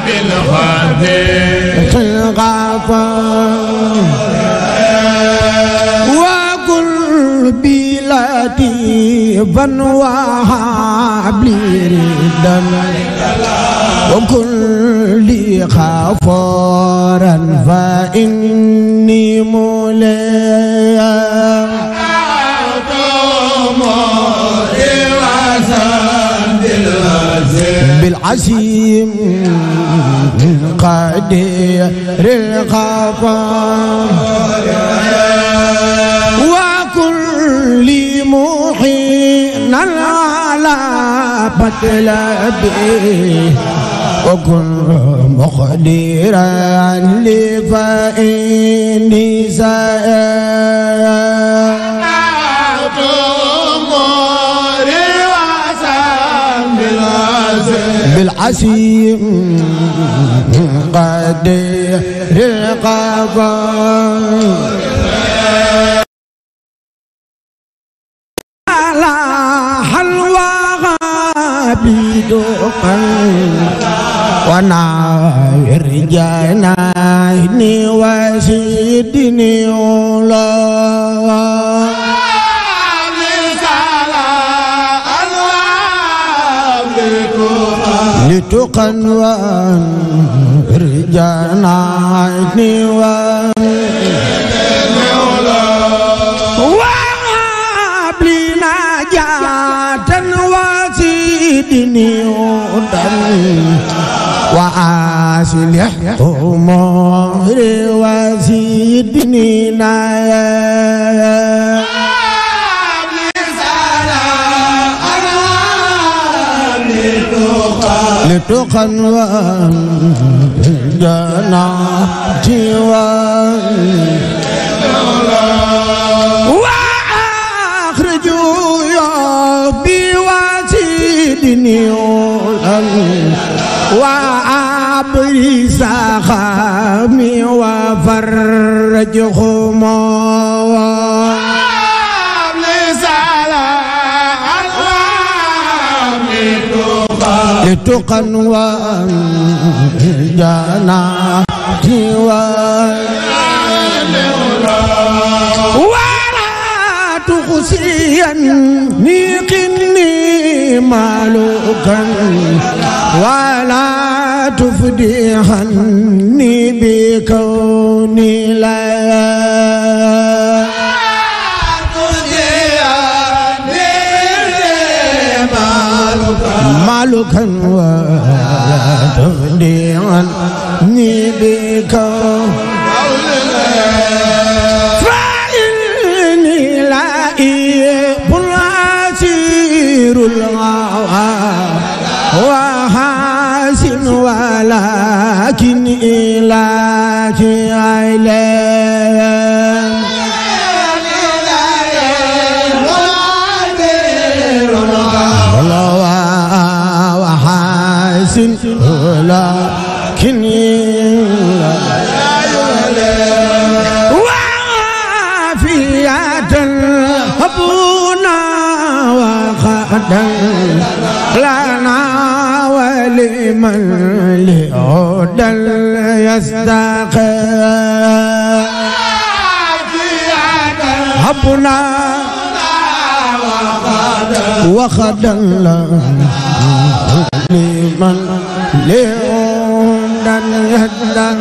بالغد تنغفر وقل بلادي بن وهب لي وكل لي غفارا فإني مولاي أعطم إرسال بالعزيم قدير الغفار وكل محين على بطل به وكن مقديرا لفإني سائر بالعسيم قد رقبا ونعير جناهني وسيدني الله لتقى وأنفر جناحي وهب لي نجاة وزدني هدى وأصلح أموري وزدني نجاة لتقى وجنات وأخرجوا يا بواسيدني وأبري سخامي وفرجهم Go. لتقى وانجانا ولا تخسيا نيقني مالوكا ولا تفديهني بكوني لا مالكا ولا تفديعا نبيك فإني لائب العسير الغوى وحاسن ولكن إلهي عليه ولكن وعافية أبونا وخدا لنا ولمن لهدى يستقيم أبونا وخدا لنا لمن ليوم يهدى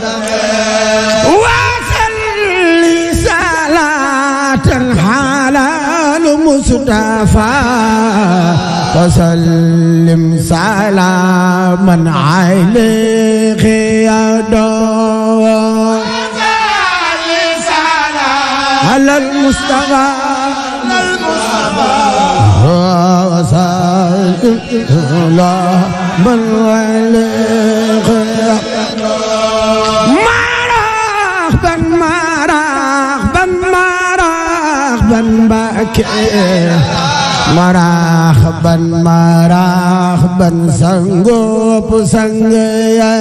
وصلي صلاة على المصطفى وسلم سلاما عليه يا دور على المصطفى إلا من عليك ما رغبا ما رغبا ما رغبا باكي ما رغبا ما رغبا سنغوب سنغيا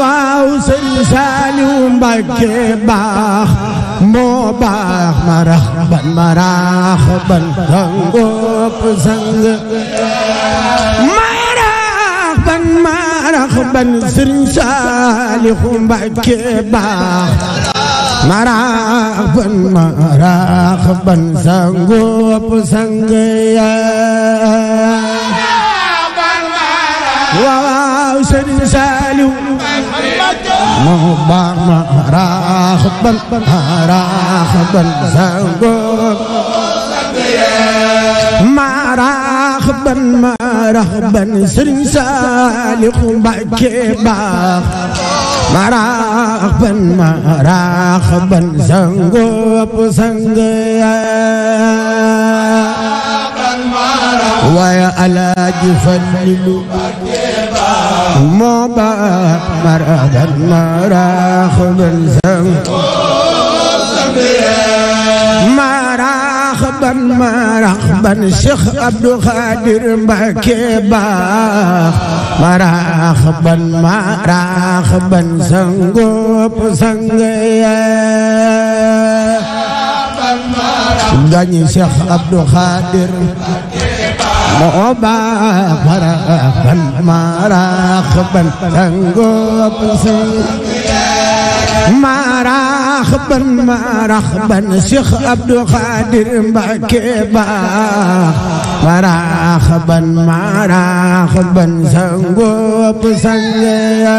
waaw sëñ Saliou Mbacké baax moo baax mara ban maraax ban sangop sang maraax ban maraax ban sëriñ Saalihu Mbàkke baax maraax ban maraax ban sangop sang yaa ban maraax waaw sëriñ Saalihu مبارما راغبا راغبا زنقوم ما راغبا ما راغبا سرن سالق بكي باغ ما راغبا ما راغبا زنقوم زنقيا ويا ألاج فللو مبا مرادا مراخ بالزم مرحبا مرحبا شيخ عبد القادر مبكي باخ مرحبا مرحبا سنغوب سنغيا داني شيخ عبد القادر mooba waraban maraxban tangoob sey maraxban maraxban Cheikh Abdou Khadir Mbacké baax maraxban maraxban sangoob sangeya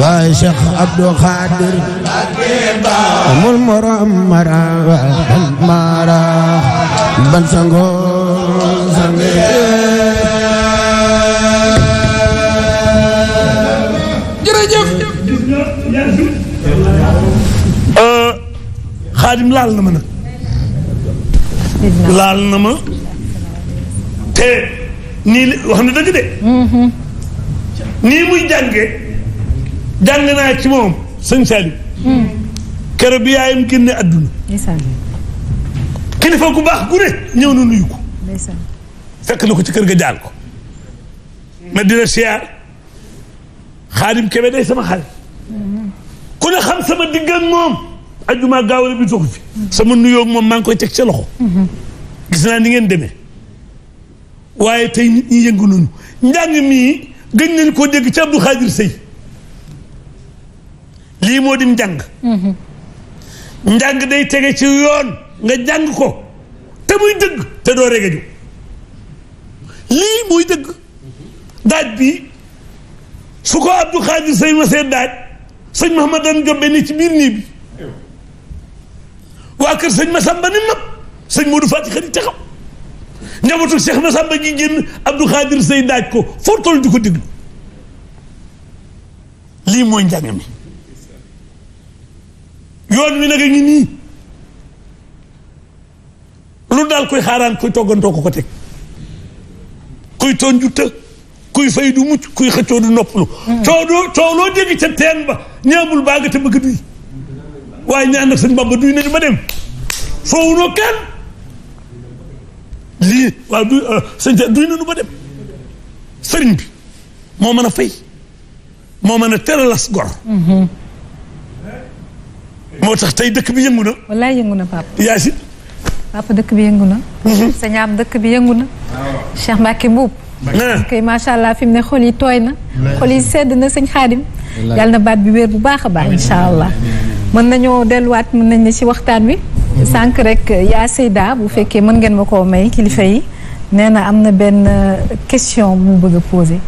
waaye Cheikh Abdou Khadir amul morom mara mara ban sango sange jërëjëf Xaadim euh, laal na ma nag laal na ma te nii wax na dëgg de mm-hmm. nii muy jàngee jàng naa ci moom sëñ Saliou. Hmm. kër bi yaayam génne àdduna. kilifa gu baax gu ne ñëw na nuyu fekk na ko ci kër ga jaal ko. ma dina siyaar xaadim kebe day sama xarit. Hmm. ku ne xam sama digg ak moom. ajuma gaawale bi toog fi. Hmm. sama nuyoo moom maa ko koy teg ca loxo. naa ni ngeen demee. waaye tey nit ñi yëngu nañu njàng mii. gën nañ koo dégg ci Abdou Khadir Sey lii moo di njàng mhm. njàng day tege ci yoon nga jàng ko te muy dëgg te doo regeju lii muy dëgg daaj bi su ko Abdou Khadir sëy ma see daaj sëñ Mahamadan Jobbe ni ci biir nii bi waa kër sëñ Masamba ni nag sëñ Modou Fati xarit ca xam njabootu Cheikh Massamba gi génn Abdou Khadir Sey daaj ko foo toll di ko déglu lii mooy njàng mi yoon wi nag a ngi nii lu daal koy xaaraan koy toggantoo ko ko teg kuy toon jutta kuy fay du mucc kuy xëccoo du noppalu coodoo cooloo dégg ca teen ba ñaamul baa nga te bëgg duy waaye ñaan nag sëñ Bamba duy nañu ba dem soowunoo kenn lii waaw du euh, sëñ bi duy nañu ba dem sëriñ bi moo mën a fay moo mën a teralas gor. Mhm. moo tax tey dëkk bi yëngu na. wallaay yëngu na papa. Yacine. papa dëkk bi yëngu na. Mhm. dëkk bi yëngu na. Cheikh Mbacke Mbuub. kay macha allah fi mu ne xol yi tooy na. xol sedd na sëñ Xaadim. yàlla na baat bi wér bu baax a baax incha mën nañoo delluwaat mën nañ ne ci waxtaan wi. sànq rek euh, yaa Seyda bu fekkee mën ngeen ma koo may kilifa yi nee na am na benn euh, question mu bëgg a posé.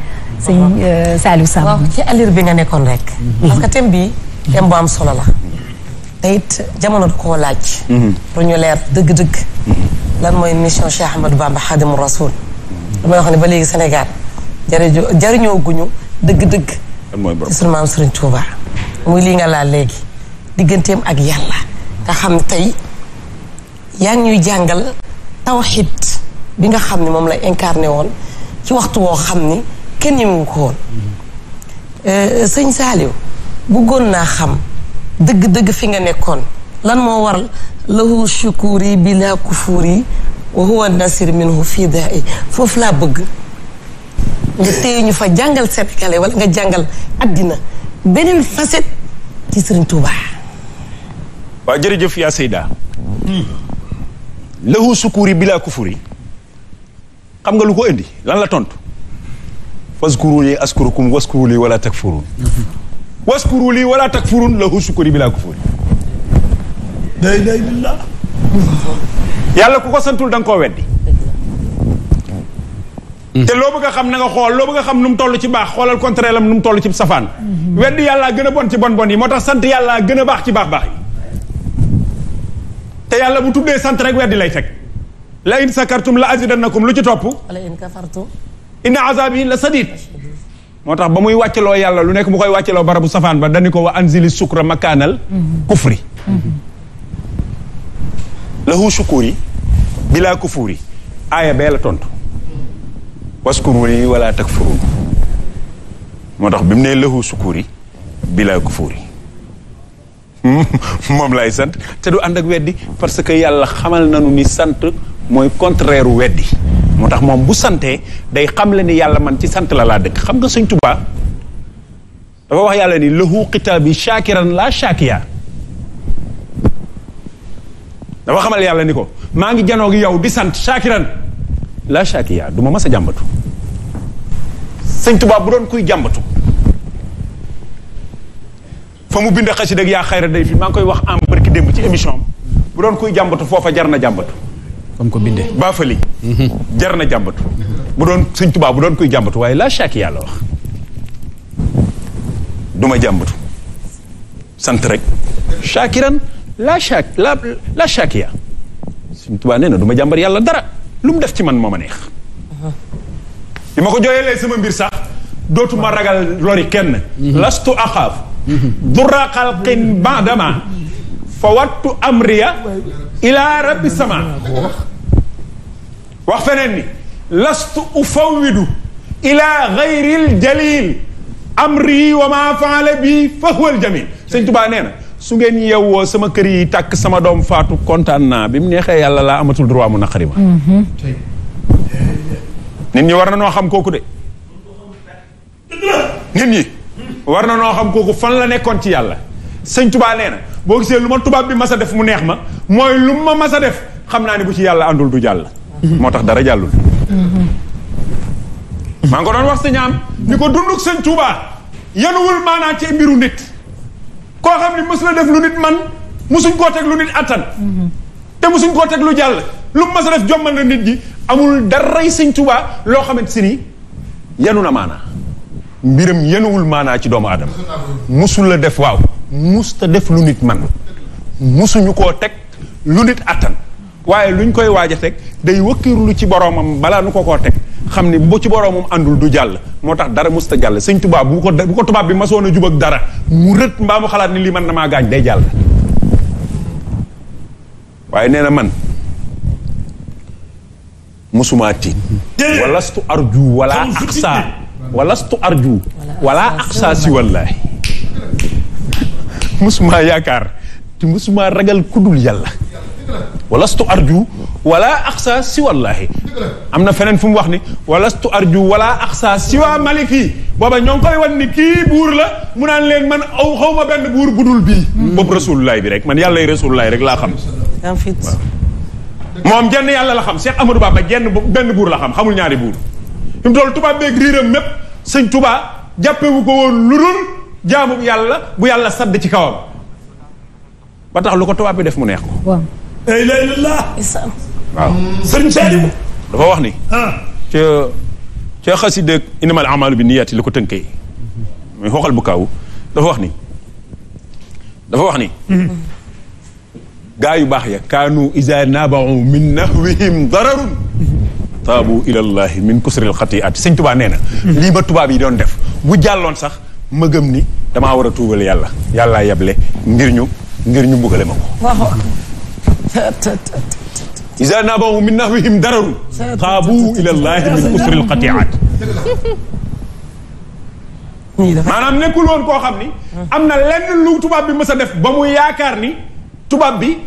sëñ euh, Saliou Samb. ci alir bi nga nekkoon rek. Mhm. parce que thème bi am solo la. te it jamono du laaj. Mhm. ñu leer dëgg-dëgg. Mhm. lan mooy mission Cheikh Ahmadou Bamba Khadimu Rasoul. damay ba léegi Sénégal jariñoo jariñoo guñu dëgg-dëgg. lan lii nga laal léegi digganteem ak yàlla nga xam tey. yaa ñuy jàngal tawxid bi nga xam ne moom la incarné woon ci waxtu woo xam ni kenn ñemewu ko woon euh, sëñ Saaliw bëggoon naa xam dëgg-dëgg fi nga nekkoon lan moo waral lahu shukuri bila kufuri wa nasir minhu fii da'i foofu laa bëgg nga téye ñu fa jàngal Sénégalais wala nga jàngal àddina beneen facette ci Sëriñ Tuubaa lahu sukuri bila kufuri xam nga lu ko indi lan la tontu waskuru li askurukum waskuru li wala takfurun waskuru li wala takfurun lahu sukuri bila kufuri la ilaha illallah yàlla ku ko santul da nga koo weddi te loo bëgg a xam na nga xool loo bëgg a xam nu mu toll ci baax xoolal contraire lam nu mu toll ci safaan mhm. weddi yàlla gën a bon ci bon bon yi moo tax sant yàllaa gën a baax ci baax baax yi te yàlla bu tubbee sant rek weddi lay teg la in sakartum la azidannakum lu ci topp wala in a inna la sadid moo tax ba muy wàccaloo yàlla lu nekk mu koy wàccaloo barabu safaan ba dani ko wa anzili sukra makaanal kufri lahu shukuri bila kufuri aaya bee la tontu waskuruni wala takfurun moo tax bi mu nee lahu shukuri bila kufuri moom lay sant te du ànd ak weddi parce que yàlla xamal nañu ni sant mooy contraire weddi moo tax moom bu santee day xam le ni yàlla man ci sant la laa dëkk xam nga Sëñ Tuubaa dafa wax yàlla ni lahu xitaabi shaakiran laa shaakiya dafa yàlla ni ko maa ngi janoo gi yow di sant shaakiran laa shaakiya du ma mas a jàmbatu Sëñ Tuubaa bu doon kuy jàmbatu fa mu bind xasi dag yaa xayra day fi maa ngi koy wax am barki démb ci émission bu doon kuy jàmbatu foofa jar na jàmbatu comme ko bindee baa fali mhm. jar na jàmbatu bu doon sëñ Tuubaa bu doon kuy jàmbatu waaye laa chaque yàlla wax du ma jàmbatu sant rek shakiran laa la laa shakiya sëñ Tuubaa nee na du ma jàmbar yàlla dara lu mu def ci man moo ma neex li ma ko jooyalee sama mbir sax dootuma ragal lori kenn mhm. lastu axaaf durra xalqin baadama fa wattu amriya ila rabbi sama wax feneen ni lastu ufawwidu ila gayril jalil amri wa ma faala bi fa huwal jamil sëñ tubaa nee na su ngeen yeewoo sama kër yi tàkk sama doom faatu kontaan naa bi mu neexee yàlla laa amatul droit mu naqari ma nit ñi war na noo xam kooku de nit ñi war na noo xam kooku fan la nekkoon ci yàlla sëñ tubaa nee na boo gisee lu ma tubaab bi mas a def mu neex ma mooy lu ma mas a def xam naa ne bu yàlla àndul du jàll moo tax dara jàllul maa ngi ko wax sëñ ni ko dunduk sëñ tubaa yanuwul maanaa ci mbiru nit koo xam ne mës def lu nit man musuñ koo teg lu nit attan te mësuñ koo teg lu jàll lu mas a def jommal nit ji amul daray sëñ tubaa loo xamante si ni yanu na maanaa mbiram yenuwul maanaa ci doomu aadama musul la def waaw musta def lu nit man musuñu koo teg lu nit attan waaye luñ koy waaj a teg day wëkkirlu ci boroomam balaa nu ko koo teg xam ne bu ci boroomam àndul du jàll moo tax dara musta jàll sëñ tubaab bu ko bu ko tubaab bi ma soon a jub dara mu rët mbaa xalaat ni lii man na maa gaañ day jàll waaye nee na man musumaa tiit walastu arju wala aqsa walastu arju wala axsa si wallaahi musuma yaakaar te musuma ragal kudul yàlla walastu arju wala axsa si wallaahi am na feneen fu mu wax ni walastu arju wala axsa siwa maliki booba ñoo ngi koy wan ni kii buur la mu naan leen man aw xaw ma benn buur budul bi hmm. boobu rasulullaay bi rek man yàllay rasulullaay rek laa xam moom jenn yàlla la xam Cheikh Amadou Bamba jenn benn buur la xam xamul ñaari buur fi mu tubaab beeg riiram mépp sëñ tubaa jàppewu ko woon lu dul jaamu yàlla bu yàlla sadd ci kawam ba tax lu ko tubaab bi def mu neex ko ay la ilallah waaw sëriñ Saaliw dafa wax ni ca ca xasida innamal amalu bi niyaati li ko tënkee muy xooxal bu kaaw dafa wax ni dafa wax ni gaa yu baax ya kaanu iza nabahu min nahwihim dararun taabu ilallahi min kusril xati'at sëñ tubaa nee na lii ma tubaab yi doon def bu jàlloon sax magam ni damaa war a tuubal yàlla yàllaa yeble ngir ñu ngir ñu mbugale ma ko isa nabahu min nahwihim dararu taabu ilallahi min kusril xati'at maanaam nekkul woon koo xam ni am na lenn lu tubaab bi mës a def ba mu yaakaar ni tubaab bi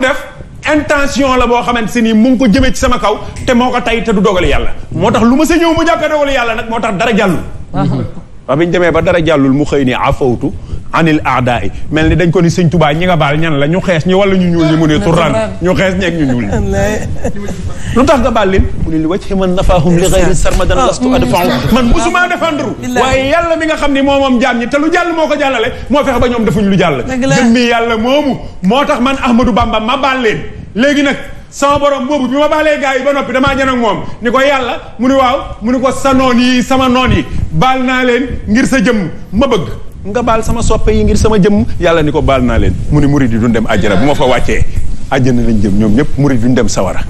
def intention la boo xamante si nii mu ngi ko jëmee ci sama kaw te moo ko tay te du dogal yàlla moo tax lu ma sa ñëw mu jàkka dogal yàlla nag moo tax dara jàllul waaw bi ñu demee ba dara jàllul mu xëy ni afawtu anil aada yi mel ni dañ ko ni sëñ Tuubaa ñi nga baal ñan la ñu xees ñi wala ñu ñuul ñi mu ne turran ñu xees ñu ñuul ñi tax nga baal leen mu ne li wacc man nafaahum li xayri sarmadan lastu ah. adfau ah. man musuma défendre waaye yàlla mi nga xam ni moo moom jaam ñi te lu jàll moo ko jàllale moo fexe ba ñoom defuñ lu jàll jëmmi yàlla moomu moo tax man Ahmadou Bamba ma baal leen léegi nag sama borom boobu bi ma baalee gars yi ba noppi damaa jën moom ni ko yàlla mu ni waaw mu ni ko sa noon yi sama noon yi baal naa leen ngir sa jëm ma bëgg nga baal sama soppe yi ngir sama jëm yàlla ni ko baal naa leen mu ni murid yi duñ dem àjjana bu ma fa wàccee àjjana lañ jëm ñoom ñëpp murid duñ dem sawara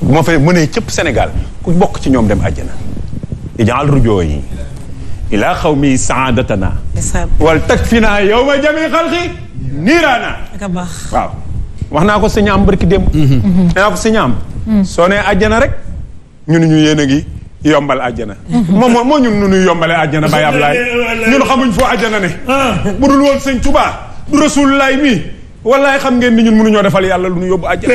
bu ma fa mënee cëpp Sénégal ku bokk ci ñoom dem àjjana ijaal rujoo yi ilaa xaw mi saadatana wal tag fi naa yow ma jami xalxi niiraana waaw wax naa ko sëñ am barki démb mhm. naa ko sëñ am mhm. soo nee àjjana rek ñu ni ñu yéen ngi yombal àjjana. moom moo moo ñun nu ñuy yombale àjjana Baye Ablaye ñun xamuñ foo àjjana ne. Ah. bu dul woon sëñ Touba du Rasulullaay mi wallaay xam ngeen ni ñun mënuñoo defal yàlla lu ñu yóbbu àjjana.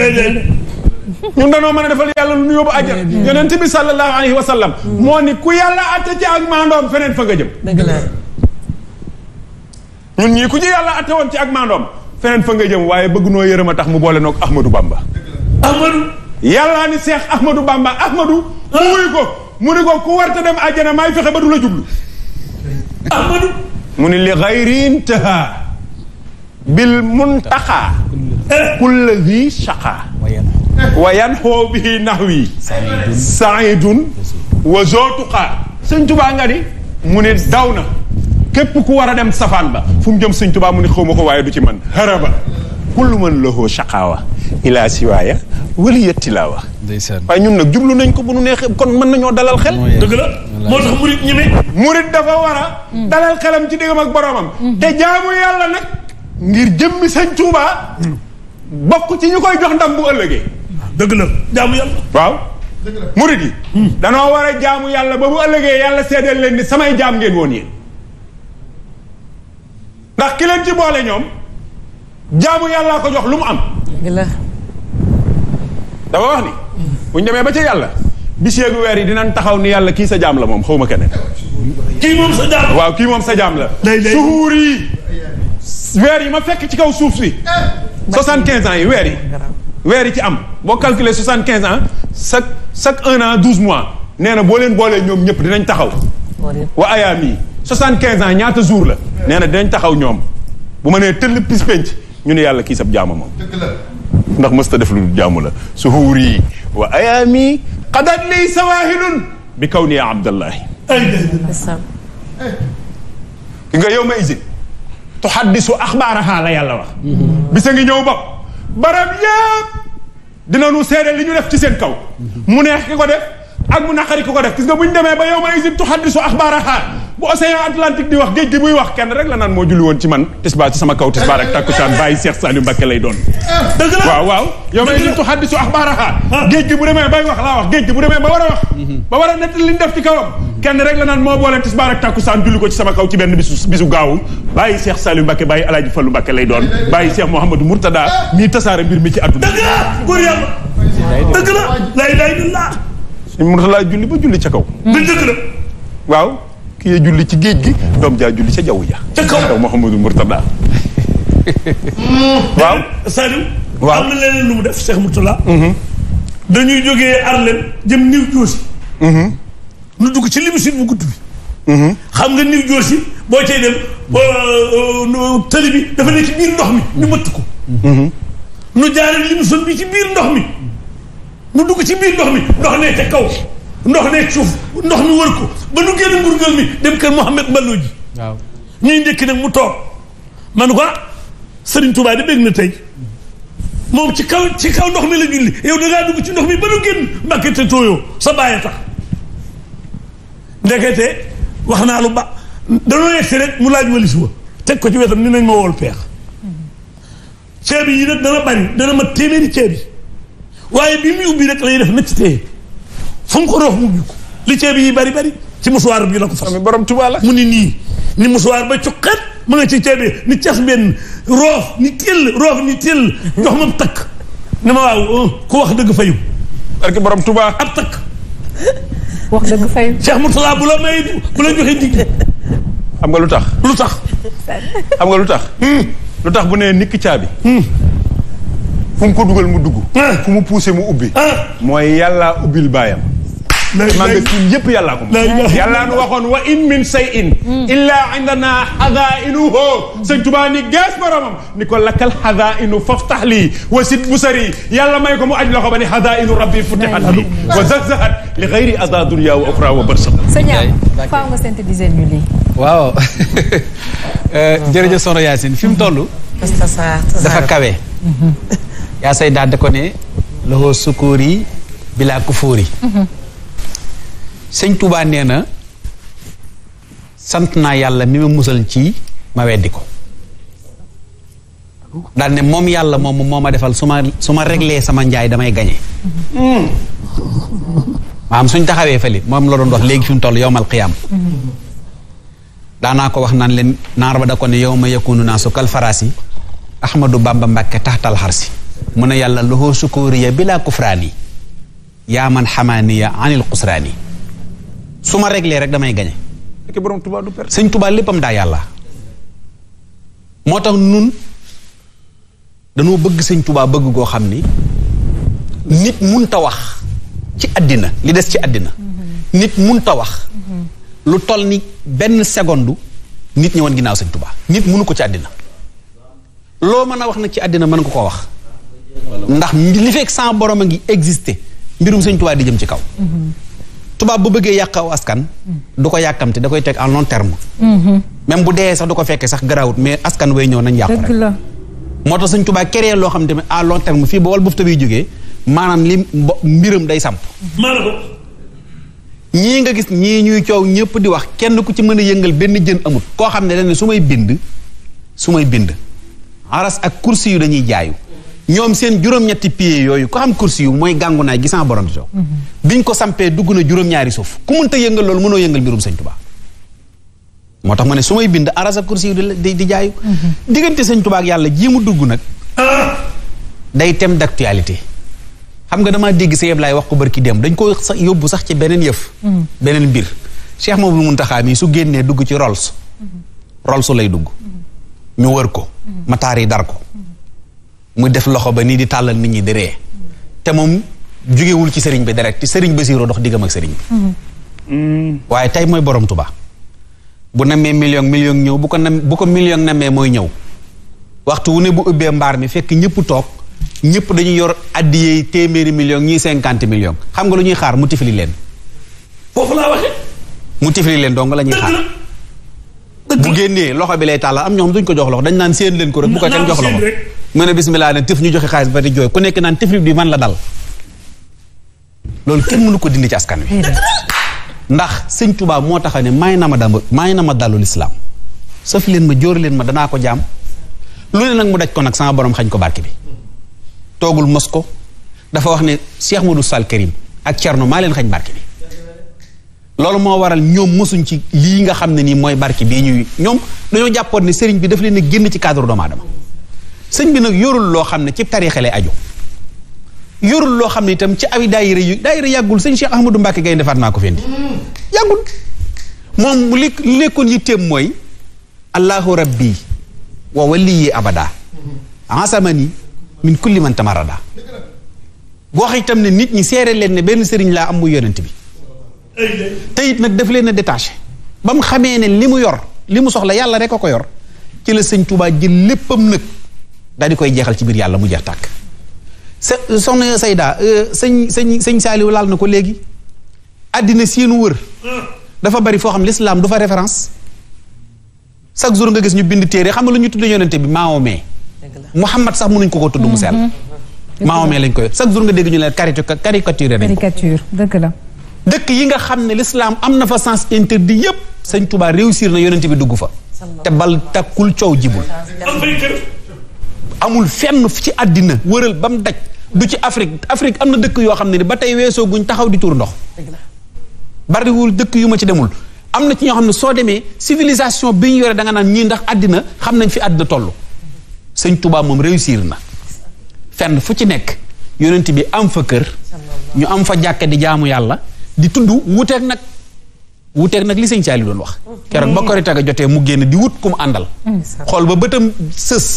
ñun dañoo mën a defal yàlla lu ñu yóbbu àjjana. yonent bi sallallahu alayhi wa sallam. moo ni ku yàlla atte ci ak maandoom feneen fa nga jëm. dëgg la ñun ñii ku ñu yàlla ate woon ci ak maandoom feneen fa nga jëm waaye bëgg noo yërëm a tax mu boole noog Ahmadou Bamba. Ahmadou. yàllaa ni Seex Ahmadou Bamba Ahmadou. mu ah. wuyu ko. mu ne ko ku warta dem àjjana maay fexe ba du la jublu ahmadu mu ne li xayri intaha bil muntaxa kulla zi shaqa wa yanxoo bihi naxwi saidun wa zootuqa sëñ tubaa nga ni mu ne daw na képp ku war a dem safaan ba fu mu jëm sëñ tubaa mu ne xaw ma ko waaye du ci man haraba kullu man lahu shaqaawa ilaa siwaaya waliya tilaawa waaye ñun nag jublu nañ ko bu nu neexee kon mën nañoo dalal xel dëgg la moo tax murit ñi murit dafa war a mm. dalal xelam ci diggam ak boromam mm-hmm. te jaamu yàlla nag ngir jëmmi sëñ Tuubaa mm. bokk ci ñu koy jox ndam bu ëllëgee dëgg la jaamu yàlla waaw murit yi mm. danoo war a jaamu yàlla ba bu ëllëgee yàlla seedeel leen ni samay jaam ngeen woon yéen ndax ki leen ci boole ñoom jaamu yàllaa ko jox lu mu am. dafa wax ni. bu ñu demee ba ca yàlla. bis yeegu weer yi dinañ taxaw ni yàlla kii sa jaam la moom xaw ma keneen. kii moom sa jaam waaw kii moom sa jaam la. suhuur yi weer yi ma fekk ci kaw suuf si. Eh. soixante quinze ans yi weer yi. weer yi ci am boo calculer soixante quinze ans chaque chaque un an douze mois nee na boo leen boolee ñoom ñëpp dinañ taxaw. wa ayaam yi soixante quinze ans ñaata jour la. nee na dinañ taxaw ñoom bu ma nee tëll pis penc ñu ne yàlla kii sab jaama moom ndax mësta def lu jaamu la suhuuri wa ayaami qadat lii sawahilun bi kaw ni ya abdallahi eh. ki nga yow ma isin tuhaddisu axbaaraha la yàlla wax mm-hmm. bisa ngi ñëw bopp barab yëpp dinañu seede li ñu def ci seen kaw mm-hmm. mu neex ki ko def ak mu naqari ki ko def gis nga bu ñu demee ba yow ma isin tuhaddisu axbaaraha bu océan Atlantique di wax géej gi buy wax kenn rek la naan moo julli woon ci man tisbaar ci sama kaw tisbaar ak takkusaan bàyyi Cheikh Saliou Mbacké lay doon dëgg la waaw waaw yow may li tu xaddisu axbaaraha ah. géej gi bu demee bay wax laa wax géej gi bu demee ba war a wax mhm. ba war a nett li ñu def ci kawam kenn rek la naan moo booleen tisbaar ak takkusaan julli ko ci sama kaw ci benn bisu bisu gaawu bàyyi Cheikh Saliou Mbacké bàyyi Alaaji Fallu Mbacké lay doon bàyyi Cheikh Mouhamadou Mourtada mii tasaare mbir mi ci àdduna dëgg la góor yàlla dëgg la lay day laa Mourtada ba julli ca kaw dëgg la waaw ki yee julli ci géej gi doom jaa julli ca jaww ja ca kaw Mouhamadou Mourtada mm. waaw Salim waaw am na leneen lu mu def Cheikh Mourtada mm-hmm. dañuy jógee Arlem jëm New Jersey nu mm-hmm. dugg ci limousine bu gudd bi mm-hmm. xam nga New Jersey boo cay dem euh, euh, tëli bi dafa nekk ci biir ndox mi ñu mëtt ko nu jaaree limousine bi ci biir ndox mi nu dugg ci biir ndox mi ndox ne ca kaw ndox nekk suuf ndox mi wër ko ba nu génn mburgal mi dem kër Mouhamed Mballo ji waaw ñuy ndékki nag mu toog man ko ah, sëriñ Touba di bég na tey moom ci kaw ci kaw ndox mi la julli yow da ngaa dugg ci ndox mi ba nu génn mbàkke te tooyoo sa bàyyi tax ndekete wax naa lu ba danoo yegsi rek mu laaj walis wa teg ko ci wetam ni nañ ma wool peex ceeb yi nag dana bari dana ma téeméeri ceeb yi waaye bi muy ubbi rek lay def na ci téye fu mu ko roof mu ubbi li ceeb yi bari bari ci musuwaar bi la ko fas borom Tuubaa la mu ni nii ni musuwaar ba cuqat mu nga ci ceeb ni cas benn roof ni till roof ni till jox ma takk ni ma waaw euh, ku wax dëgg fayu parce que borom Tuubaa ab takk wax dëgg fayu Cheikh Mourtala bu la may bu la joxe digg xam nga lu tax lu tax xam lu tax hmm. lu tax bu nee nikk caabi hmm. fu mu ko dugal mu dugg ah. fu mu poussé mu ubbi ah. mooy yàlla ubbil baayam màggatin yëpp yàllaa ko moom yàllaa nu waxoon wa in min shay'in illaa indana xadainuhu sëñ Tuubaa ni gees boromam ni ko lakkal xadainu faftax lii wa sit busari yàlla may ko mu aj loxo ba ni xadainu rabbi futihat li wa zahzahat li xayri ada dunya wa oxra wa barsaq faaw nga synthétiser ñu lii waaw euh, jërëjëf soxna Yacine fi mu toll dafa kawe mhm. yaa say daal da ko ne loxoo sukkuur yi bilaa kufuur yi mhm. sëñ Touba nee na sant naa yàlla mi ma musal ci ma weddi ko daal ne moom yàlla moom moo ma defal su ma su ma sama njaay damay gañe maanaam suñ taxawee fële moom la doon wax léegi fi mu toll yowmal qiyaam daanaa ko wax naan leen naar ba ko ne yow ma yakunu naa su kal faraasi ahmadu bamba mbàkke taxtal xarsi mu ne yàlla loxoo sukóoriya bilaa kufraani yaa man xamaaniya anil xusraani su ma réglé rek damay gañe borom Tuubaa du perte sëñ Tuubaa léppam daa yàlla moo tax nun dañoo bëgg sëñ tubaa bëgg goo xam ni nit mun ta wax ci àddina li des ci àddina mm-hmm. nit mun ta wax mm-hmm. lu toll ni benn seconde nit ñëwoon ginnaaw sëñ tubaa nit munu ko ci àddina loo mën a wax nag ci àddina mën nga koo wax ndax li fekk sans borom a ngi exister mbirum sëñ Tuubaa di jëm ci kaw mm-hmm. tubaab bu bëggee yàq aw askan du ko yàkkamte da koy teg en long terme mhm. même bu dee sax du ko fekkee sax garaawut mais askan way ñëw nañ yàqu rek moo tax suñ kere créé loo xam ne tamit à long terme fii ba wal bufta biy jógee maanaam li mbiram day samp ñii nga gis ñii ñuy coow ñëpp di wax kenn ku ci mën a yëngal benn jën amut koo xam ne dañ su may bind su may bind aras ak kursi yu dañuy jaayu ñoom seen juróom-ñetti pieds yooyu ko xam kursi yu mooy gàngu naay gisant borom di mhm. biñ ko sampee dugg na juróom-ñaari suuf ku mënta yëngal loolu mënoo yëngal mbirum sëñ tubaa moo tax ma ne su may bind arasa kursi yu di di jaayu mhm. diggante sëñ tubaa ak yàlla jii mu dugg nag day thème d'actualité xam nga dama dégg sa yëpp laay wax ko bërki dem dañ sax yóbbu sax ci beneen yëf mhm. beneen mbir Cheikh mun Muntaxa mi su génnee dugg ci Rolls Rolls lay dugg ñu wër ko mu def loxo ba nii di tàllal nit ñi di ree te moom jógewul ci sëriñ bi direct sëriñ Basiiroo dox diggam ak sëriñ bi mm-hmm. waaye tey mooy borom Tuba bu namee million million ñëw bu ko nam bu ko million namee mooy ñëw waxtu wu ne bu ubbee mbaar mi fekk ñëpp toog ñëpp dañuy yor addiyey téeméeri million ñuy cinquante million xam nga lu ñuy xaar mu tifli leen foofu laa waxe mu tifli leen dong la ñuy xaar bu génnee loxo bi lay tàllal am ñoom duñ ko jox loxo dañ naan séen leen ko rek bu ko kenn jox loxo mu ne bismillah ne tif ñu joxe xaalis ba di jooy ku nekk naan tif bi man la dal loolu kenn mënu ko dindi ci askan wi ndax sëñ tubaab moo tax ne may na ma dama may na ma dalu lislaam saf leen ma jóor leen ma danaa ko jaam lu ne nag mu daj ko nag sama boroom xañ ko barke bi toogul mos ko dafa wax ne Cheikh Modou Sall Karim ak Thierno maa leen xañ barke bi loolu moo waral ñoom mosuñ ci lii nga xam ne nii mooy barki bii ñuy ñoom dañoo jàppoon ne sëriñ bi daf leen ne génn ci cadre doomu aadama sëñ bi nag yorul loo xam ne ci tariixa lay aju yorul loo xam ne itam ci ay daayira yu yàggul sëñ Cheikh Ahmadou Mbacke Gaye defaat naa ko moom li li nekkoon yitteem mooy allahu rabbi wa waliyi abada asamani min kulli man tamarada boo wax itam ne nit ñi seere leen ne benn sëriñ laa am muy yonent bi te nag daf leen a détaché ba mu xamee ne li mu yor li mu soxla yàlla rek a ko yor ci la sëñ Touba jël léppam nag daal di koy jeexal ci biir yàlla mu jeex tàkk. se soxna Sayda euh, sëñ sëñ sëñ Saaliw laal na ko léegi àddina seenu wër dafa bari foo xam l'islam du fa référence chaque jour nga gis ñu bind téere xam nga lu ñu tudd yonente bi Maomé Muhammad sax mënuñ ko ko tudd mu sell mm-hmm. Maomé lañ koy chaque jour nga dégg ñu ne caricature caricature nañ ko dëgg la dëkk yi nga xam ne l'islam am na fa sens interdit yépp sëñ Touba réussir na yonent bi dugg fa te bal takkul coow jibul amul fenn fu ci àddina wëral ba mu daj du ci Afrique Afrique am na dëkk yoo xam ne ni ba tey weesoo guñ taxaw di tuur ndox bariwul dëkk yu ma ci demul am na ci ñoo xam ne soo demee civilisation bi ñu yore da nga naan ñii ndax àddina xam nañ fi àddina toll sëñ Touba moom réussir na fenn fu ci nekk yonent bi am fa kër ñu am fa jàkka di jaamu yàlla di tudd wuuteeg nag wuuteeg nag li sëñ li doon wax. keroog ba korite ga jotee mu génn di wut ku mu àndal. Mm, xool ba bëtam sës.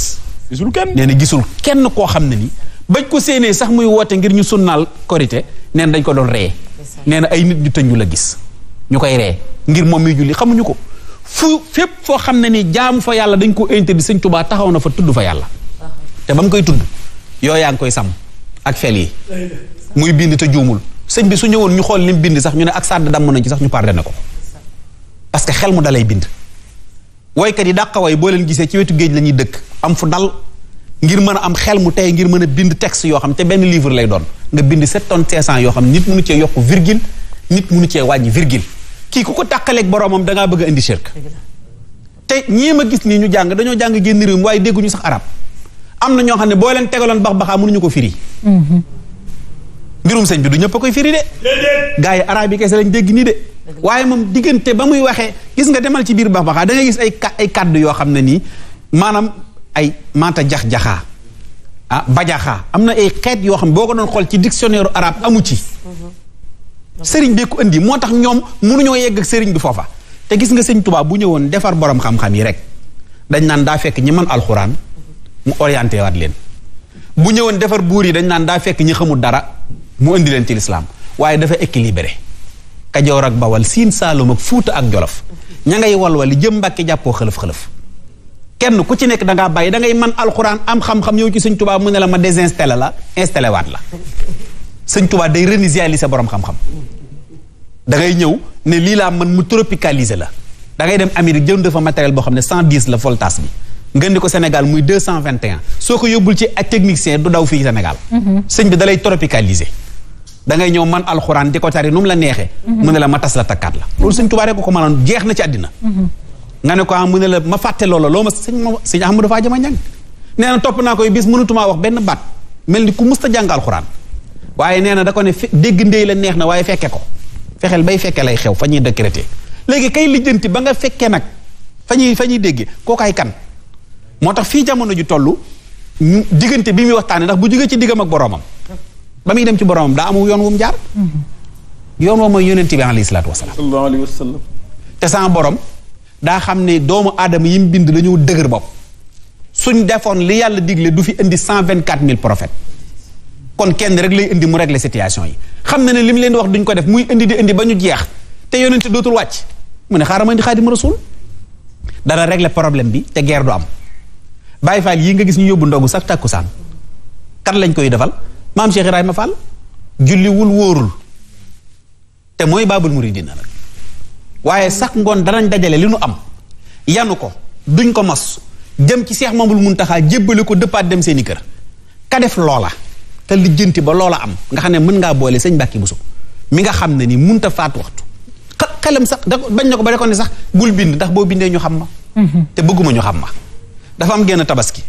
gisul kenn nee gisul kenn koo xam ne ni bañ ko séenee sax muy woote ngir ñu sunnaal korite nee na dañ ko doon ree. nee ay nit ñu tëñu la gis. ñu koy ree ngir moom julli xamuñu ko fu fépp foo xam ne ni jaamu fa yàlla dañ ko interdit sëñ Tuubaa taxaw na fa tudd fa yàlla. Ah. te ba mu koy tudd yoo yaa ngi koy sàmm ak fel yi. muy bind te juumul. sëñ bi su ñëwoon ñu xool lim bind sax ñu ne ak sàdd damm nañ ci sax ñu pardonné ko parce que xel mu dalay bind woykat yi dàqaway boo leen gisee ci wetu géej la ñuy dëkk am fu dal ngir mën a am xel mu tey ngir mën a bind texte yoo xam te benn livre lay doon nga bind sept tonnes cinq cent yoo xam nit mënu cee yokk virgule nit mu mënu cee wàññi virgule kii ku ko tàqaleeg boroomam dangaa bëgg indi shirk te ñii ma gis nii ñu jàng dañoo jàng génn réew mi waaye dégguñu sax arab am na ñoo xam ne leen tegaloon bax baxaa mënuñu ko firi mm-hmm. mbirum sëñ bi du ñëpp koy firi de. gaa yi arab yi kese lañ dégg nii de. waaye moom diggante ba muy waxee gis nga demal ci biir bax baxaa da ngay gis ay ay kàddu yoo xam ne nii maanaam ay maata jax-jaxaa ah bajaxaa am na ay xeet yoo xam ne boo ko doon xool ci dictionnaire arabe amu ci. Mm-hmm. sëriñ bee ko indi moo tax ñoom mënuñoo yegg ak sëriñ bi foofa te gis nga sëñ tubaab bu ñëwoon defar borom xam-xam yi rek dañ naan daa fekk ñi man alxuraan mu orienté waat leen bu ñëwoon defar buur yi dañ naan daa fekk ñi xamul dara. mu indi leen ci lislaam waaye dafa équilibré kajoor ak bawal siin saalum ak fuuta ak jolof ña ngay walwali jëm mbàkke jàppoo xëlëf-xëlëf kenn ku ci nekk dangaa bàyyi da ngay man alxuraan am xam-xam yow ci sëñ tubaa mu ne la ma désinstallé la installé waat la sëñ tubaa day sa borom xam-xam da ngay ñëw ne lii laa man mu tropicaliser la dangay dem Amérique jëm dafa matériel boo xam ne 110 la voltage bi ngeen ni ko Sénégal muy 221 soo ko yóbbul ci ak technicien du daw fii Sénégal mm-hmm. sëñ bi da lay da ngay ñëw man alxuraan di ko tari nu mu la neexee. Mhm. mu ne la ma tas la takkaat la. loolu sëñ Tuubaa rek ko mënoon jeex na ci àddina. Mhm. nga ne ko ah mu ne la ma fàtte loola loo ma sëñ ma sëñ Ahmadou Faa Jama Ñang neena topp naa koy bis mënatumaa wax benn baat mel ni ku musta jàng alxuraan waaye nee na da ko ne dégg ndey la neex na waaye fekke ko fexeel bay fekke lay xew fa ñuy décréter léegi kay lijjanti ba nga fekkee nag fa ñuy fa ñuy dégg kookaay kan moo tax fii jamono ju toll diggante bi muy waxtaanee ndax bu jógee ci diggam ak boroomam ba muy dem ci boromam daa amul yoon wu mu jaar. yoon woo mooy yonent bi alayhi salaatu wasalaam. te sans borom daa xam ne doomu aadama yi mu bind dañoo dëgër bopp suñ defoon li yàlla digle du fi indi cent vingt quatre mille prophètes kon kenn rek lay indi mu regle situation yi xam na ne li mu leen di wax duñ ko def muy indi di indi ba ñu jeex te yonent dootul wàcc mu ne xaaral ma indi xaadima rasul dana régler problème bi te geer du am bàyyi faal yii nga gis ñu yóbbu ndogu sax takkusaan kat lañ koy defal. maam Cheikh Ibrahima Fall julliwul wóorul te mooy baabul muridina nag waaye sax ngoon danañ dajale li nu am yanu ko duñ ko mos jëm ci seex mun muntaxaa jébbale ko dëppaat dem seeni kër ka def loola te lijjanti ba loola am nga xam ne mën ngaa boole sëñ Mbàkke Buso mi nga xam ne ni ta faatu waxtu xelam sax da bañ ne ko ba de ko sax bul bind ndax boo bindee ñu xam ma mhm. te bëgguma ñu xam ma dafa am genn tabaski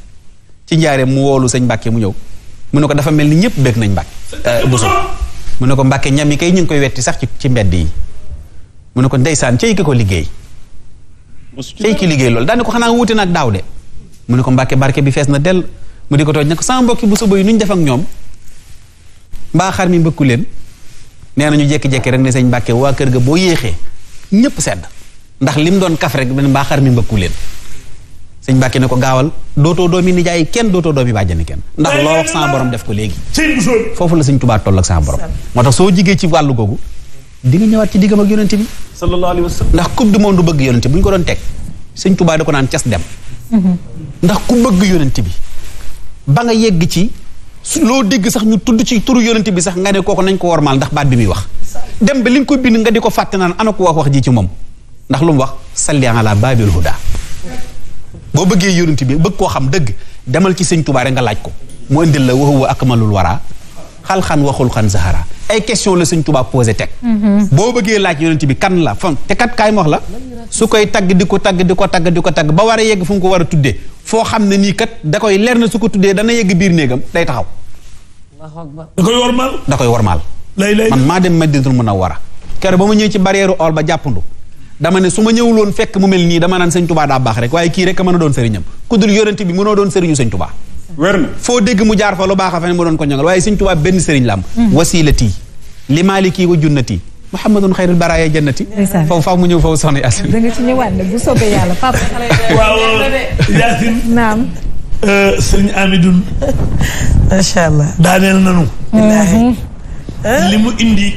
ci njaaree mu woolu sëñ Mbàkke mu ñëw mu ne ko dafa mel ni ñëpp bëgg nañ Mbàkke euh, Buso mu ne ko Mbàkke ñam yi kay ñu ngi koy wetti sax ci ci mbedd yi mu ne ko ndeysaan cey ki ko liggéey cey ki liggéey loolu daane ko xanaa wuute nag daaw de mu ne ko Mbàkke barke bi fees na dell mu di ko tooj ne ko sama mbokki bu suba yi nu ñu def ak ñoom mbaa xar mi mbëkku leen nee na ñu jékki-jékki rek ne sëñ Mbàkke waa kër ga boo yéexee ñëpp sedd ndax lim doon kaf rek mbaa xar mi mbëkku leen sëñ Mbàkke ne ko gaawal dootoo doomi nijaay kenn dootoo doomi bàjjani kenn ndax loo wax sama borom def ko léegi foofu la sëñ Tuubaa toll ak sama borom moo tax soo jigee ci wàllu googu di nga ñëwaat ci diggam ak yonente bi sallallahu alayhi wa sallam ndax coupe du monde bëgg yonente bu ñu ko doon teg sëñ naan cas dem ndax ku bëgg yonente bi ba nga yegg ci loo dégg sax ñu tudd ci turu yonente bi sax nga ne kooku nañ ko wormaal ndax baat bi muy wax dem ba li nga ko bind nga di ko fàtte naan ana ko wax wax ji ci moom ndax lu mu wax salli ala babil huda boo bëggee yonent bi bëgg koo xam dëgg demal ci sëñ Tuubaa nga laaj ko mu indil la wa huwa akmalul wara xalxan waxul xan zahara ay question la sëñ Tuubaa posé teg mm-hmm. boo bëggee laaj yonent bi kan la fan te kat kaay ma wax la su koy tagg di ko tagg di ko tagg di ko tagg ba war a yegg fu mu ko war a tuddee foo xam ne nii kat da koy leer su ko tuddee dana yegg biir néegam day taxaw da koy warmaal da koy warmaal man maa dem Madinatul Munawwara keroog ba ma ñëw ci barrière ool ba jàppandu dama ne su ma ñëwul fekk mu mel nii dama naan sëñ tubaa daa baax rek waaye kii rek a mën a doon sëriñam ku dul yonent bi mënoo doon sëriñu sëñ tubaa foo dégg mu jaar fa lu baax a fa ne mu doon ko ñongal waaye sëñ tubaa benn sëriñ la am hmm. wasilati li maaliki wa junnati muhammadun xayrul baraaya jannati faw faw mu ñëw faw soxna Yacine da nga ci ñëwaat ne bu soobee yàlla papa waaw Yacine naam euh, sëriñ Amidoun macha allah daaneel nanu mhm. li mu indi.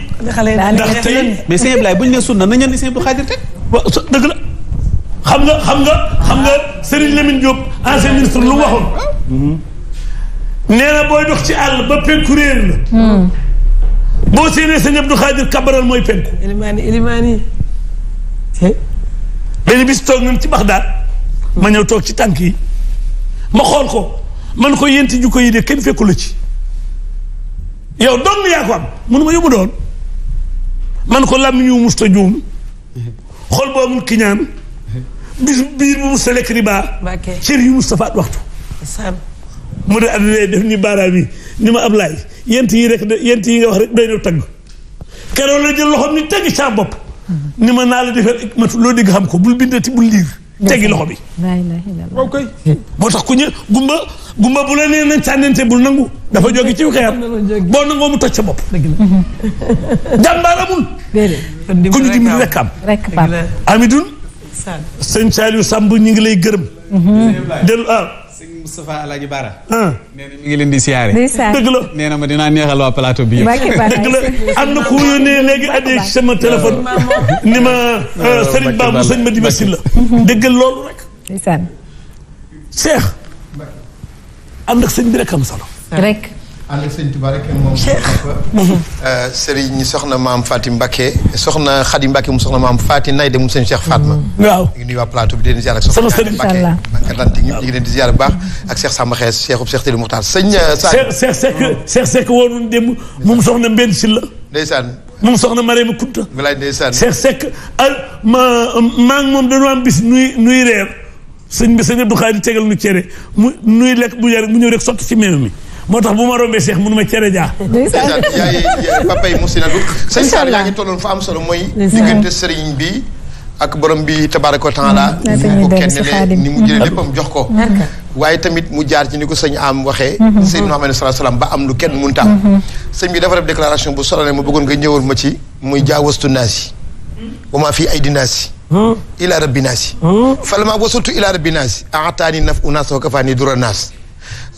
ndax tey mais sëñ Ablaye bu ñu ne sunna nañu andi sëñ Abdou Khadir teg. waaw su dëgg la xam nga xam nga xam nga Serigne Lamine Diop ancien ministre lu mu waxoon. Mm-hmm. booy dox ci àll ba penku réer la. Mm. boo séenee sëñ Abdou Khadir kabaral mooy penku. Elimani Elimani. Eh? benn bis toog nañ ci Baxdaad ma ñëw toog ci tànk yi ma xool ko man ko yéen ju ko yi kenn fekku la ci. yow dong yaa ko am mënuma yóbbu doon man ko lam ñu musta juum xol boo amul kiñaan bis biir bu musta lekk riba cër yu musta faat waxtu mu de addina def ni baaraam yi ni ma Ablaay yent yi rek yent yi nga wax rek doy na tagg keroog la jël loxoom ni tagg saa bopp ni ma naa la defee matu loo dégg xam ko bul bindati bul liir teggi loxo bi. waaw kay. moo tax ku ñu gumba gumba bu la nee nañ sànnante bu nangu dafa jóge ci xeer boo nangoo mu toj sa bopp. jàmbaar amul. déedéet ku ñu dimbali rek am. rek Pape Amidou. Samb ñu ngi lay gërëm. Mhm. dellu ah. Moustapha Alaaji Bara nee na mi ngi leen di siyaare dëgg la ma dinaa neexal waa plateau bi yëpp dëgg la am na ku yónnee léegi addi sama téléphone ni ma euh, Serigne Ba mu sëñ ma di ma si la dëggal loolu rek ndeysaan Cheikh ànd ak sëñ solo ànd sëñ Tuba rek moom euh, Serigne soxna maam Fatim soxna Xadi Mbakke mu soxna maam Fatim nay de mu sëñ Cheikh Fatma. Mm. waaw ñu ngi nuyu waa plateau bi di leen ziar ak soxna Xadi Mbakke Mbakke ñëpp ñu ngi leen di ziar bu baax ak Cheikh Samba Xees Cheikhub Cheikh Tili Muxtaar sëñ euh, Cheikh Cheikh Seck Cheikh Seck woonoon démb moom soxna Mbène Sylla ndeysaan moom soxna Marème Kunta walaay ma maa ngi moom dañoo am bis nuy nuy reer sëñ bi sëñ Abdou Xaadir tegal nu cere mu nuy lekk bu yar mu ñëw rek sotti ci mi moo tax bu ma rombee Cheikh mënu ma cere jaa. yaay papa yi mosi na du. sëñ Saar yaa ngi fa am solo mooy. diggante sëriñ bi ak borom bi tabaaraka wa taala. Mm. ko kenn ni mu jëlee mm. léppam jox ko. Mm-hmm. Mm. waaye tamit mu jaar ci ni ko sañ am waxee. Mm-hmm. Mm-hmm. Seydina Muhammad sallallahu alayhi wa sallam ba am lu kenn mënta am. sëñ bi dafa def déclaration bu solo ne ma bëggoon nga ñëwal ma ci. muy jaawastu naasi. wa maa fii aydi naasi. ila rabbi naasi. falamaa wasultu ila rabbi naasi. aataani naf u naas wa kafaani dura naas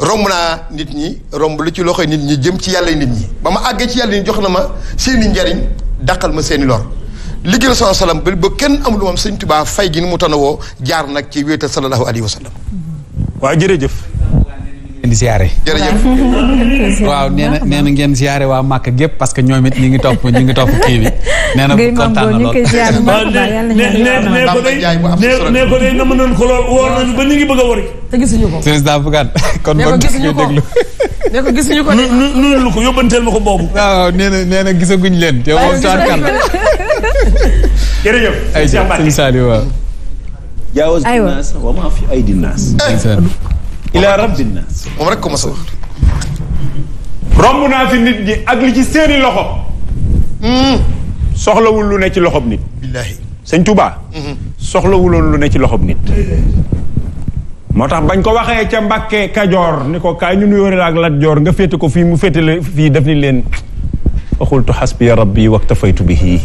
romb naa nit ñi romb lu ci loxo nit ñi jëm ci yàlla nit ñi ba ma àggee ci yàlla nit jox na ma seeni njariñ daqal ma seeni lor liggéeyal sa salaam ba ba kenn amul moom sëñ Tuubaa fay gi ni mu woo jaar nag ci wéetal sallallahu alayhi wa sallam waaw jërëjëf ngeen di siyaare. waaw nee na nee na ngeen siyaare waa Màkka gépp parce que ñoom it ñu ngi topp ñu ngi topp kii bi. nee na kontaan na lool ne ko de na ma noon ko lool ñu ngi bëgg a wari. te gisuñu ko. sëriñ Sida Bougane kon kon gisuñu ko déglu. ne ko gisuñu ko de. nu lu ko yóbbanteel ma ko nee na nee na gisaguñ leen. te moom soxna Kalla. ay sëñ Saliou waaw. jaawaz bi naas ila rabbin nas moom rek ko mos a wax. romb naa fi nit ñi ak li ci seeni loxo. Hmm. soxlawul lu ne ci loxob nit. billaahi sëñ Touba. Hmm. soxlawuloon lu ne ci loxob nit. moo tax bañ ko waxee ca Mbàkke Kajoor ni ko kaay ñu nuyoo la ak Lat Joor nga féete ko fii mu féete la fii def ni leen. waxultu xasbiya rabbi waktafaytu bihi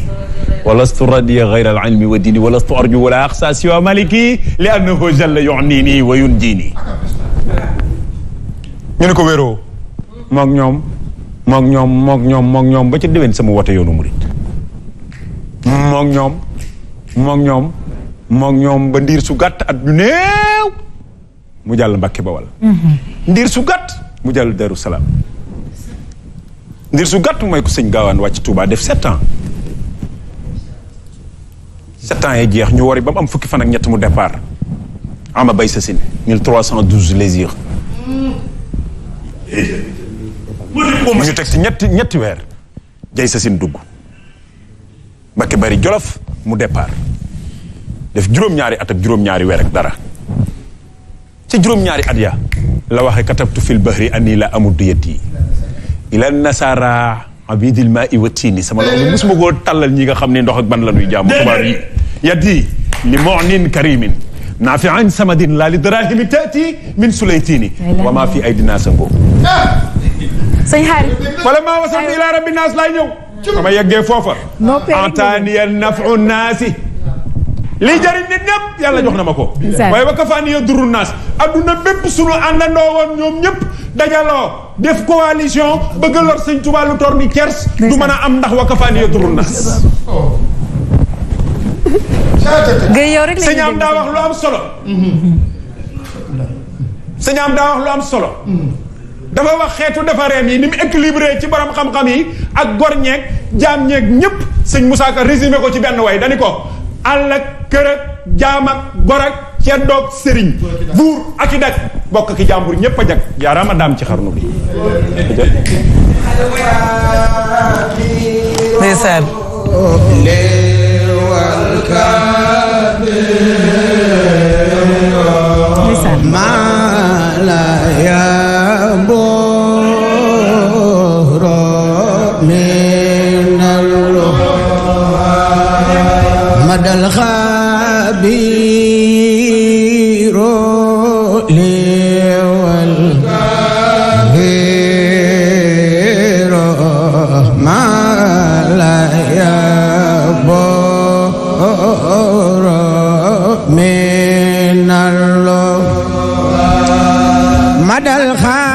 walastu radiya gayra al ilmi wa diini walastu arju wala axsa siwa maliki li annahu jalla yunini wa yunjini ñu ne ko wéroo mook ñoom mook ñoom mook ñoom mook ñoom ba ci déwén sama wote yoonu murit mook ñoom mook ñoom mook ñoom ba ndiir su gàtt at mu jàll Mbàkke Bawal ndiir su gàtt mu jàll Daru Salaam ndiir su gàtt mooy ko sëñ gaawaan wàcc Touba def sept ans sept yi jeex ñu wari ba mu am fukki fan ak ñett mu départ Ama Bay Sassine 1312 lésirs. Eh, ñu teg si ñetti ñetti weer. Jay Sassine dugg. Mbakke bari Jolof mu départ. def juróom-ñaari at ak juróom-ñaari weer ak dara. ca juróom-ñaari at ya la waxe katabtu fil bahri ani la amuddu yadi ila nasara abidil ma i wattiini sama loolu musuma koo tàllal ñi nga xam ne ndox ak ban la ñuy jàmm tubaab yi li moonin karimin naafi an samadin laa li darahimi taati min sulaytini wa maa fi aydina sango sëñ xaari wala maa wasaltu ila rabbi naas laay ñëw sama yeggee foofa ataaniya nafu naasi lii jëriñ nit ñëpp yàlla jox na ma ko waaye wa kafaaniya duru naas adduna bépp sunu àndandoo woon ñoom ñëpp dajaloo def coalition bëgg lor sëñ Tuubaa lu tor ni kers du mën a am ndax wa kafaaniya duru naas gëy yow rek sëñ am daa wax lu am solo. sëñ am daa wax lu am solo. dafa wax xeetu defareem yi ni équilibré ci borom xam-xam yi ak gor ñeeg jaam ñeeg ñëpp sëñ Moussa Ka résumé ko ci benn way dani ko àll ak kër ak jaam ak gor ak ceddoog sëriñ buur ak i dag bokk ak i jàmbur ñëpp a jag yaaraama daam ci xarnu bi. ndeysaan. dal xa madal xaar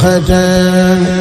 خدان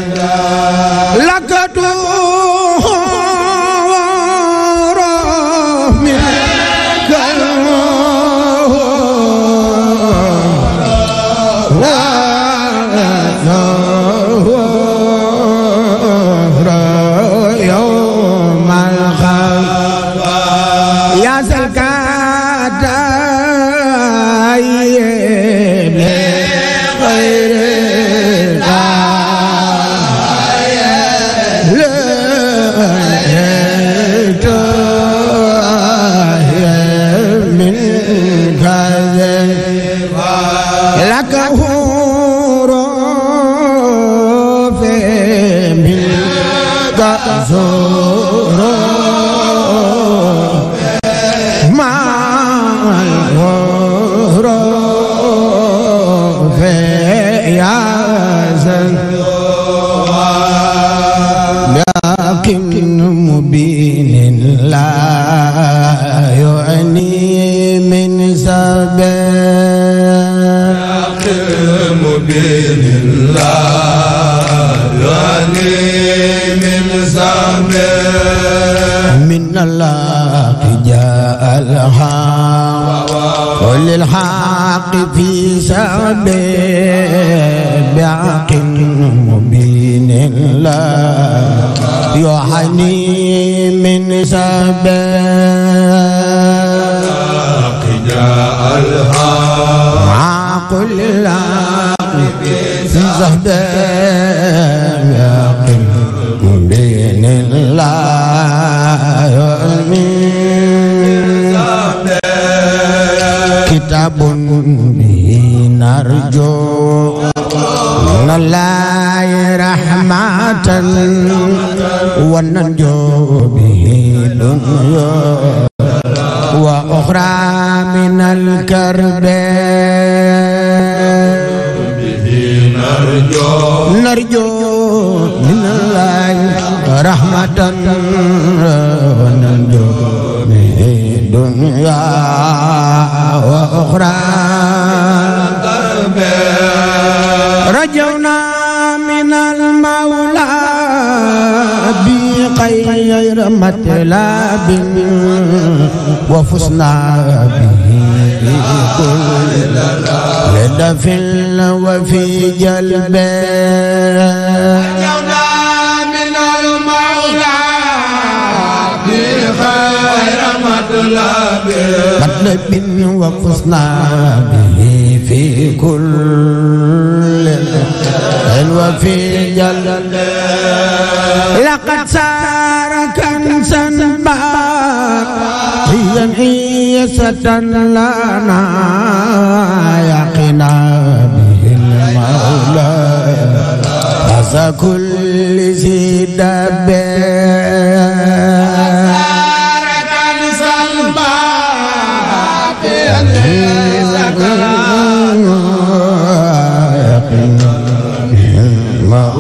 الحق في سبيل بعق مبين لا يحني من سبيل جاء الحق عقل العقل في سبيل بعق مبين لا به نرجو من الله رحمة وننجو به دنيا وأخرى من الكرب نرجو من الله رحمة وننجو به دنيا وأخرى رجونا من المولى بغير مطلب وفزنا به كل لدف وفي جلبه مطلب وقصنا به في كل وفي جل لقد سار كنسا هي عيسة لنا يقنا به المولى فز كل زيد به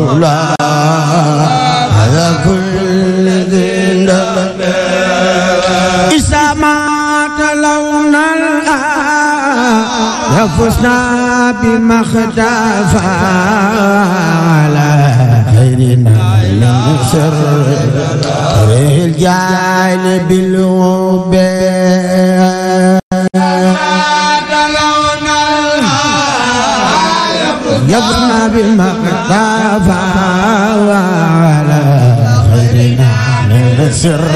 كلا هذا كل ذي ندب إذا ما تلونا الآن فزنا بما اختفى على خيرنا من شر الجانب الوباء كفرنا بما اختفى وعلى خيرنا من سر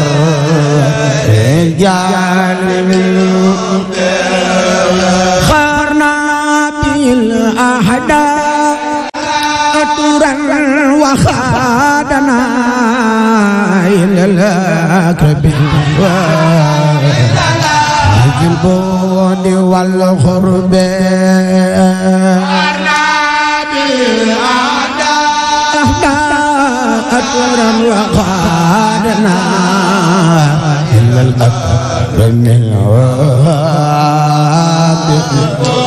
رجال من خارنا بالأحداث وخادنا إلى الأكرب الجلبون والخرب أكرم وقادنا إلا الأكرم الوابق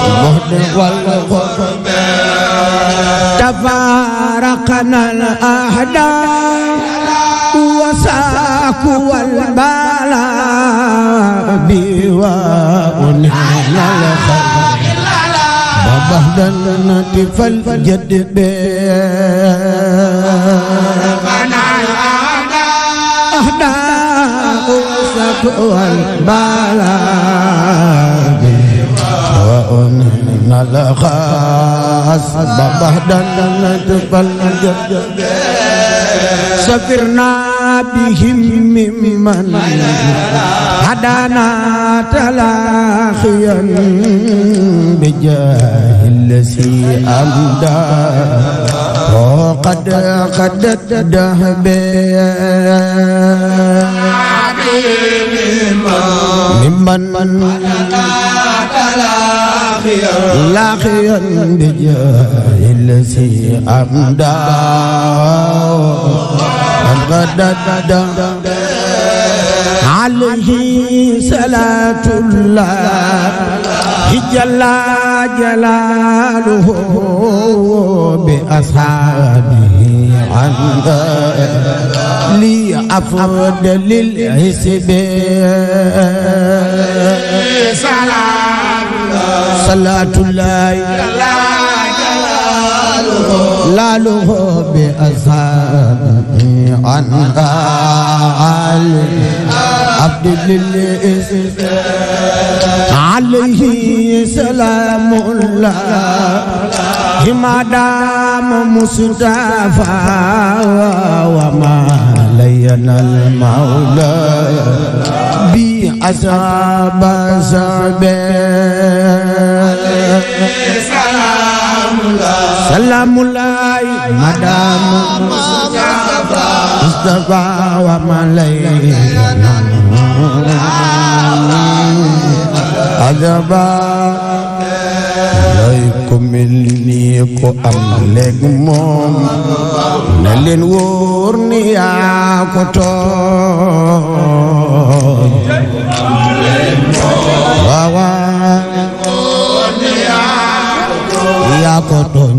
المهد والغرب تفارقنا الأحداث وساك والبالا بواؤنا الخير وبهدلنا فالجد بيه الأحداء وسطوى البلاد وأمن الخاص بعد النتفل سفرنا بهم ممن هدانا تلاخيا بجاه الذي أمدى وقد قدت دهبه ممن من لاقيا بجاه الذي أمداه قد alayhi salaatullah jalla jalaaluhu bi ashaabihi anda li afdalil hisbi salaatullah لالو بأصحابه عن آله عبد للإسلام عليه سلام الله ما دام مصطفى وما لينا المولى بأصحاب عليه سلام الله سلام الله ما دام مصطفى مصطفى وما لينا ajaba lay ko mel nii ko am léeg moom na leen wóor ni yaa ko tooñ waaw waaw yaa ko tooñ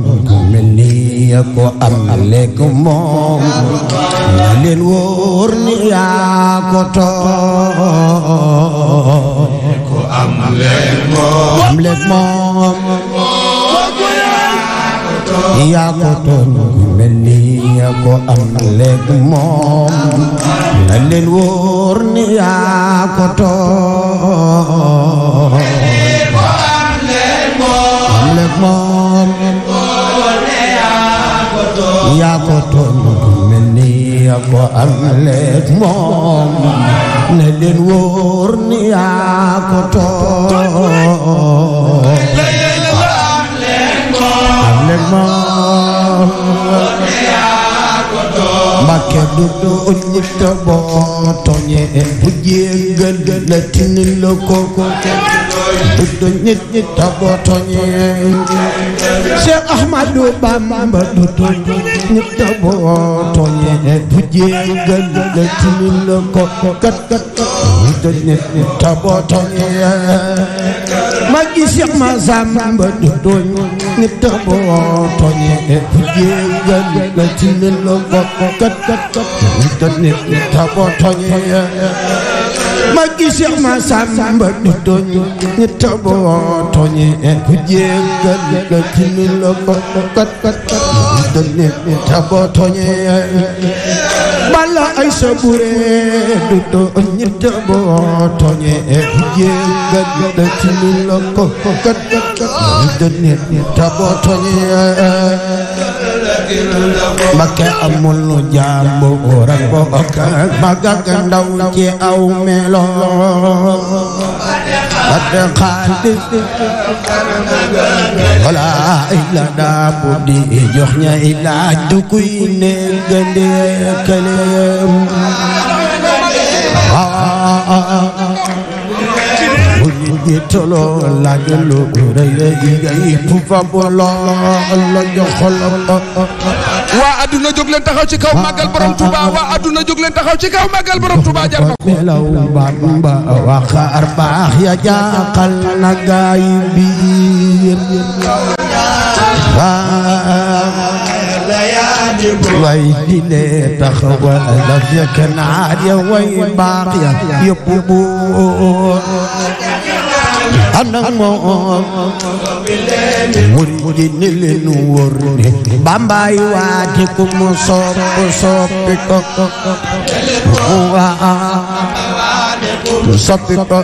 ya ko am lekk moom na leen wóor ni yaa ko tooñ ko am lekk moom am lekk moom yaa ko tooñ ku mel ni yaa ko am lekk moom na leen wóor ni yaa ko tooñ ko am lekk moom yaa ko tooñ ma du mel ni yaa am leeg moom ne leen wóor ni yaa ko tooñ am leeg moom Mbàkke du tooñ nit boo tooñee bu jéggal la tinin la ko ko tuddu nit ñi tabooto ñeen Cheikh Ahmadou Bamba tuddu nit tabooto ñeen bu jéggal la timil ko kat kat tuddu nit ñi tabooto ñeen magi Cheikh Massamba tuddu nit tabooto ñeen bu jéggal la timil ko kat kat tuddu nit ñi tabooto ñeen magi Cheikh ma Samba du tooñ ñi taboo tooñi ku jéggal la ci lu la ko kat kat kat dañu ñi taboo tooñi bala ay sabure du tooñ ñi taboo tooñi ku jéggal la ci lu la ko kat kat kat dañu ñi taboo tooñi Mbakke amul lu jàmbu góor ak ko mag ak ndaw ci aw melo Mbakke xaalis wala ila daa bu di jox ña ila dukuy ne gënde këleem gi toloo laaj lu rëy yi ngay pufa bu lool la joxol waa adduna jóg leen taxaw ci kaw màggal borom Touba waa adduna jóg leen taxaw ci kaw màggal borom Touba jar na ko melaw Bamba waxaar baax ya jaaxal na gaay biir way dile taxawal la fekk naat ya way baax ya yëpp buur anak moom murid yi ni leen wóor ne bambay waati ku mu sopp soppi ko soppi ko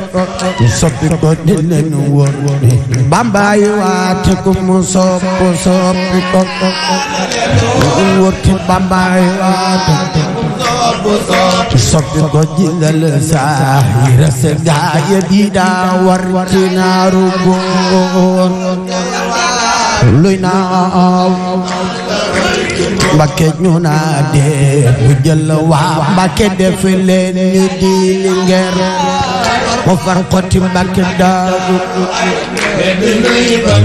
soppi ko ni leen wóor ne bambay waati ku mu sopp soppi ko wóor ci bambay waati sopp ko jilal saahira se gaaya bi daa war ci naaru góor luy naaw Mbakke ñu naa bu jël waa Mbakke def leen ni di lingeer mu far ko ti Mbakke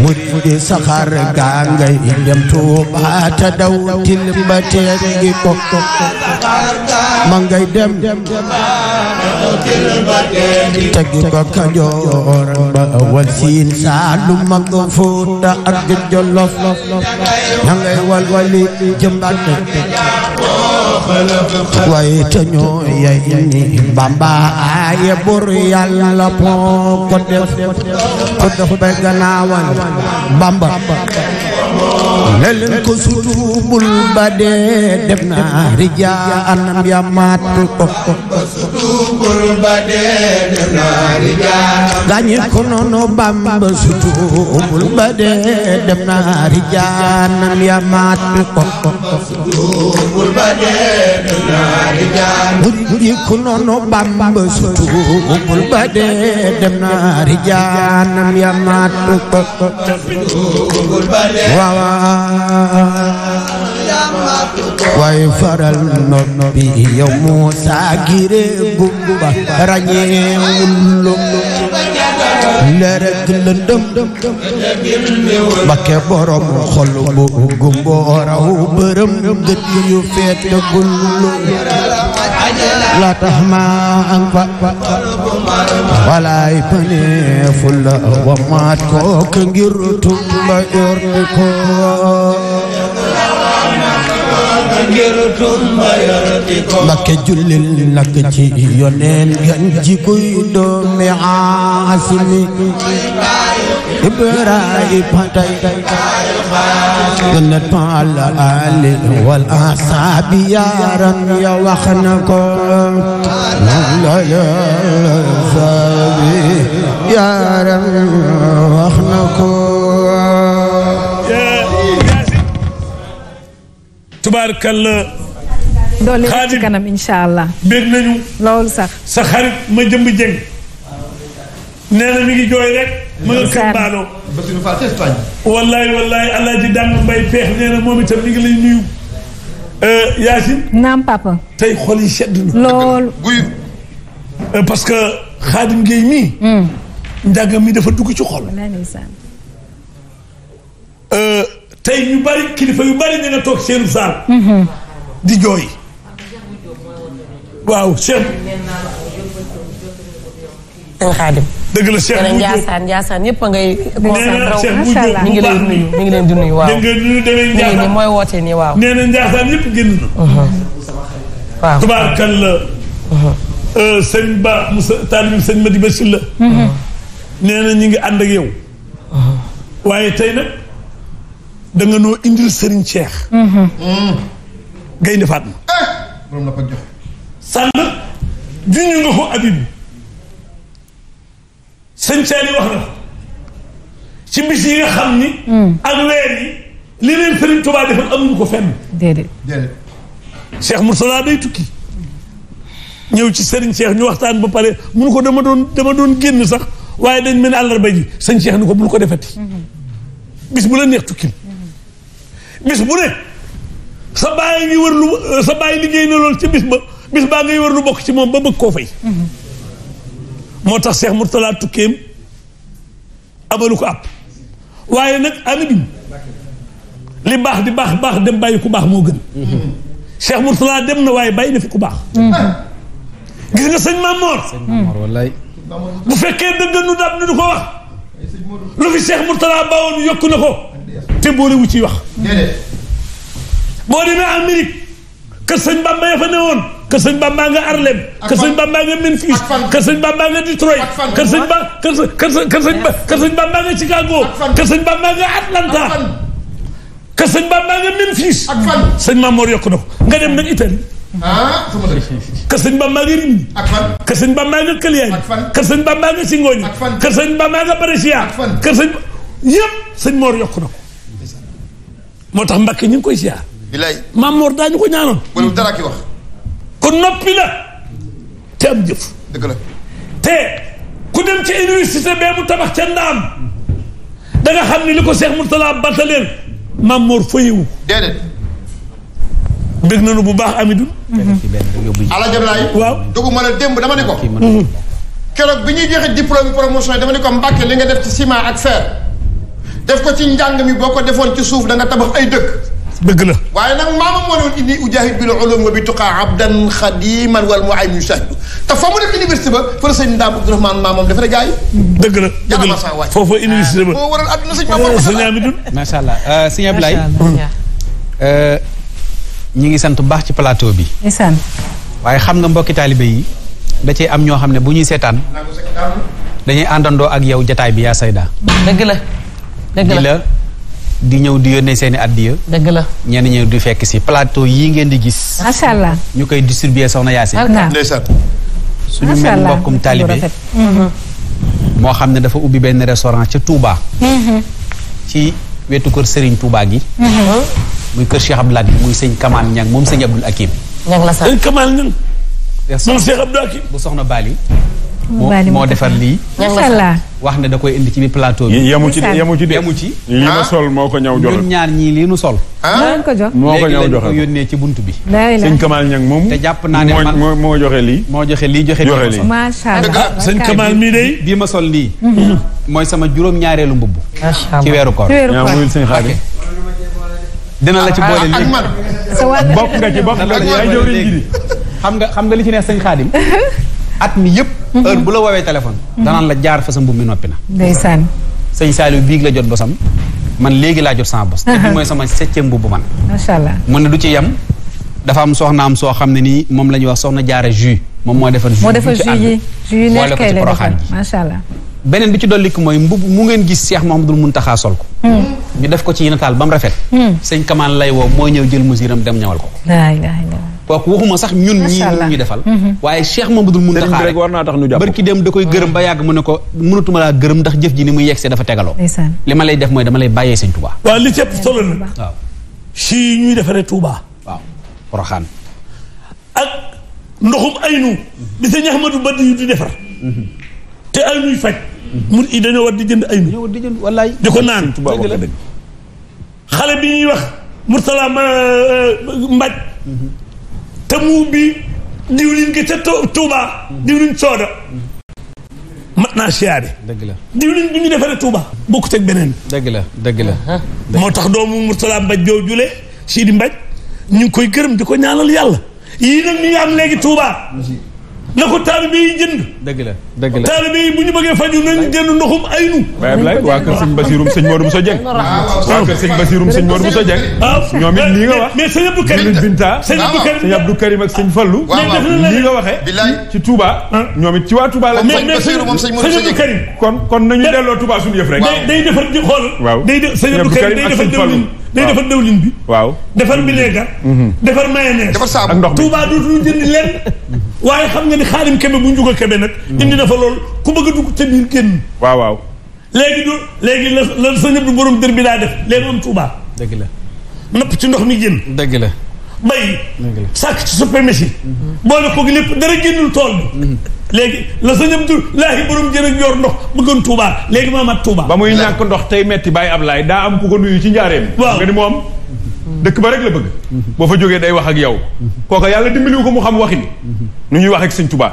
murid saxaar gaa ngay dem Tuuba daw tilim ba teen gi ma ngay dem tegi ko Kajoor ba wal Siin Saalum ma nga Fuuta ak Jolof ña ngay wal wali jëmbat waaye te ñoo yay ni Bamba aaye bur Yàlla moo ko def be ganaawan Bamba ne leen ko sutuubul ba dee def naa rija anam ya maat ko sutuubul ba dee def naa rija gaañi ko noonu bamba sutuubul ba dee def naa rija anam ya maat ko sutuubul ba dee def naa rija gaañi ko noonu bamba sutuubul ba dee def naa rija anam ya maat ko sutuubul ba dee waaye faral noon bi yow Muusaa gire gumba ràññeewul lum leer ak lëndëm Mbakke bu gumbo raw bërëm gët yu feetagul لا تحمى أنفا ولا يبني فلا ومات كوك غير تمبا يرنكو Mbakke jullil nak ci yoneen gan ji kuy doomi Aasimi إبراهيم بنتي جنة على آل والأصحاب يا رم يا وخنكو لا يا صابي يا رم وخنكو tubaarkalla doole ci kanam incha allah bég nañu loolu sax sa xarit ma jëmb jëng nee na mi ngi jooy rek ma nga kër Mballo. Bassirou Fall ca Espagne. wallaay wallaay El Hadj moom itam mi ngi lay nuyu. Euh, Yacine. naam papa. tey xol yi sedd euh, parce que Xaadim Gueye mii. Hmm. njàngam mi dafa dugg ci xol. Euh, tey ñu bari kilifa yu bari ñu toog seen saal. Mm-hmm. di jooy. waaw Cheikh. Xaadim. dëgg la Cheikh Moussa Ndiassane ñëpp ngay. concentré ñu ngi nga ni génn na. Uh-huh. waaw tubaarkalla. Uh-huh. Euh, sëñ Ba Moussa Taalib sëñ Madiba Sylla. Uh-huh. nee na ñu ngi ànd ak yow. waaye tey nag da nga noo indil Serigne Cheikh. ngay defaat ma. loolu eh! la ko jox. sànn junj nga ko Habib. sëñ Saali wax na ci bis yi xam ni. Hmm. ak weer li leen Sëriñ Tuubaa defal amuñu ko fenn. déedéet déedéet. Cheikh Moussa day tukki ñëw ci Serigne Cheikh ñu waxtaan ba pare munu ko dama doon dama doon génn sax waaye dañ mel ne àllarba ji sëñ Cheikh ni ko bul ko defati. Hmm. bis bu la neex tukkil mis hmm. bu ne sa bàyyi ngi lu sa bàyyi liggéey na lool ci bis ba bis baa ngay wër lu bokk ci moom ba bëgg koo fay. moo tax Cheikh Mourtala tukkeem amalu ko ab waaye nag amiin li baax di baax baax dem bàyyi ku baax moo gën Cheikh Mourtala dem na waaye bàyyi na fi ku baax gis nga sëñ Mamoor wallaay bu fekkee dëgganu daab ni du ko wax lu fi Cheikh Mourtala bawoon yokku na ko te boole wu ciy wax boo demee Amérique kër sëñ Bamba ya fa ne woon kër sëñ Bamba nga Harlem kër Bamba nga Memphis kër Bamba nga ba kër sëñ kër sëñ Bamba nga Chicago kër sëñ Bamba nga Atlanta kër sëñ Bamba nga Memphis sëñ Mamoor nga dem nag Italie ah Bamba nga Rimini. ak fan. kër sëñ Bamba nga Këliyaan. ak fan kër sëñ Bamba nga Singoñi. ak fan kër sëñ Bamba nga Brescia. ak fan kër sëñ yëpp sëñ Mor yokk na ko. bilaay maam Mor daañu ko ñaanal. wala dara ki wax. kon noppi la. te am jëf. dëgg la te ku dem ci université bee mu tabax ca ndaam da nga xam ni li ko Cheikh Mourtala battaleel maam Mor fayewu. déedéet. dégg nañu bu baax Amidou. ala jablaay. waaw dugg ma la démb dama ne ko. Mhm. Mhm. keroog bi ñuy joxe diplôme promotion yi dama ne ko Mbàkke li nga def ci ciment ak fer def ko ci njàng mi boo ko defoon ci suuf da nga tabax ay dëkk. dëgg la waaye nag maama moo ne woon inni ujaahid bil ulum wa bi tuqaa abdan xadiman wal mu ay mu sahidu te fa mu def université ba fa la dëgg la dëgg la foofu université ba moo waral adduna sëñ maamam sëñ Amidou macha euh, euh, ngi sant bu baax ci plateau bi ndeysaan waaye xam nga mbokki taalibe yi da cee am ñoo xam ne bu ñuy seetaan dañuy àndandoo ak yow jataay bi yaa sayda dëgg la di ñëw di yónnee seen i addiya dëgg la ñenn ñëw di fekk si plateau yii ngeen di gis. macha allah ñu koy distribuer soxna Yacine. macha allah suñu mel mbokkum taalibe mm-hmm. moo xam ne dafa ubbi benn restaurant ca Touba. Mm-hmm. ci wetu kër Serigne Touba gi. Mm-hmm. muy kër Cheikh Abdoul Akim muy sëñ Kamal Niang moom sëñ Abdoul Akim. la sax sëñ Kamal Niang. moom Cheikh Abdoul Akim bu soxna Bali. moo defar lii. wax ne da koy indi ci biir plateau bi. yemu ci yemu ci yemu ci. lii ma ah. sol moo ko ñëw joxe ñun ñaar ñii lii nu sol. Ah. moo ko jox moo ko ñëw joxe ko yónnee ci bunt bi. sëñ Kamal ñang moom. te jàpp naa ne man moo moo joxe lii. moo joxe lii joxe lii. macha allah sëñ Kamal mii de. bii ma sol nii mm-hmm. mooy sama juróom-ñaareelu mbubb. ci weeru koor ci weeru koor Xaadim dina la ci boole ah, lii. bokk nga ci bokk nga xam nga xam nga li ci neex sëñ Xaadim at mi yëpp Mm-hmm. bu la woowee téléphone. Mm-hmm. danaan la jaar fa sa mbubb mi noppi na. ndeysaan. sëñ Saliou biig la jot bosam man léegi laa jot sama bos. te bi uh-huh. mooy sama septième mbubb man. macha allah mu ne du ci yem. dafa am soxnaam soo xam ne nii moom la ñuy wax soxna jaare jus moom moo defar jus moo defar jus yi jus yi neex kay la allah beneen bi ci dolliku mooy mbub mu ngeen gis Cheikh Mouhamadoul Mountakha sol ko hmm. ñu def ko ci nataal ba mu rafet hmm. sañ Kamaan lay woo mooy ñëw jël mesure am dem ñawal ko kooku waxuma sax ñu defal mhm. waaye Cheikh Mamadou Muntaxa rek war naa tax ñu jàpp barki dem da koy mhm. gërëm ba yàgg mu ne ko mënatuma laa gërëm ndax jëf ji ni muy yegsee dafa tegaloo li ma lay def mooy dama lay bàyyee sëñ Touba waaw li cëpp solo na waaw si ñuy defaree Touba waaw Poroxaan ak ndoxum aynu mhm. bi sëñ Ahmadou Badi yu di defar te aynuy faj mun i dañoo war di jënd aynu dañoo war di jënd wallaay di ko naan xale bi ñuy wax Murtala euh, Mbaaj te mu ubbi diwlin gi ca Touba diwlin sooda mat naa siyaare. dëgg la diwlin bi ñu defaree Touba. bokkut ak beneen. dëgg la dëgg la. moo tax doomu Mourtala Mbaj jooju le Sidi Mbaj ñu ngi koy gërëm di ko ñaanal yàlla yii nag ñu am léegi Touba. na ko taalibe yi jënd. dëgg la dëgg la taalibe yi bu ñu bëggee faju nañu jënd ndoxum aynu. waaye Ablaye waa kër sëñ Basirum sëñ Modou Moussa Dieng. waa kër sëñ Basirum sëñ Modou Moussa Dieng. Ah, ah, ñoom it lii nga wax. mais sëñ Abdou Karim Binta sëñ Karim ah. ñoom it ci waa Touba la. mais mais sëñ kon kon nañu delloo Touba suñu yëf rek. day defar di xool. waaw sëñ Abdou Karim day defar dawlin day defar dawlin bi. waaw defar bineegar. Mhm. defar mayonnaise. defar saabu ak ndox mi Touba dootuñu jënd lenn waaye xam nga ni xaalim kebe bu njug a kebe nag indi na fa loolu ku bëgg a dugg te biir génn waaw waaw léegi du léegi la la sa ñëpp du borom dër bi daa def léegi moom Tuubaa dëgg la napp ci ndox mi génn dëgg la bay sàkk ci supémési boole koog lépp dara génnul tool mhm. léegi la sa ñëpp du laahi borom jën ak yor ndox bëggoon Tuubaa léegi maa mat Tuubaa ba muy ñàkk ndox tey metti am Ablaay daa am ku ko nuyu ci njaareem waaw nga ni moom dëkk ba rek la bëgg mhm. boo fa jógee day wax ak yow mhm. kooka yàlla dimbaliwu ko mu xam waxin nu ñuy wax ak sëñ Touba.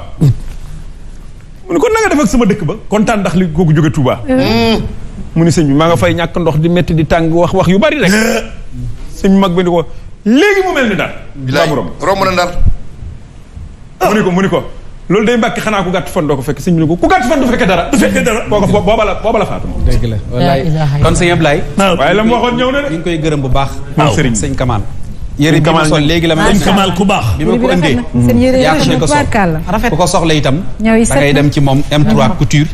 mu ne kon na nga def ak sama dëkk ba kontaan ndax li kooku jóge tubaa eh. mu ni sëñ bi maa nga fay ñàkk ndox di metti di tàng wax wax yu bari rek. Eh. sëñ mag bi ni ko léegi mu mel ni daal. bilaay romb na ndar. Ah. mu ni ko mu ni ko loolu day mbàkk xanaa ku gàtt fan doo ko fekk sëñ bi ni ko ku gàtt fan du fekkee dara. du fekkee dara booba la booba la faatu. dëgg la waaye la mu waxoon ñëw na de. ñu ngi koy gërëm bu baax. waaw sëñ Kamaan. yére bi ma sol léegi la ma kamal ku baax bi ma ko ëndee yaatu ñu ko sol ku ko soxla itam da ngay dem ci moom M3 couture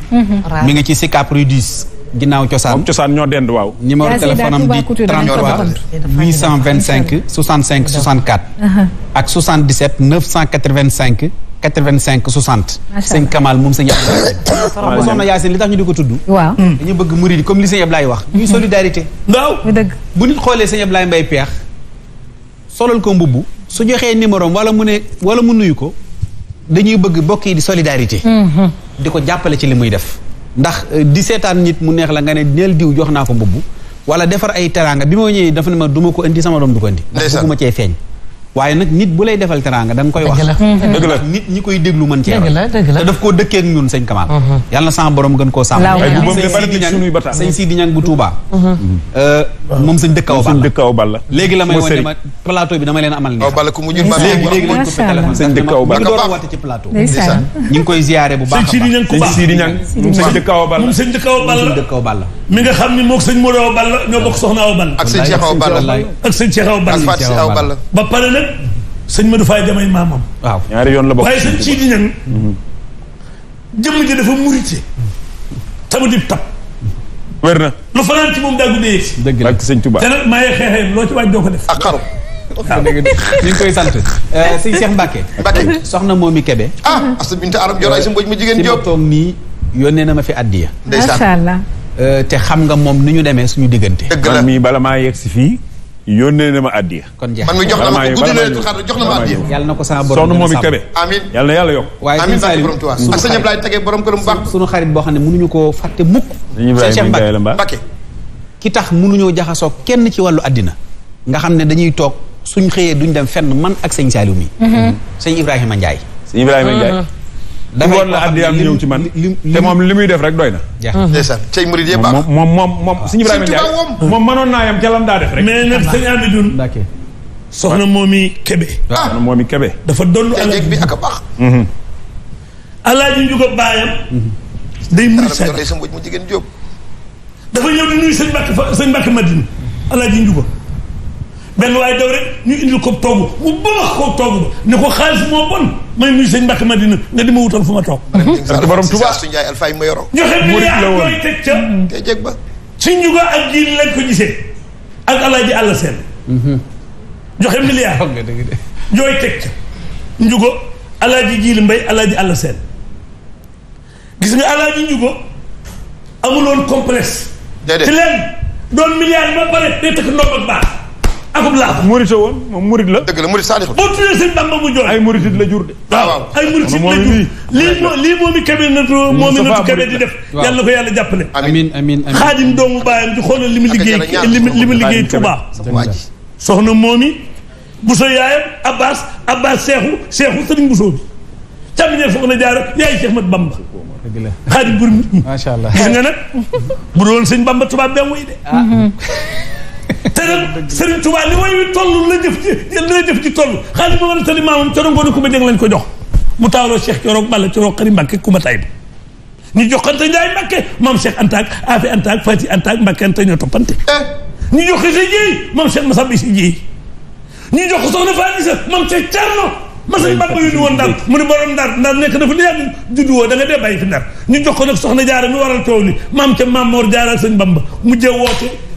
mi ngi ci Sicap Rue 10 ginnaaw cosaan cosaan ñoo dend waaw numéro téléphone am di 33 825 65 64 ak 77 985 85 60 sëñ Kamal moom sëñ Abdoulaye xam soxna Yacine li tax ñu di ko tudd waaw dañu bëgg murid comme li sëñ Abdoulaye wax ñuy mm-hmm. solidarité waaw bu nit xoolee sëñ Abdoulaye Mbaye Peex solal ko mbubb su joxee numéro am wala mu ne wala mu nuyu ko dañuy bëgg bokk yi di solidarité. Mhm. di ko jàppale ci li muy def. ndax euh, di seetaan nit mu neex la nga ne neel diw jox naa ko mbubb wala defar ay teraanga bi ma ñëwee dafa ne ma du ma ko indi sama doom du ko indi. ndax bëgguma cee feeñ. waaye nag nit bu lay defal teraanga da nga koy wax dëgg la nit ñi koy déglu mën cee te daf koo dëkkee ak ñun sañ Kamal mhm. yàlla na boroom borom gën koo sàmm sëñ Sidi Ñang bu Touba mhm. euh, moom sëñ dëkkaw bal la léegi la may wane ma plateau bi dama leen amal nii léegi léegi lañ ko fi téléphone sëñ dëkkaw bal la door a woote ci plateau ñu koy ziyaare bu baax sëñ Sidi Ñang moom sëñ dëkkaw bal la moom sëñ dëkkaw bal la mi nga xam ni mook sëñ Modou Awa Bal la ñoo bokk soxna Awa Bal ak sëñ Cheikh Awa Bal la ak sëñ Cheikh Awa Bal la ba pare sëñ Madou Faye damay maamam. waaw ñaari yoon la bokk waaye sëñ Sidi Ñang jëmm ji dafa murite. tamatib tab. wér na lu fanaan ci moom daa guddee yegsi. dëgg la ak sëñ maa ngi loo ci waaj doo ko def. ak xaru. waaw dëgg ñu ngi koy sant. Euh, sëñ Cheikh Mbacke. Mbacke soxna Momi Kebe. ah Assa Binta Arab Joray si mboj mu jigéen Diop. toog nii yónnee na ma fi addiya. macha allah. Euh, te xam nga moom ni ñu demee suñu diggante. dëgg la mii bala maa yegg si fii. yónnee na ma addiya. kon jeex man mi jox na ma jox na ma addiya. yàlla na ko sama borom sonn moom i kebe. amiin na yàlla yokk. ak sëñ mm. xarit boo xam ne mënuñu koo fàtte mukk. sëñ jaxasoo kenn ci wàllu addina. nga xam ne dañuy toog suñ xëyee duñ dem fenn man ak sëñ Saliou mi. Mm-hmm. sëñ Ibrahima Ndiaye. sëñ Ibrahima mm-hmm. Ndiaye. dafay la addi am ci man te moom li muy def rek doy na. Ah. ndeysaan cey murid yee baax moom moom moom suñu Ibrahima Ndiaye moom mënoon naa yem ca lam daa def rek. mais nag sëñ Amidou. d'accord soxna Momi Kébé. ah soxna Momi Kébé. dafa dondu alaaji bi ak a baax. Mhm. alaaji ñu ko baayam. Mhm. day murid sa mu jigéen Jóob dafa ñëw di nuyu sëñ Mbàkke fa sëñ Mbàkke Madina alaaji ñu ko. benn waaye daw rek ñu indil ko toogu bu bëgg ko toogu ba ne ko xaalis moo bon may nuyu sëñ Mbacke Madina nga di ma wutal fu ma toog. borom Tuubaa mm-hmm. Sëñ Njaay Alfaay ma yoroo. la ko ak jiin lañ ko gisee ak alaaji àll seen. Mm-hmm. joxe milliard. jooy teg ca. njugo alaaji jiili mbay alaaji àll seen gis nga alaaji njugo amuloon complexe. déedéet ci doon milliard ba pare day takk ndox baax. akub laabu. murite woon moom murit la. dëgg la murit saadixu. boo tuddee sëñ Bamba mu jooy. ay muritit la jur de. waaw ay muritit la jur lii moo lii moom i kebe natu moom i natu kebe di def. yàlla na ko yàlla jàppale. amiin amiin amiin xaadim doomu baayam ci xoolal li mu liggéey li mu li mu liggéey Touba. soxna moom i. Bousso yaayam Abbas Abbas Seexu Seexu sëriñ Bousso bi. càmmiñeel soxna Jaara yaay Cheikh Mat Bamba. dëgg la xaadim bur mi. macha allah gis nga nag bu doon sëñ Bamba Touba benn way de. Ah. Mm-hmm. te nag Serigne Touba li way wi toll la jëf ci la jëf ci toll xaalis ba war a tëli maamam ku ma jëng lañ ko jox mu taaloo Cheikh coroog Balla coroog ma tay bi ñu joxante Njaay Mbàkke maam Cheikh Antaak Afi Antaak Fati Antaak Mbàkke Anta ñoo toppante eh. ñu jox ko sa jiy maam Cheikh Masamba si jiy ñu jox ko soxna Fatou Issa maam Cheikh Thierno masay bàmba yu ni woon ndar mu ne borom ndar ndar nekk dafa da yàgg juddu woo da nga dee bàyyi fi ndar ñu jox ko nag soxna jaara mi waral coow ni maam ca maam Mor Jaara ak sëñ Bamba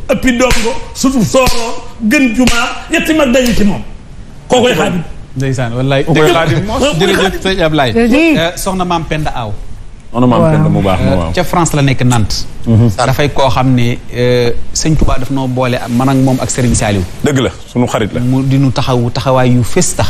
ëppi ndongo sutu sooroon gën jumaa ñetti mag dañu ci moom koo koy xaadim soxna maam Penda Aw soxna maam Penda mu baax mu waaw ca France la nekk nant mhm. dafay koo xam ne eh, sëñ Touba daf noo boole man ak moom ak Serigne Saliou dëgg la sunu xarit la mu di nu taxawu taxawaay yu fés tax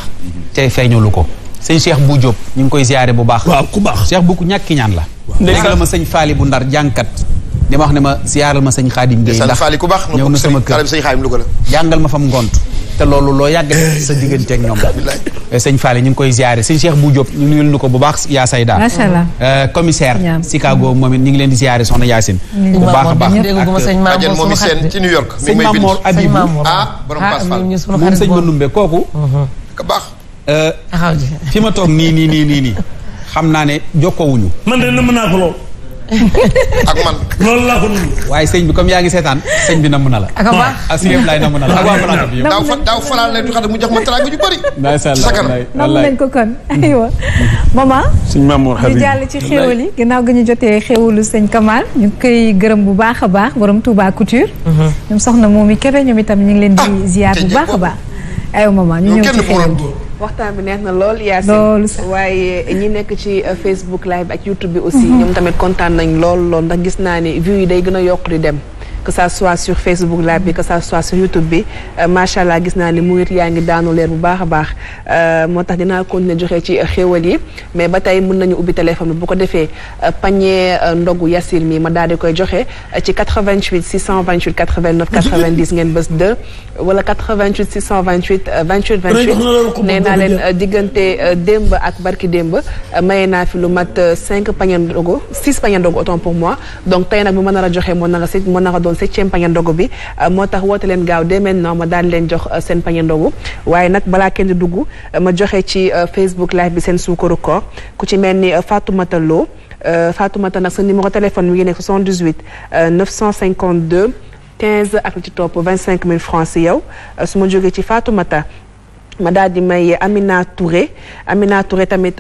te mhm. feeñalu ko sëñ Cheikh bu Diop ñu ngi koy ziyaare bu baax waaw ku baax Cheikh bu ku ñàkki ñaan la dégg la ma sëñ Faali bu Ndar jànkat di ma wax ne ma siyaaral ma sëñ xaadim Gueye ndax ñëw na ma fam ngont te loolu loo yàgg sa diggante ak ñoom la eh, sëñ Faale ñu ngi koy ziare sëñ Cheikh bu Diop ñu nuyul nu ko bu baax yaa sayda macha allah eh, commissaire Chicago moom it ngi leen di ziare soxna Yaasin bu baax a baax ak moom seen ci New York sëñ Mamour Abibou ah borom ah, pass fall moom sëñ Manumbe kooku mhm. ka baax eh, fi ma toog nii nii nii nii nii xam naa ne jokkowuñu man de mën naa ko lool ak man. loolu laa ko nuyu. waaye sëñ bi comme yaa ngi seetaan sëñ bi namm na la. ak abaa ak sëñ bi laay namm daaw fa daaw faral nañu mu jox ma teraanga ju bëri. macha allah wallaay namm nañ ko kon ñu gi ñu jotee xéwalu sëñ Kamal. ñu koy gërëm bu baax a baax borom Touba Couture. Mhm. ñoom soxna moom i kebe ñoom tam ñu ngi leen di ah, ziar bu baax a baax. aywa maman ñu ñëw ci xéwal waxtaan bi neex na lool Yacine waaye ñi nekk ci euh, Facebook live ak YouTube bi aussi ñoom tamit kontaan nañ lool lool ndax gis naa ni view yi day gën a yokk di dem que ça soit sur Facebook Live bi que ça soit sur YouTube bi euh, macha allah gis naa ni murit yaa ngi daanu leer bu baax a baax euh, moo tax dinaa continuer joxe ci xéewal yi mais ba tey mën nañu ubbi téléphone bi bu ko defee euh, panier ndogu Yassir mi ma daal koy joxe ci 88 ngeen bës 2 wala 88 628 leen diggante démb ak barki démb maye naa fi lu mat 5 panier ndogu 6 panier ndogu autant pour moi donc tey nag bu ma nar a joxe moo nar a sit moo nar a woon septième pañe ndogu bi euh, moo tax woote leen gaaw dès maintenant ma daal leen jox euh, seen pañe ndogu waaye nag balaa kenn di dugg euh, ma joxe ci Facebook live bi seen suukaru koor ku ci mel ni Fatoumata Lo Fatoumata nag sa numéro téléphone mi ngi nekk 78 952 15 ak lu ci topp cinq 000 francs si yow su ma jógee ci Fatoumata ma daal di Amina Touré Amina Touré tamit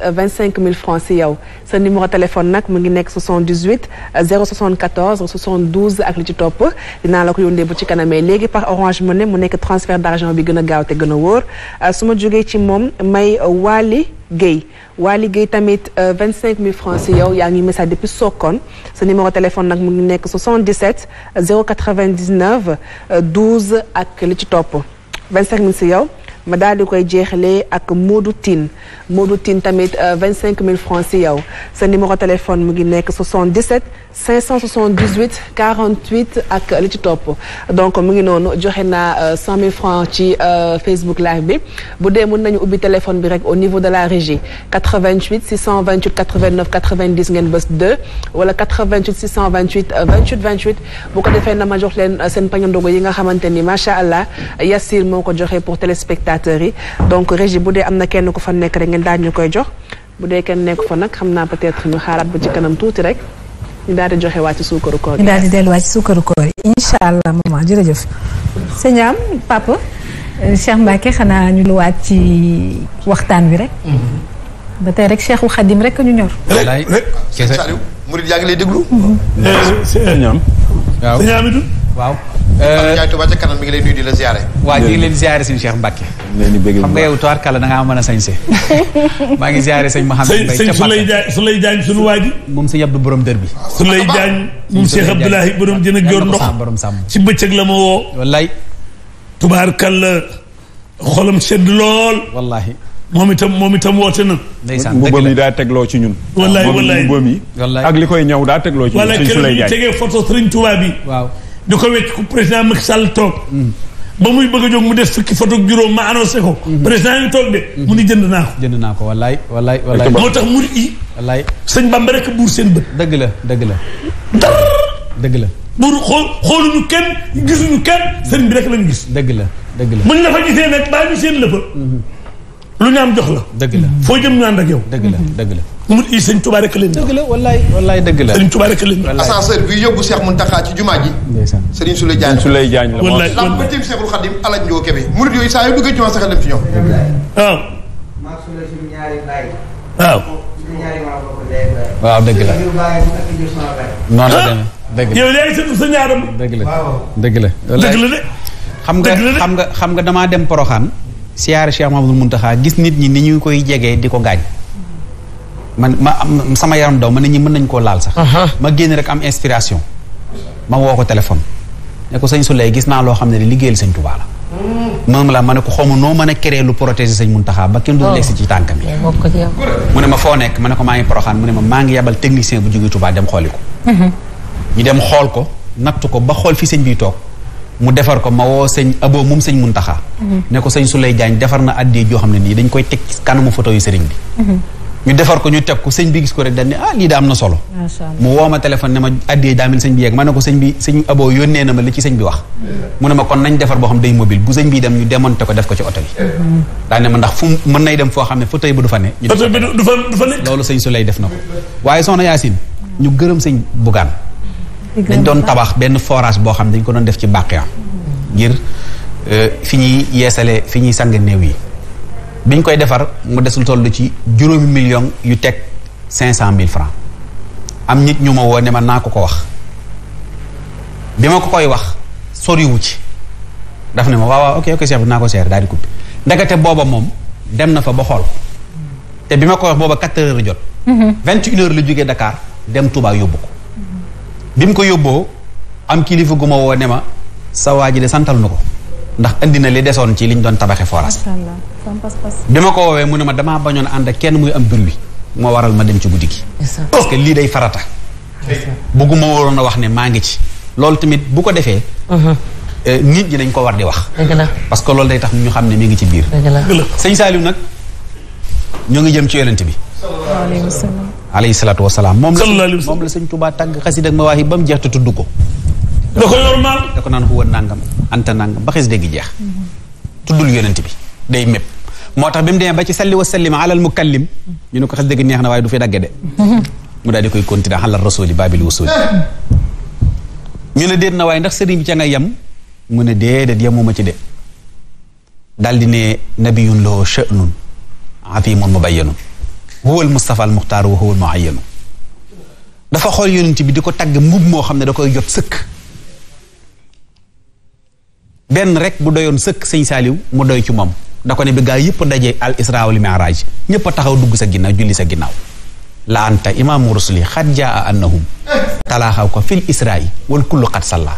mille francs si yow sa numéro téléphone nag mu ngi nekk 78 074 72 ak li ci topp dinaa la ko yónnee bu ci kanamee léegi par Orange Money mu nekk transfert d'argent bi gën a gaaw te gën a wóor euh, su ma jógee ci moom may Wali géey Wali Guèye tamit 25000 euh, francs si yow yaa ngi message depuis Sokone sa numéro téléphone nag mu ngi nekk 77 099 12 ak li ci topp 25000 si yow. ma daal di koy jeexalee ak Modou Tine Modou Tine tamit 25000 euh, francs si yow sa numéro téléphone mu ngi nekk 77 578 48 ak li ci topp donc mu ngi noonu joxe naa 100000 euh, francs ci euh, Facebook live bi bu dee mën nañu ubbi téléphone bi rek au niveau de la régie 88 628 89 90 ngeen bës 2 wala 88 628 28 ko defee na ma jox leen seen pañu ndogu yi nga xamante ni macha allah Yassir moo ko joxe pour téléspectateur. indicateurs yi donc régie bu dee am na kenn ku fa nekk rek ngeen daal ñu koy jox bu dee kenn nekk fa nag xam naa peut ñu xaalaat ba ci kanam tuuti rek ñu daal di joxe waa ci suukaru koor yi. ñu daal di delluwaat ci suukaru koor yi incha allah maman jërëjëf. sëñ am papa euh, Cheikh Mbacke xanaa ñu luwaat ci waxtaan wi rek. Mm-hmm. ba tey rek Cheikhul Khadim rek ñu ñor. wallaay kese Murid mm-hmm. eh, eh, waaw Euh, Ndiaye Touba ca kanam mi ngi lay nuyu di la ziare. waaw ñu ngi leen ziare sëñ Cheikh Mbacke. xam nga yow tuwaar kàlla da ngaa mën a sañse. maa ngi ziare sëñ Mouhamed Mbaye ca Mbacke. Suley Jaañ Suley Jaañ sunu waa ji. moom sëñ Abdou borom dër bi. Suley Jaañ moom Cheikh Abdoulahi borom dina joor ndox borom sàmm ci bëccëg la ma woo. wallaay. tubaar kàlla xolam sedd lool. wallahi moom itam moom itam woote na. ndeysaan mbubbam yi daa tegloo ci ñun. wallaay wallaay mbubbam yi ak li koy ñëw daa tegloo ci ñun. suñ Suley Jaañ wallaay keroog ñu tegee photo Sëriñ Tuubaa bi waaw di ko wecc ku président Macky Sall toog. ba muy bëgg a jóg mu def fukki photo juróom ma annoncé ko. président yi toog de. mu ni jënd naa ko. jënd naa ko wallaay wallaay wallaay. moo tax murid yi. wallaay sëñ Bamba rek buur seen bët. dëgg la dëgg la. dara. dëgg la. buur xool ñu kenn gisuñu kenn sëriñ bi rek lañu gis. dëgg la dëgg la. buñ la fa gisee nag bàyyi ñu seen lëfa. Mhm. lu ñu jox la. dëgg la foo jëm ñu ànd yow. dëgg la dëgg la. mun i sëñ Tuubaa rek leen la wallaay wallaay dëgg la sëñ Tuubaa rek leen ascenseur bi yóbbu jumaa ji sëriñ Suley Jaañ Suley Jaañ la wallaay lam bëtim Seexul Xadim alaj njoo kebe murid yooyu saa yoo duggee jumaa sax dem ci ñoom waaw waaw waaw dëgg la ah! dëgg la dëgg la dëgg la de xam nga xam nga xam nga damaa dem Poroxaan siyaare Cheikh mun taxaa gis nit ñi ni ñu koy jegee di ko gaañ man ma am sama yaram daw ma ne ñi mën nañ koo laal sax. ma génn rek am inspiration. ma woo ko téléphone. ne ko sëñ Souleye gis naa loo xam ne liggéeyal sañ Touba la. Mm. moom la ma ne ko xaw ma noo mën a créer lu protéger sëñ Mountakha ba kenn du oh. lekk si ci tànkam yi. mu ne ma foo nekk ma ne ko maa ngi poroxaan mu ne ma maa ngi yabal technicien bu jógee Touba dem xooli ko. Mm-hmm. ñu dem xool ko natt ko ba xool fi sëñ bi toog. mu defar ko ma woo sëñ aboo moom sëñ taxaa mm-hmm. ne ko sëñ Souleye Diagne defar na addi joo xam ne nii dañ koy teg ci kanamu photo yu sëriñ bi. Mm-hmm. ñu defar ko ñu teg ko sëñ bi gis ko rek dañ ne ah lii am na solo mu woo ma téléphone ne ma addee daamel sëñ bi yegg ma ne ko sëñ bi sëñ aboo yónnee na ma li ci sëñ bi wax mu ne ma kon nañ defar boo xam day mobile bu sëñ bi dem ñu démonté ko def ko ci oto bi mhm. daa ne ma ndax nay dem foo xam ne fa tey ba du fa ne oto bi du loolu sëñ su lay def na ko waaye soxna Yaasin ñu gërëm sëñ Bougane dañ doon tabax benn forage boo xam ne dañ ko doon def ci bàqiya ngir euh, fi ñuy yeesale fi ñuy sang néew yi biñ koy defar mu desul toll ci juróomi million yu teg cinq cent mille francs am nit ñu ma woo ne ma naa ko ko wax bi ma ko koy wax soriwu ci daf ne ma waaw waaw ok ok chef naa ko seer daal di coupé ndekete booba moom dem na fa ba xool te bi ma koy wax booba quatre heures jot. Mhm. vingt une heures la jógee Dakar dem Touba yóbbu ko. bi mu ko yóbboo am kilifa gu ma woo ne ma sa waa ji de santal na ko. ndax indi na li desoon ci liñ doon tabaxe forage bi ma ko woowee mu ne ma damaa bañoon ànd ak kenn muy am bruit moo waral ma dem ci guddi gi parce que lii day farata bëgguma waroon a wax ne maa ngi ci loolu tamit bu ko defee uh-huh. euh, nit ñi dañ ko war di wax parce que loolu day tax ñu xam ne mi ngi ci biir sëñ Saliou nag ñoo ngi jëm ci yonent bi alayhi salaatu wasalaam moom la moom la sëñ Tuubaa tàgg xasid ak ma waax yi ba mu jeex te tudd ko da ko normal da ko naan huwa nangam anta nangam ba xes dégg jeex tuddul yonent bi day mépp moo tax bi mu demee ba ci salli wa sallim alal mukallim ñu ne ko xes dégg neex na waaye du fi dagge de mu daal di koy continuer xalal rasuli babil wasuli ñu ne déet na waaye ndax sëriñ bi ca nga yem mu ne déedéet yemuma ci de daal di ne nabiyun lahu sha'nun azimun mubayyanun huwa al mustafa wa huwa al muayyanu dafa xool yonent bi di ko tagg mbub moo xam ne da koy jot sëkk benn rek bu doyoon sëkk sëñ saaliw mu doy ci moom da ko ne bi gaa yëpp daje al isra wal mi'raj ñëpp a taxaw dugg sa ginnaaw julli sa ginnaaw la anta imaamu rusuli xat jaa annahum talaaxaw ko fil isra'i wal kullu xat salla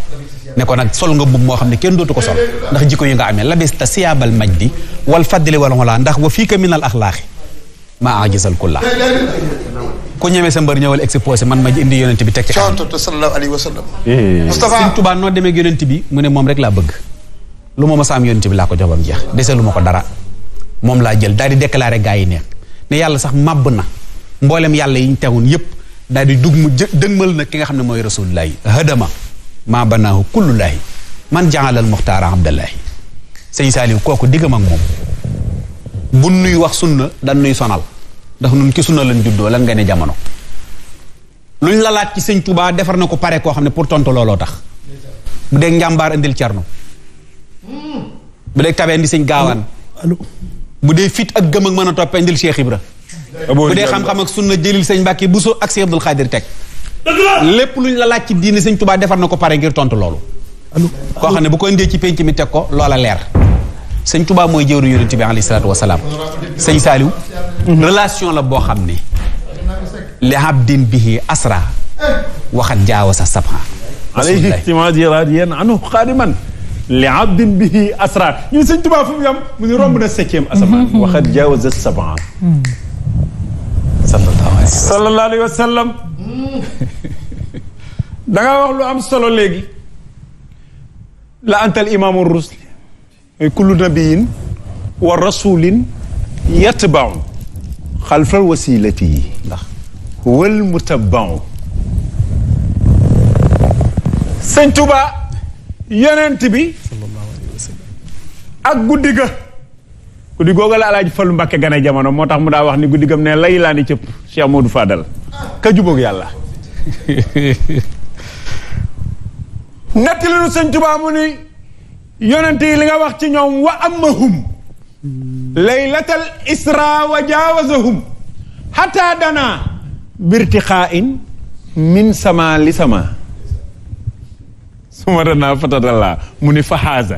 ne ko nag sol nga mbubb moo xam ne kenn dootu ko sol ndax jikko yi nga amee labista siyaabal majdi wal fadli wal laa ndax wa fiika minal axlaaxi ma ajisal kulla ku ñemee sa mbër ñëwal exposé man ma indi yonent bi teg ci sallallahu alayhi wa sallam eh. Mustafa noo demee yonent bi mu ne moom laa bëgg lu ma mës a am yonent bi laa ko jox ba mu jeex dese lu ma ko dara moom laa jël daal di déclaré gaa yi neex ne yàlla sax màbb na mboolem yàlla yi ñu tegoon yépp daal di dug mu dëgmal na ki nga xam ne mooy rasulullaahi hadama maa banaahu kullullaahi man jaalal muxtaara abdallaahi sëñ Saaliw kooku diggam ak moom bu nuy wax sunna dan nuy sonal ndax nun ki sunna lañ juddoo lan nga ne jamono luñ lalaat ci sëñ Tuubaa defar na ko pare koo xam ne pour tontu looloo tax bu dee njàmbaar indil cerno bu dee tabee indi sëñ gaawaan bu dee fit ak gëm ak mën a topp indil Cheikh Ibra bu dee xam-xam ak sunna jëlil sëñ bu so ak sëñ Abdul Xaadir teg lépp luñ la laaj ci diine sañ Tubaa defar na ko pare ngir tontu loolu koo xam ne bu ko indee ci penc mi teg ko loola leer sëñ Tubaa mooy jëwru yonent bi alayhi salaatu wasalaam sëñ Saaliw mhm. relation la boo xam ne li abdin bihi asra waxat jaawa sa sabha alayhi istimaad yaraat yéen xaadiman li abdin bihi asra ñu sëñ Tuubaa fu mu yam mu ni romb na septième asamaan mhm. waxat jaawaza sabaan sallallahu alayhi wa sallam da nga wax lu am solo léegi la antal imaamu rusli mooy kullu nabiyin wa rasulin yatbaun xalfal wasilati yi ndax wal mutabaun sëñ Tuubaa yonent bi ak guddi ga guddi googa la alaaji Fallu Mbàkke gane jamono moo tax mu daa wax ni guddi gam ne lay laa ni cëpp Cheikh Modou Fadal ka jubóog yàlla netti li nga wax ci ñoom wa amahum laylatal isra wa jaawazahum xataa dana birtixaa in min sama li sama suma ranaa fatadalla mu ni fa haaza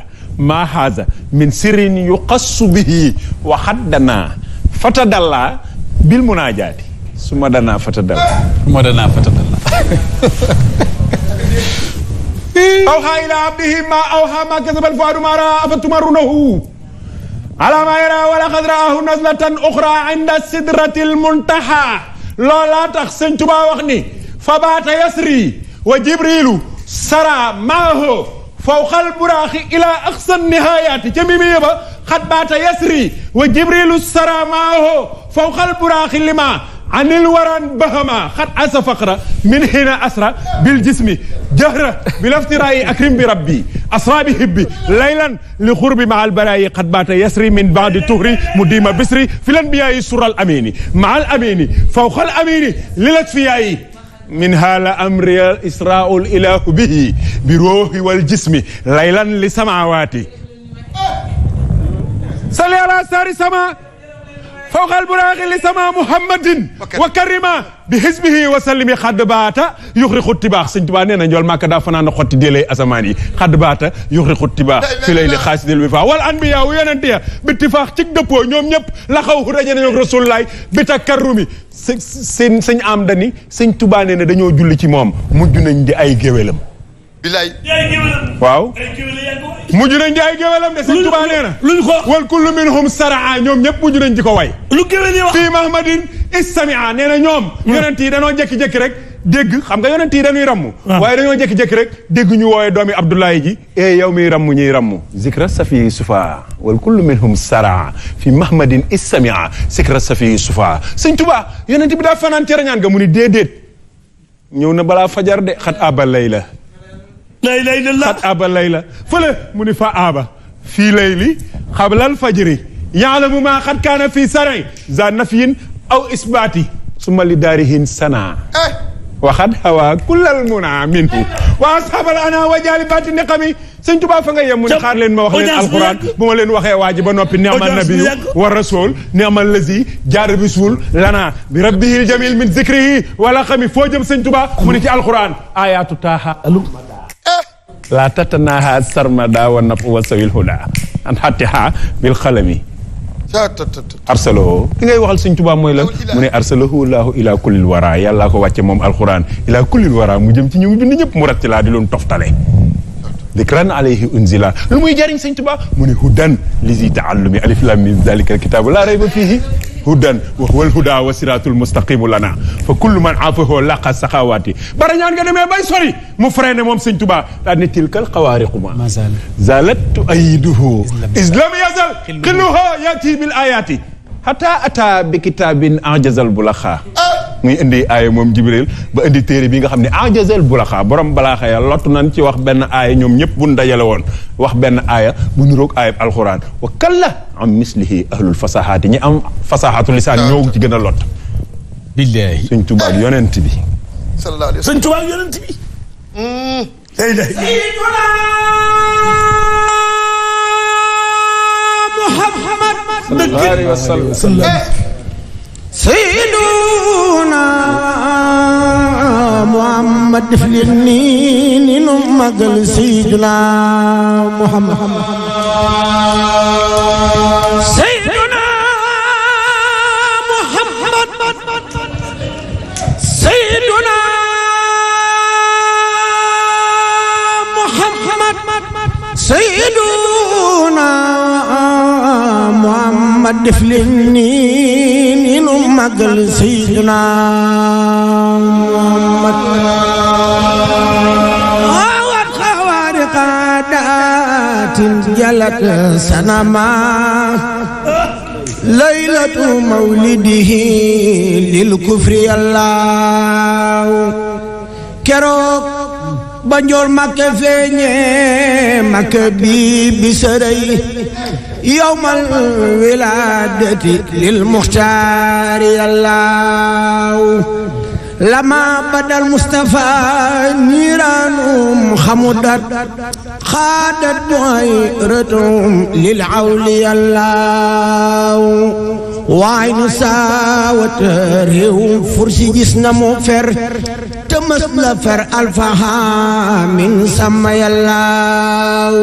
maa haaza min sirin yuqassu bihi wa haddanaa fatadalla bil munaajaati suma danaa fatadalla suma danaa fatadalla awhaa ilaa abdihi maa awhaa maa kasabal fuaadu maa raa afatumarunahu alaa maa yaraa wa laqad raahu nazlatan uxraa inda sidratil muntahaa loolaa tax Sëñ Tuubaa wax ni fa baata yasri wa jibrilu sara maaho fawqal buraaxi ilaa axsan nihayaati ca mimiya ba xat baata yasri wa jibrilu sara maaho fawqal buraaxi lima anil waran bahama xat asa faqra min hina asra bil jismi jahra bi laftirayi akrim bi rabbi asra bi hibbi laylan li xurbi ma al barayi xat baata yasri min baadi tuhri mu diima bisri filan biyayi sural amini ma al amini fawqal amini lilat fiyayi min haala amriya israul ilahu bihi bi ruuhi wal jismi laylan li samawaati sali ala sari sama fawqal buraaxi li sama muhammadin wa karima bi xisbihi wa sallimi xadd baata yuxri xutti baax sëñ tubaa nee na njool màkka daa fanaan a xotti délay asamaan yi xadd baata yuxri xutti baax fi lay li xaas dil wi faa wal anbiya wu yonente ya bittifaax cig ñoom ñëpp la xaw rajo nañoo rasulullaay bi takarrumi seen sëñ am dani sëñ tubaa nee na dañoo julli ci moom mujj nañ di ay géwélam waaw mujj nañ di ay géwélam de sëñ Tuubaa nee na luñ ko wal kullu minhum ñoom ñëpp mujj nañ di ko way lu géwél yi wax fii mahmadin istamia nee na ñoom hmm. yonent yi danoo jékki-jékki rek dégg xam nga yonent yi dañuy ramm ah. waaye dañoo jékki-jékki rek dégg ñu woowe doomi Abdoulaye ji e yow miy ramm ñuy ramm zikra safi sufa wal kullu minhum saraa fi mahmadin istamia zikra safi sufa sëñ Tuubaa yonent bi daa fanaan terañaan nga mu ni déedéet ñëw na balaa fajar de xat aba lay la lay lay la xat aba lay la fële mu ni fa aba fii lay li xablal fajri yaalamu maa xat kaana fii saray za nafiyin aw isbaati suma li daarihin sanaa eh. waxat hawa kullal muna minhu wa ashabal ana wa jaali baati niqami sëñ Tuubaa fa nga yem mu ne xaar leen ma wax leen alquran bu ma leen waxee waa ji ba noppi ni'mal nabiyu wa rasul ni'mal lazi jaar bisul lana bi rabbihil jamil min zikrihi wala xami foo jëm sëñ Tuubaa mu ne ci alquran ayatu taaha laa tatanaha sarmada wa naf wa sawil huda an xattiha bil xalami arsalahu li ngay waxal suñ tubaab mooy lan mu ne arsalahu laahu ilaa kullil wara yàllaa ko wàcce moom alquran ilaa kullil wara mu jëm ci ñëw bind ñëpp mu rat ci laa di loon toftale dikran alayhi unzila lu muy jariñ sëñ Tuubaa mu ne hudan lizi taallumi alif lam min zalika alkitabu la rayba fihi hudan wa huwa alhuda wa siratul mustaqimu lana fa kullu man afahu laqa saxawaati bara ñaan nga demee bay sori mu freiné moom sëñ Tuubaa daa ne tilkal xawaariquma zalat tuayiduhu is lam yazal xilluha yati bil ayati hatta ata bi kitabin ajazal bulaxa ah! mu indi aaya moom Jibril ba indi téere bi nga xam ne ajazeel bulaxaa borom balaaxa ya lottu nan ci wax benn aaya ñoom ñëpp buñ dajale woon wax benn aaya bu niroog aayab alxuraan wa kalla am mislihi ahlul fasahaati ñi am fasahaatu lisaan ñoo ci gën a lot billaahi sëñ tubaab yonent bi sallallahu alayhi sëñ tubaab yonent bi day mm. day Muhammad dëgg sayyiduna muhammad def leen nii ni nu màggal sayyiduna muhammad sayyiduna muhammad sayyiduna muhammad sayyiduna muhammad def leen nii màggal Seydina Muhammad awat xawaariqa daatin jalat sanama laylatu mawlidihi lil kufri yàllaaw keroog ba njool makke feeñe makke bi bi sërëy yowmal wilaadati lil muxtaar yàllaaw lama badal Mustafa niiraanum xamudat xaadat mooy retum lil awli yàllaaw waay nu saawat réewum fursi gis na mu fer mës la fer alfahamin sama yàllaaw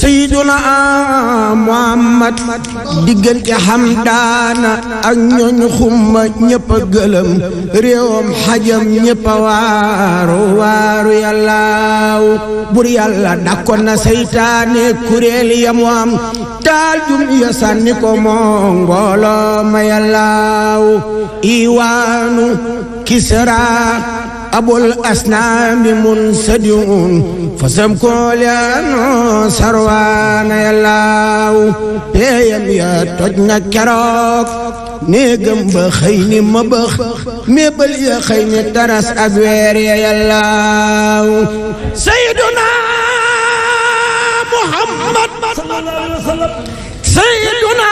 sayiduna muhammad diggante xamdaana ak ñooñu xumma ñëpp gëlëm réewam xajam ñëpp waaru waaru yàllaaw bur yàlla dakkoon na seytaane taal jum ya sànni ko ma yàllaaw iwaanu kisra abul asnaami munsadiun fasam kooleano sarwaana yallaaw peeyam ya toj na keroog néegam ba xëy ni ma bëx mébal ya xëy ni taras ak weer ya yallaaw sayduna muhammad sayduna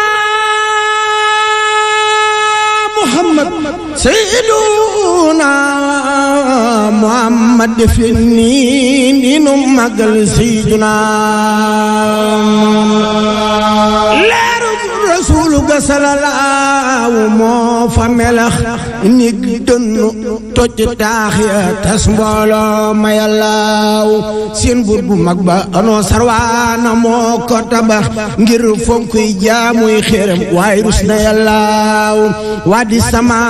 muhammad sayyiduna Muhammad def nii nii nu màggal sayyiduna leeru rasuulu ga sallallahu moo fa melax nit dënnu toj taax tas mbooloo ma yàllaaw seen buur bu mag ba anoo sarwaana moo ko tabax ngir fonkuy jaamuy xéeram waaye rus na yàllaaw waa di sama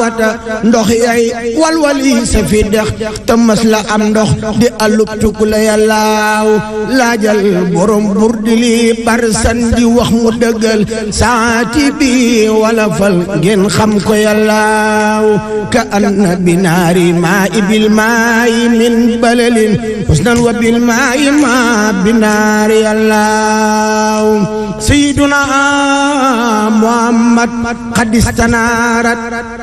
wata ndox yay walwal yi sa fi dex te mas la am ndox di alub tukku la yàllaaw borom bur li bar di wax mu dëggal saati wala fal ngeen xam ko yàllaaw كأن بنار ماء بالماء من بلل حسنا وبالماء ما بنار الله سيدنا محمد قد استنارت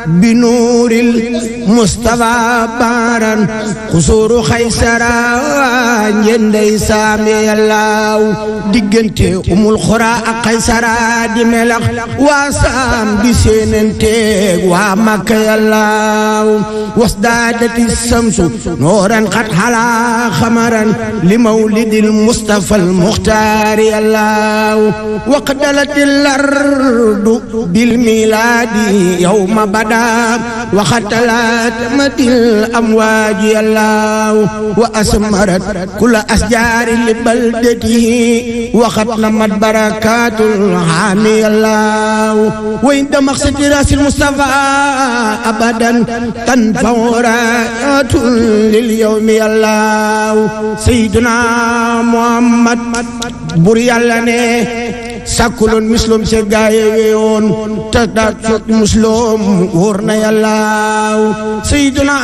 بنور المصطفى بارا قصور خيسرا يندي سامي الله ديغنتي ام الخرا قيسرا دي ملخ وسام دي سيننتي ومك ربك يا الله وازدادت الشمس نورا قد حلا خمرا لمولد المصطفى المختار يا الله وقدلت الأرض بالميلاد يوم بدا وختلت الأمواج يا الله وأسمرت كل أشجار لبلدته وقد نمت بركات العام يا الله وإن دمخ راس المصطفى abadan tan fawraatun lil yawmi yàllaaw sayyiduna muhammad bur yàlla ne sàkkuloon muslim se gaaye weewoon te daat sot muslim wóor na yàllaaw sayyiduna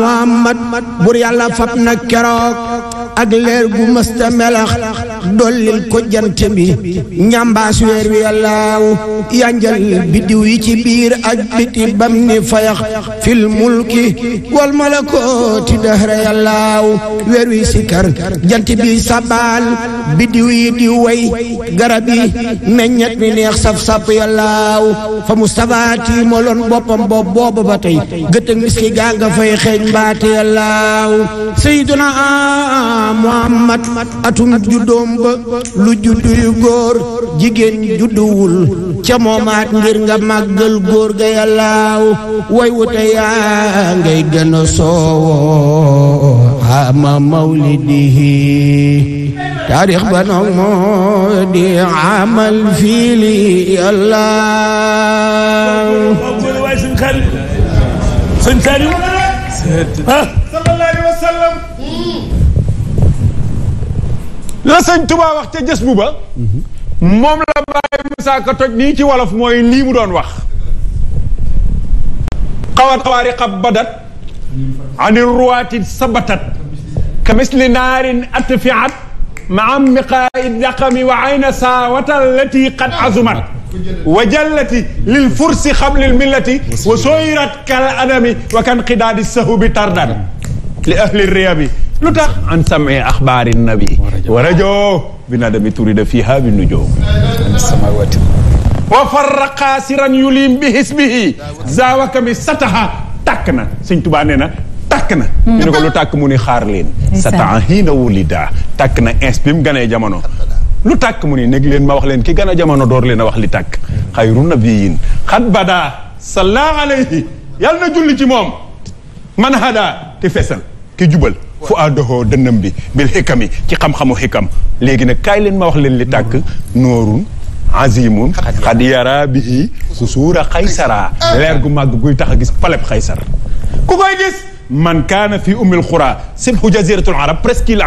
muhammad bur yàlla fab na keroog ak leer gu mësta melax dollil ko jant bi ñambaas weer wi yàllaaw yanjal biddiw yi ci biir a biti bam ni fayax fil mulki wal malakooti dahra yàllaaw weer wi sikar jant bi sabaal biddiw yi di way garab yi meññet mi neex saf-sap yàllaaw fa Mustafaa tiimaloon boppam boobu boobu ba tey gëtëg miski gaa nga fay xeeñ mbaate yàllaaw sayyiduna Seydina Muhammad atum juddoom ba lu judduy góor jigéen judduwul ca moomaat ngir nga màggal góor ga yàllaaw way wute yaa ngay gën a soowo ama mawlidihi taarix ba noog moo di amal fiili la sëñ Touba wax ca jës bu ba moom la Baye Moussa Ka toj nii ci wolof mooy lii mu doon wax xawat xawaari xab badat ani ruwaati sabatat ka misli naarin atfiat maa miqaa'i daqami wa ayna saawata allati qad azumat wa jallati lil fursi xamlil millati wa sooyrat kal adami wa kan qidaadi sahu bi tardan li ahli riyabi lu tax an samee axbaari nabi wa rajo bi naa dami turi da fii haa bi nujoo samawati wa farraqa bi hisbihi zaawaka mi sataha tàkk na sëñ tubaa nee na tàkk na ñu ne lu tàkk mu ni xaar leen sa hiina wulida tàkk na ins bi mu ganee jamono lu mu ni nég leen ma wax leen ki gën a jamono door leen a wax li tàkk xayru nabiyin xat badaa sallaa alayhi yàlla na julli ci moom man hada te fesal ki jubal fu àddoxoo dënnam bi bil xikam ci xam-xamu xikam léegi nag kaay leen ma wax leen li tàkk noorun azimun xad yara bihi kusuura xaysara leer gu màgg guy tax a gis paleb xaysar ku koy gis man kaana fi umil xura sibhu jaziratul arab presqu'île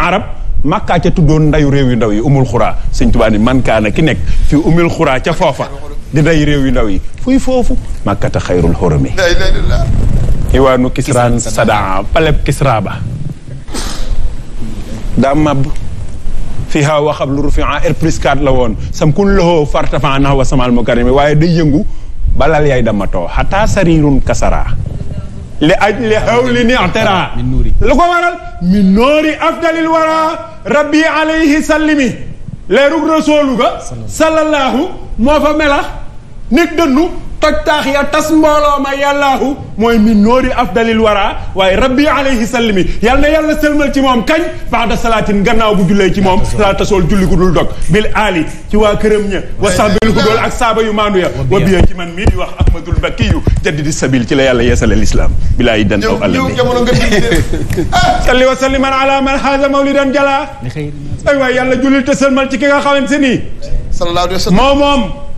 réew yu ndaw yi umul xuraa sëñ tubaa ni man kaana ki nekk fi umul xuraa ca foofa di day réew yu ndaw yi fuy foofu màkkata xayrul xorami iwaanu kisraan sadaa paleb kisraa ba daa màbb fiha waxab lu rufia R plus la woon sam kun loxoo fartafa nax wa samal mukarrami waaye day balal yaay dama too xataa sarirun kasaraa li aj li xaw li waral min noori afdalil wara rabbi alayhi sallimi leerug rasoolu sallallahu moo fa melax nit dënnu toj taax a tas mbooloo ma yàllaahu mooy mi noori afdalil wara waaye rabbi alayhi sallimi yal na yàlla sëlmal ci moom kañ baada salaatin gannaaw bu jullee ci moom laa tasool julli gu dul dog bil aali ci waa këram ña wa sax bil hudool ak saaba yu maandu ya wa biya ci man mii di wax ahmadul mbakki yu jadidi sabil ci la yàlla yeesal al islam bilaa yi salli wa salliman ala man haada mawlidan jala ay waay yàlla jullil te sëlmal ci ki nga xamante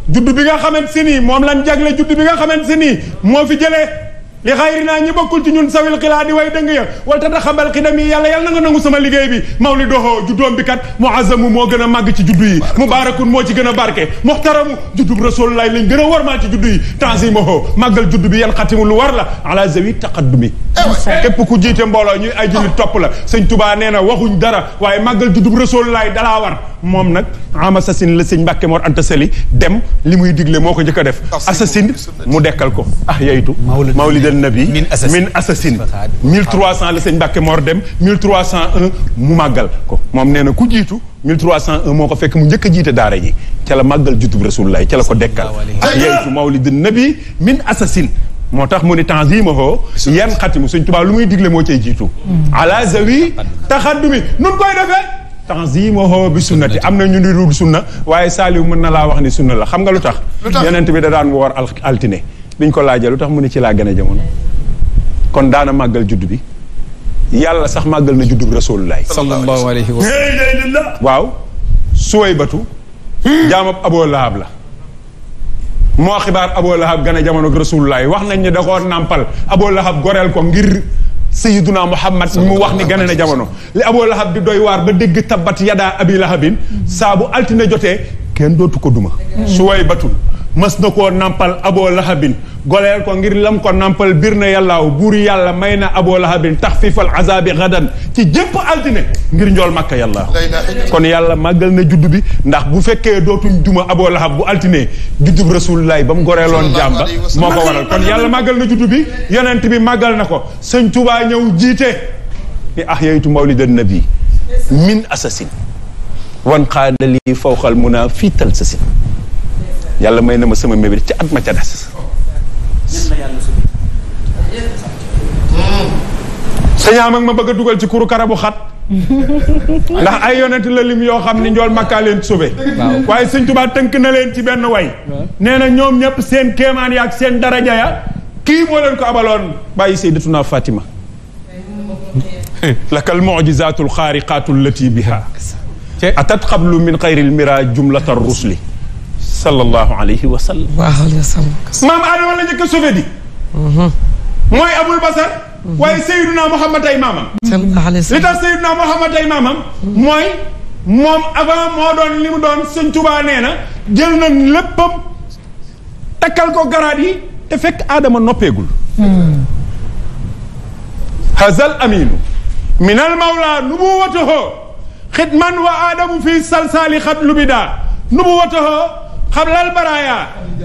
judd bi nga xamante si moom lan jagle judd bi nga xamante si moo fi jëlee li xayri naa ñi bokkul ci ñun sawil xilaa di way dëng ya wala ta xambal xidami yàlla yàlla na nga nangu sama liggéey bi mawli doxoo juddoom bi kat muazamu moo gën a màgg ci juddu yi mubaarakun moo ci gën a barke muxtaramu juddub rasulullaay lañ a warmaa ci juddu yi tanzimoho màggal juddu bi yan xatimu lu war la ala zawi taqaddumi képp ku jiite mbooloo ñuy ay jullit topp la sëñ tubaa nee na waxuñ dara waaye màggal juddub rasulullaay dalaa war moom nag am assasine la sëñ Mbàkke Mor Anta Sali dem li muy digle moo ko njëkk a def assasine mu dekkal ko ah yaytu alal nabi min assasine mille trois cent la sëñ Mbàkke Mor dem mille trois cent un mu màggal ko moom nee na ku jiitu moo ko fekk mu njëkk a jiite daara ji ca màggal jutub rasulullah ca ko dekkal yeytu mawlid nabi min assasine moo tax mu ni tanzimahoo yan xatimu sëñ Tuubaa lu muy digle moo cay jiitu mm. ala taxaddumi nun koy defee tanzimahoo bi sunnati am na ñu ni ruud sunna waaye Saliou mën na laa wax ni sunna la xam nga lu tax yonent bi da daan woor altine biñ ko laajee lu tax mu ne ci laa gën jamono kon daana màggal judd bi yàlla sax màggal na judd bi rasulullaay sallallahu waaw suway batu jaamab aboo lahab la moo xibaar aboo lahab gën a jamono ak wax nañ ne da koo nàmpal aboo lahab goreel ko ngir sayiduna muhammad mu wax ni gane na jamono li aboo lahab di doy waar ba dégg tabbat yadaa abi lahabin saa bu altine jotee kenn dootu ko duma suway batu mës na koo nampal aboo lahabin goleel ko ngir lam ko nampal bir na yàllaaw buur yàlla may na aboo lahabin tax fiifal azabi gadan ci jëpp altine ngir njool makka yàllaaw kon yàlla màggal na juddu bi ndax bu fekkee dootuñ duma aboo lahab bu altine juddub rasulilaay ba mu goreeloon jàmba moo ko waral kon yàlla màggal na judd bi yonent bi màggal na ko sëñ tubaa ñëw jiite ni ahyaytu mawlidan nabi min assasine wan xaada lii fawxal mun a fiital sa si yàlla may na ma sama mébét ci at ma ca des sañaam ak ma bëgg dugal ci kuru karabu xat ndax ay yonent la lim yoo xam ne njool makkaa leen sauvé waaye sëñ Tuubaa tënk na leen ci benn way nee na ñoom ñëpp seen kéemaan ya ak seen daraja ya kii moo leen ko abaloon bàyyi sayyidatuna Fatima lakal mu'jizatul xaariqatul lati biha atat xablu min xayril mira jumlatar rusli sallallahu alayhi wa sallam maam aadama la njëkk a sauvé di mhm. mooy abul basar mhm. waaye sayyiduna muhammad ay maamam li tax sayyiduna muhammad ay maamam mooy moom avant moo doon li mu doon sëñ tubaa nee na jël na léppam takkal ko garaat yi te fekk aadama noppeegul hmm. hazal aminu minal mawla nubuwatuhu xidman wa aadamu fi salsaali xatlu bi daa nubuwataho xablal baraaya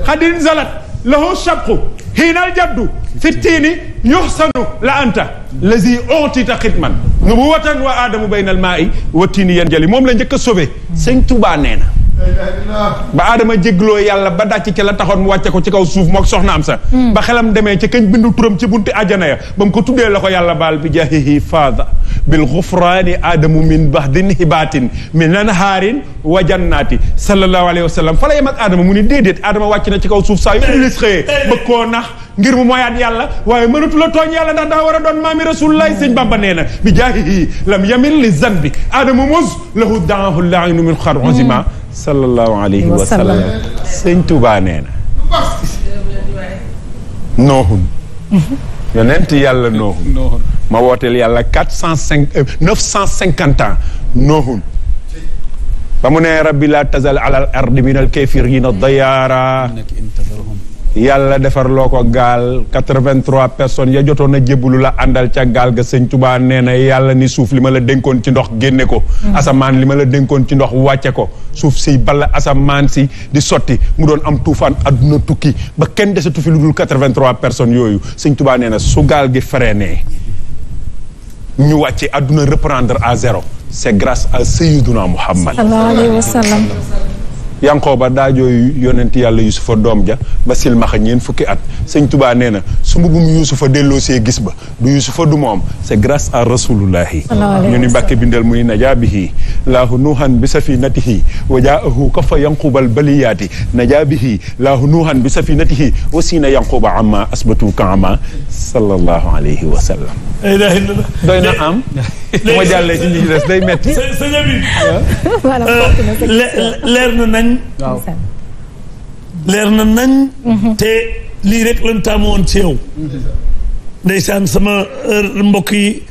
xadin zalat lahu shabqu hiinal jaddu fi tiini yuxsanu la anta lazi utita xidman nubuwatan wa aadamu bayna al maa'i wa tiini yan jali moom la njëkk a sauvé sëñ Touba nee na ba aadama jégloo yàlla ba dàcc ca la taxoon mu wàcce ko ci kaw suuf mook soxnaam sa hmm. ba xelam demee ci kañ bindu turam ci bunti àjjana ya ba mu ko tuddee la ko yalla baal bi jahihi faada bil xufraani aadamu min bahdin hibaatin min anhaarin wa jannaati sallallahu alayhi wa sallam fa la yem ak aadama mu ni déedéet aadama wàcc na ci kaw suuf saa yu iblis xëyee bëgg koo nax ngir mu mooyaat yàlla waaye mënatu la tooñ yàlla ndax daa war a doon maami rasulullahi sëñ bamba nee na bi jaahihi lam yamin li zanbi aadama mos lahu daahu laaynu min xar ozima sallallahu alayhi wa sallam sëñ Touba nee na nooxun yonent yàlla nooxun ma wooteel yàlla quatre cent cinq euh, neuf cent cinquante ans nooxun ba mu ne rabbi la tazal ala al ardi min al kafirina dayaara yàlla defar loo ko gaal 83 personnes ya jotoon a jébbalu la àndal ca gaal ga sëñ Tuubaa nee na yàlla ni suuf li ma la dénkoon ci ndox génne ko mm. asamaan li ma la dénkoon ci ndox wàcce ko suuf si bala asamaan si di sotti mu doon am tuufaan adduna tukki ba kenn desatu fi lu dul 83 personnes yooyu sëñ Tuubaa nee na su gaal gi freiné ñu wàcce àdduna reprendre à zéro c'est grâce à Seyyiduna Muhammad sallallahu alayhi wa Yanqooba daa jooy yonent yàlla Yuusufa doom ja ba silmaxa ñeen fukki at sëñ Tubaa nee na su mbubum Yuusufa delloo see gis ba du Yuusufa du moom c'est grâce à rasulullahi ñu ni Mbàkke bindal muy najaa bihi laahu nuuhan bi safinatihi wa jaahu kafa yanqubal baliyaati najaa bihi laahu nuuhan bi safinatihi wa siina yanquba amma asbatu kaama sallallahu alayhi wa sallam doy na am bu ma day metti sëñ bi voilà leer na nañ waaw leer na nañ te lii rek lañ taamu woon ci yow sama er, mbokk yi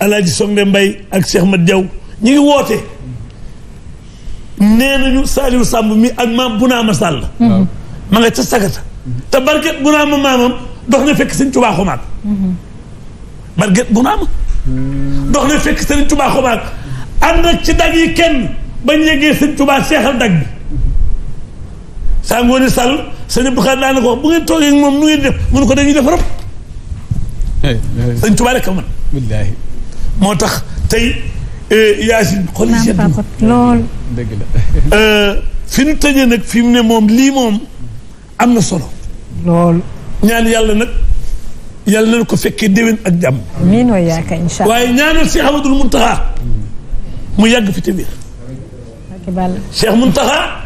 alaaji Sonde Mbay ak Cheikh Mat Diaw ñu ngi woote nee nañu Saliou Samb mi ak maam Bunaama Sàll ma nga ca sagata te barket Bunaama maamam dox na fekk sëñ Tuubaa xumaat barket Bunaama dox na fekk Serigne Touba Xobaag ànd ak ci dag yi kenn bañ yeggee Serigne Touba seexal dag bi saa ngoone sàll sëñ Abdou Khadre daana ko bu ngeen toogee ak moom nu ngeen def mënu ko dañuy def rab Serigne Touba rek moo tax tey eh, Yacine xol yi sedd dëgg la eh, fi nu nag fi mu ne moom lii moom am na solo lool ñaan yàlla nag yàlla nañu ko fekkee déwén ak jàmm. miin waa yaakaar incha allah waaye ñaanal Cheikh Amadou Mountakha mu yàgg fi te wér. Cheikh Mountakha.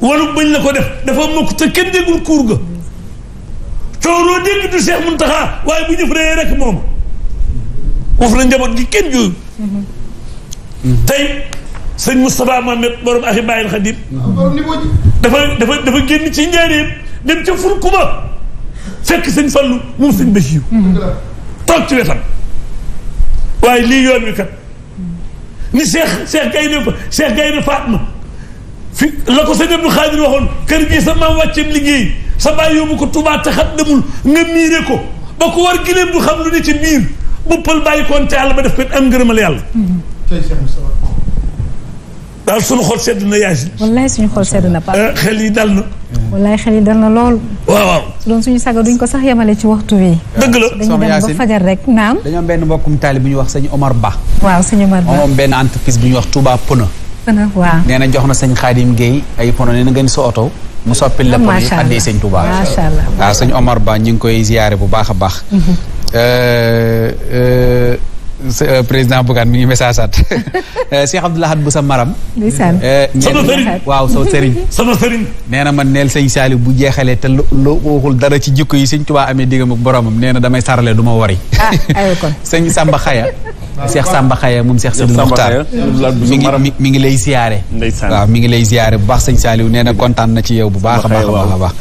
walu bañ la ko def dafa mokk te kenn déggul kuur ga. cooroo dégg du Cheikh Mountakha waaye bu jëf ree rek moom. woof na njaboot gi kenn jooyu. tey sëñ Moustapha Mohamed borom axi bàyyil xadim dafa dafa dafa génn ci njaareem dem ca Fulkuma. fekk sëñ Fallu moom sëñ Basiiru toog ci wetam waaye lii yoon wi kat ni Cheikh Cheikh Gaynde Cheikh Gaynde fi la ko sëñ Abdou Xaadir waxoon kër gi sa maam wàcceem liggéey sa baay yóbbu ko Tuubaa taxat demul nga miire ko ba ko war gileem du xam lu ne ci biir bu pël bàyyi koonte yàlla ba def ko am ngërëmal yàlla daal suñu xol sedd na yaasin. wallaay suñu xol sedd na Pape. Eh, xel yi dal na. wallaay xel yi lool. waaw su doon suñu saga duñ ko sax yemale ci waxtu wi. Eh, dëgg la dañu dem ba fajar rek naam. dañoo am benn mbokkum taali bu ñuy wax sëñ Omar Ba. waaw sëñ Omar moom benn entreprise bu wax Touba Pneu. Pneu waaw. nee na jox na sëñ Khadim Guèye ay pono nee na ngeen sa oto. mu soppil la pono yi àddee sëñ Touba. macha allah waaw sëñ Omar Ba ñu ngi koy ziyaare bu baax a baax. Mhm. Eh, Euh, président Bougane mi ngi message at euh, Cheikh Abdou bu sa maram euh, sama sëriñ waaw sa sëriñ sama sëriñ nee na man neel sëñ Saali bu jeexalee te lu waxul dara ci jikko yi sëñ Tuubaa amee diggam ak boromam nee na damay sarale du ma wari ah, sëñ Samba Xaya Cheikh Samba Xaya moom Cheikh Sidi bu mi ngi mi ngi lay ziyaare waaw mi ngi lay ziyaare bu baax sëñ Saaliw nee na kontaan na ci yow bu baax a baax a baax a baax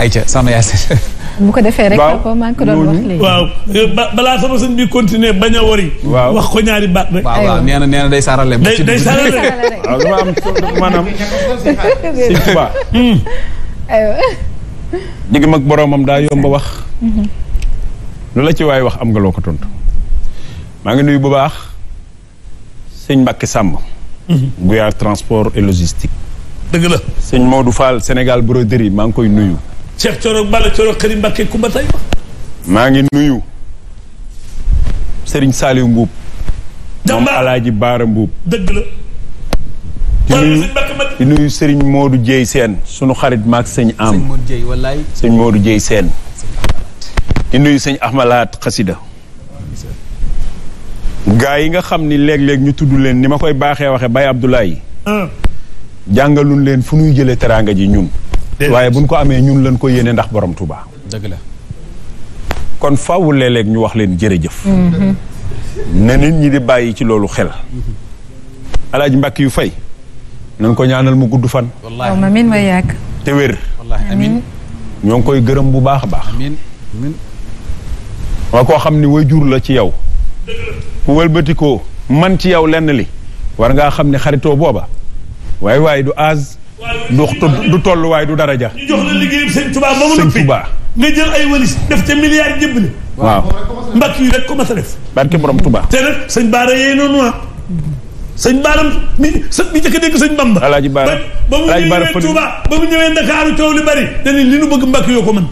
ayca bu ko defee rek. waaw maa ngi ko doon wax léegi. waaw euh, balaa sama sëñ bi continuer bañ a wari. waaw wax ko ñaari baat rek. waaw waaw day saarale. day day saarale rek waaw dafa am maanaam. mag boromam daa yomb a wax. Mhm. lu la ci waay wax am nga loo ko tontu. maa ngi nuyu bu baax sëñ Mbacke sàmm mhm. Guyar transport et logistique. dëgg la sëñ Modou Fall Sénégal broderie maa ngi koy nuyu. Cheikh Thioro Balla Thioro Karim Mbacké Kumba tey maa ngi nuyu sëriñ Saliou Mbuub moom Alaaji Baara Mbuub dëgg la di nuyu Serigne Modou Dieye seen sunu xarit maak sëñ am sëñ Modou Dieye seen di nuyu sëñ Ahmalaat Xasida gaa yi nga xam ni léeg-léeg ñu tudd leen ni ma koy baaxee waxe Baye Abdoulaye ah. jàngalu leen fu nuy jëlee teraanga ji ñun waaye bu buñ ko amee ñun lañ ko yéene ndax borom Touba. dëgg la. kon faaw léeg-léeg ñu wax leen jërëjëf. Mm-hmm. ne nit ñi di bàyyi ci loolu xel. Mm-hmm. alaaj mbàkk yu fay. nañ ko ñaanal mu gudd fan. wallaahi amiin may te wér. ñoo ngi koy gërëm bu baax a baax. amiin amiin. waa koo xam ni waajur la ci yow. ku wëlbatikoo man ci yow lenn li. war ngaa xam ni xaritoo booba. waaye waaye du aas du du waaye du daraja. ñu jox la liggéeyam sëñ Touba ba mu noppi sëñ Touba. nga jël ay walis def ca milliards jëbbale. waaw mbàkk yi rek ko mas a def. barke borom Touba. te nag sëñ Baara yee noonu ah. sëñ Baaram mi sa mi njëkk a dégg sëñ ba Alaaji Baara Alaaji Baara Falilou ba ba mu ñëwee Ndakaaru coow li bari. te ni li nu bëgg mbàkk yoo ko mën.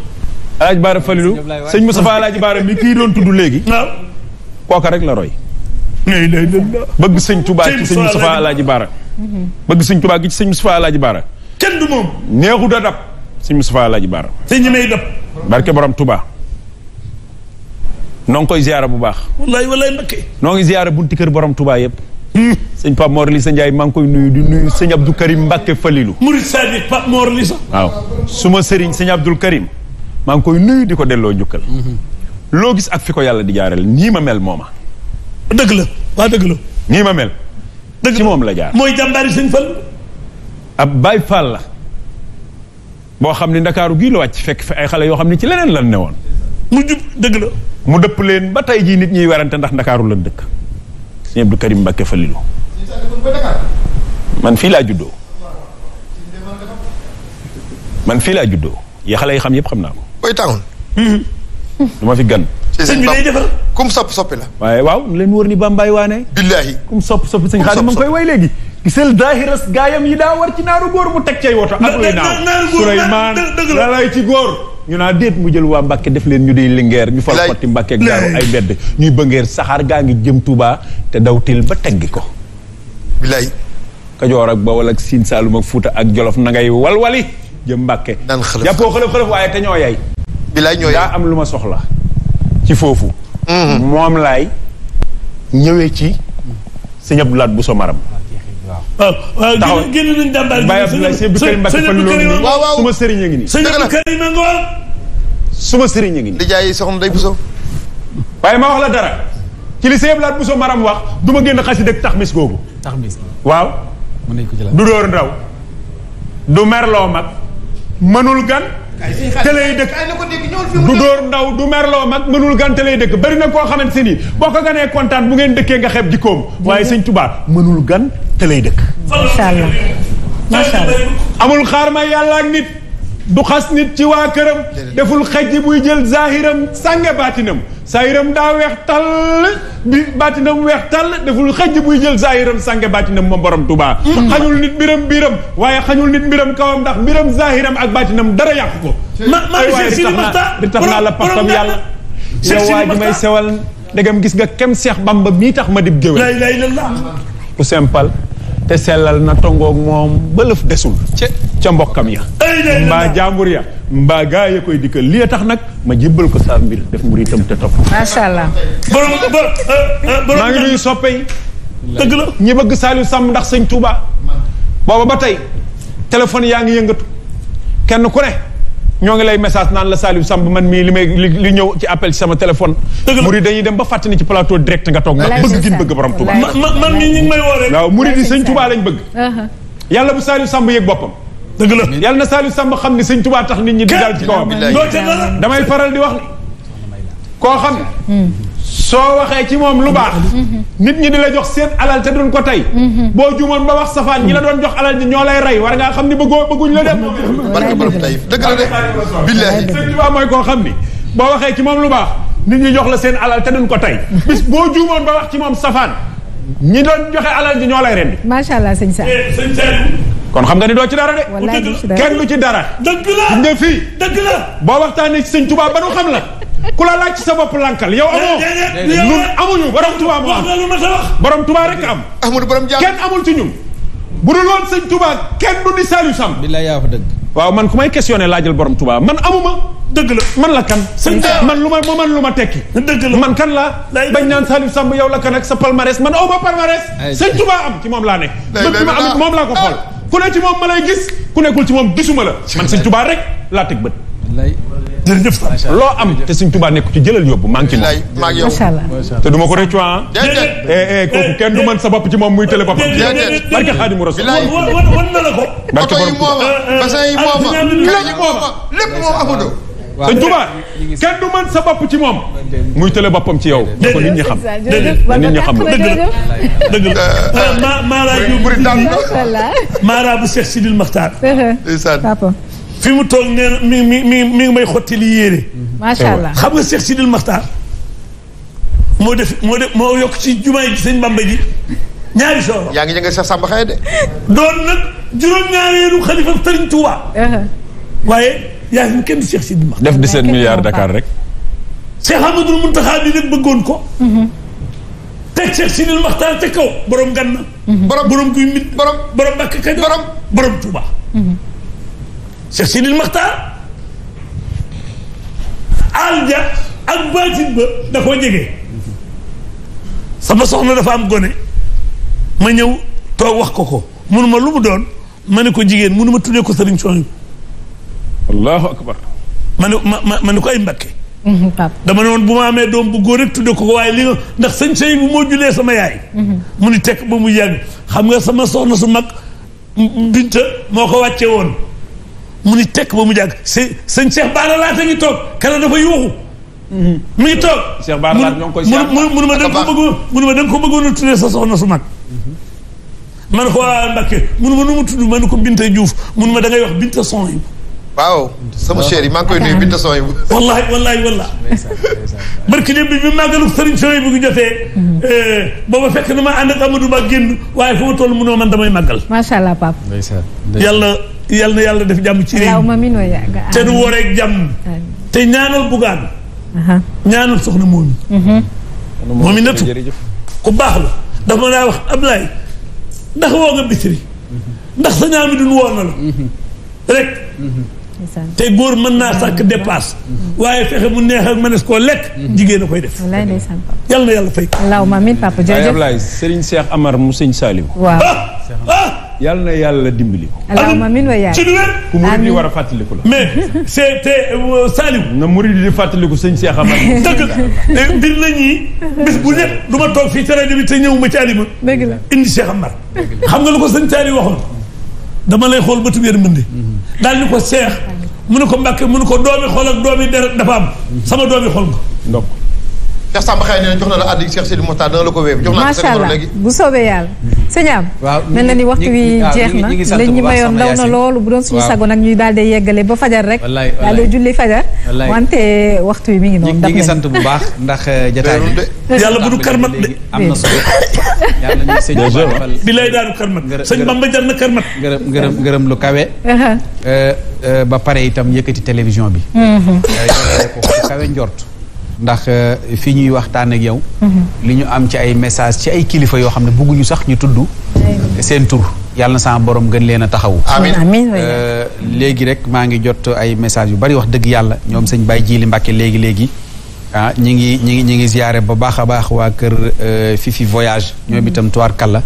Alaaji Baara Falilou sëñ Moustapha Alaaji Baara mi kii doon tudd léegi. waaw kooka rek la roy. bëgg sëñ Touba ci sëñ Moustapha Alaaji Baara bëgg sëñ Tuubaa gi ci sëñ Moustapha Alaaji Baara kenn du moom neexu da dab sëñ Moustapha Alaaji Baara te ñi may dab barke borom tubaa noo koy ziyaara bu baax wallaay wallaay mbakke noo ngi ziyaara bunti kër borom tubaa yëpp sëñ Pape Mor Lissa Ndiaye maa ngi koy nuyu di nuyu sëñ Abdou Karim Mbacke Falilou Murid Sadiq Pape Mor Lissa waaw su ma sëriñ sëñ Abdou Karim maa ngi koy nuyu di ko delloo njukkal loo gis ak fi ko yàlla di jaarale nii ma mel mooma dëgg la waa dëgg la nii ma mel dëgg ci moom la jaar mooy jàmbaari sëñ Fall. ab Baye la boo xam ni ndakaaru gii la wàcc fekk fi ay xale yoo xam ni ci leneen lan ne woon. mu jub dëgg la. mu dëpp leen ba tey jii nit ñuy werante ndax ndakaaru lan dëkk. sëñ Abdou Karim Mbacke Falilou. man fii laa juddoo. man fii laa juddoo yi xale yi xam yépp xam naa ko. booy taxoon. du fi gan. sëñ bi day defar kum sopp soppi la waaye waaw leen wóor ni bambaay waane billaahi kum sopp soppi sëñ xaadim ma ngi koy way léegi gisal daahiras gaayam yi daa war ci naaru góor mu teg cay woto ak luy naaw Souleymane la lay ci góor ñu naa déet mu jël waa Mbàkke def leen ñu di lingeer ñu fal xotti Mbàkke ak daaru ay mbedd ñuy bëngeer saxaar gaa ngi jëm Tuubaa te dawtil ba teggi ko billaahi Kajoor ak Bawol ak Siin Saalum ak Fuuta ak Jolof na ngay walwali jëm Mbàkke jàppoo xëlëf xëlëf waaye te ñoo yay billaahi ñoo yay daa am lu ma soxla ci foofu. Mhm. moom laay ñëwee ci sëñ Abdou Lahad Bousso Maram. Ah, ah, waaw waaw génn nañu dàmbaal suma sëriñ a ngi nii. dëgg la suma sëriñ a ngi nii. di jaay soxna day Bousso. waaye ma wax la dara ci li sëñ Abdou Lahad Bousso Maram wax du ma génn xasida ak taxmis googu. taxmis waaw. mën nañu ko jëlaat du dóor ndaw. du merloo mag mënul gan. te lay dëkk du dóor ndaw du merloo mag mënul gan te lay dëkk bari na koo xamante ni boo ko ganee kontaan bu ngeen dëkkee nga xeeb jikkoom waaye sëñ Tuubaa mënul gan te lay dëkk. macha allah macha amul xaar ma yàlla ak nit. du xas nit ci waa këram deful xejj buy jël zahiram sànge baatinam zahiram daa weex tall bi baatinam weex tall deful xejj buy jël zahiram sànge baatinam moom borom tubaa mm. xañul nit mbiram mbiram waaye xañul nit biram kawam ndax mbiram zahiram ak baatinam dara yàqu ko ay waaye di tax naa la paxtam yàlla yow waa ji may sewal ndegam gis nga kem seex bamba mii tax ma dib géwél ku simple te sellal na tongoog moom bëlëf desul ca mbokkam ya mbaa jàmbur ya mbaa gaa ya koy dikkal li tax nag ma jébbal ko saa mbir def mbir itam te topp macha allah maa ngi nuyu soppe yi la ñi bëgg Saliou sàmm ndax sëñ Touba booba ba tey téléphone yaa ngi yëngatu kenn ku ne ñoo ngi lay message naan la Saliou Samb man mii li may li ñëw ci appel ci sama téléphone. murid dañuy dem ba fàttali ni ci plateau direct nga toog. ndax bëgg gin bëgg borom Touba. man mii ñu ngi may woo waaw murid yi sëñ Touba lañ bëgg. Uh-huh. yàlla bu Saliou Samb yëg boppam. dëgg la yàlla na Saliou Samb xam ni sëñ Touba tax nit ñi di dal ci kawam. damay faral di wax koo xam. soo waxee ci moom lu baax. nit ñi di jox seen alal te duñ ko tey. boo juumoon ba wax safaan ñi la doon jox alal ñoo lay rey war ngaa xam ni bëggoo bëgguñ la dem. barke borom Taïf dëgg la mooy koo boo waxee ci moom lu baax nit ñi jox la seen alal te duñ ko tey bis boo juumoon ba wax ci moom safaan ñi doon joxe alal ji ñoo lay rendi. macha allah sëñ Saal eh, sëñ kon xam nga ni doo ci dara de. wallaay kenn lu ci dara. dëgg la dëgg la dëgg la boo waxtaanee ci Sëñ Tuubaa ba nu xam la ku la laaj ci sa bopp lankal yow amoo. ñun amuñu borom Touba moo am borom Touba rek am. amul borom jàmm kenn amul ci ñun. bu dul woon sëñ Touba kenn du ni Saliou Samb. bi la yaa ko waaw man ku may questionné laajal borom Touba man amuma. dëgg la man la kan. man lu ma ma man lu ma tekki. dëgg la man kan la bañ naan Saliou Samb yow la kan ak sa palmarès man aw ma palmarès. sëñ moom laa ne. man ci ma am moom laa ko xool. Ah. ku ne ci moom ku nekkul ci moom gisuma la. man sëñ Touba rek laa teg bët. jërëjëf loo am te Sëñ Tuubaa nekk ci jëlal yóbbu maa ngi ci moom te du ma ko rëccu ah déedéet eh, eh, eh, kooku kenn du man sa bopp ci moom muy télé boppam barke Xaadimu Rasuul wan na la ko barke borom basin yi mooma kër yi mooma lépp moom Amadou Sëñ Tuubaa kenn du man sa bopp ci moom muy télé boppam ci yow da ko nit ñi xam nit ñi xam dëgg la dëgg la maara bu Seex Sidil Maxtaar fi mu toog nee na mi mi mi mi ngi may xotti li yéere. macha allah xam nga Cheikh Sidil Maxtaar moo def moo def moo yokk ci jumaay ji sëñ Bamba ji ñaari soo. yaa ngi jëngal Cheikh Samba Xaye de. doon nag juróom-ñaareelu xalifa Sëriñ Tuuba. waaye yaa ngi kenn def dix-sept milliards Dakar rek. Cheikh Amadou Muntaxa di nag bëggoon ko. Mhm. teg Cheikh Sidil Maxtaar ca kaw borom Ganna. Mhm. borom borom guy mit borom borom Mbàkke Kajoor borom borom Cheikh Sidil Maxtaar ja ak baatin ba da jege sama soxna dafa am gone ma ñëw toog wax ko ko munuma lu mu doon ma ne ko jigéen munuma tuddee ko sëriñ sooy allahu akbar ma ne ma ma ma ne ko ay mbakke mhm, dama ne woon bu ma amee doom bu góor rek tuddee ko ko waaye li nga ndax sëñ sëy bu moo julee sama yaay mhm. mu ni tekk ba mu yàgg xam nga sama soxna su mag binta moo ko wàcce woon mu ni tekk ba mu jàgg sëñ sëñ Cheikh Bara Laat a ngi toog kala dafa yuuxu mu mm-hmm. ngi toog Cheikh Bara Laat ñoo ngi koy munu ma da nga ko bëggoon munu ma da ko bëggoon a tuddee sa soxna su mag mm-hmm. man ko waa Mbàkke munu ma nu mu tudd man ko Binte Diouf munu ma da ngay wax Binte son yi waaw sama chéri maa ngi koy nuyu Binta Sow. wallaahi wallaahi wallaahi. barki dem bi bi màggalu Serigne Sow bu ñu jotee. Eh, booba fekk na ma ànd ak Amadou Ba génn waaye fu ma toll munoo man damay màggal. macha allah Pape. yalla yàlla yàlla def jàmm ci réew. alaaw ma miinoo yàgg. te du wóoreeg jàmm. te ñaanal bugaan. ñaanal soxna moom mi. moom nattu ku baax te góor mën naa sak dépasse waaye fexe mu neex ak mënees koo lekk jigéen a koy def yal na yàlla fay allahumma amiin papa jërëjëf Ablaye Serigne Cheikh Amar mu sëñ Saliou waaw ah! Ah! yal na yàlla dimbali ko allahumma amiin wa yaa ci duwér ku murid di war a fàttaliku la mais c'est te euh, Saliou na murid di fàttaliku sëñ Cheikh Amar dëgg mbir la ñii bu nekk du ma toog fii ci rajo bi te ñëwuma ci alima dëgg la indi Cheikh Amar xam nga lu ko sëñ Saliou waxoon dama lay xool bëtu yërmande mhm. daal ni ko seex mu ne ko mbàkke mu ne ko doomi xool ak doomi deret dafa am mhm. sama doomi xool nga Cheikh Samba xëy na jox na la addi Cheikh Sidi Moukhtar dana la ko wéeb. jox naa sa léegi bu soobee yàlla. sëñ am mel na ni waxtu wi jeex na lañ ñi mayoon ndaw na loolu bu doon suñu sago nag ñuy daal di yeggale ba fajar rek. daal di julli fajar. wante waxtu wi mi ngi noonu. daf ñu sant bu baax ndax eh, jotaay bi. yàlla bu du karmat de. am na solo yàlla ñu sëñ bi lay daanu karmat sëñ Bamba jar na karmat. ngërëm ngërëm ngërëm lu kawe. Uh-huh. Eh, eh, ba pare itam yëkkati télévision bi. Mm-hmm. kawe njort ndax eh, fii ñuy waxtaan ak yow. Mm-hmm. li ñu am ci ay message ci ay kilifa yoo xam ne bëgguñu sax ñu tudd. Mm-hmm. seen tur yàlla na sama borom gën leen a taxawu. amiin eh, léegi rek maa ngi jot ay message yu bari wax dëgg yàlla ñoom sëñ Baye Jili Mbàkke léegi léegi. ah ñi ngi ñi ngi ñi ngi ziyaare ba baax a baax waa kër eh, Fifi Voyage ñoom mm-hmm. itam tuwaar kalla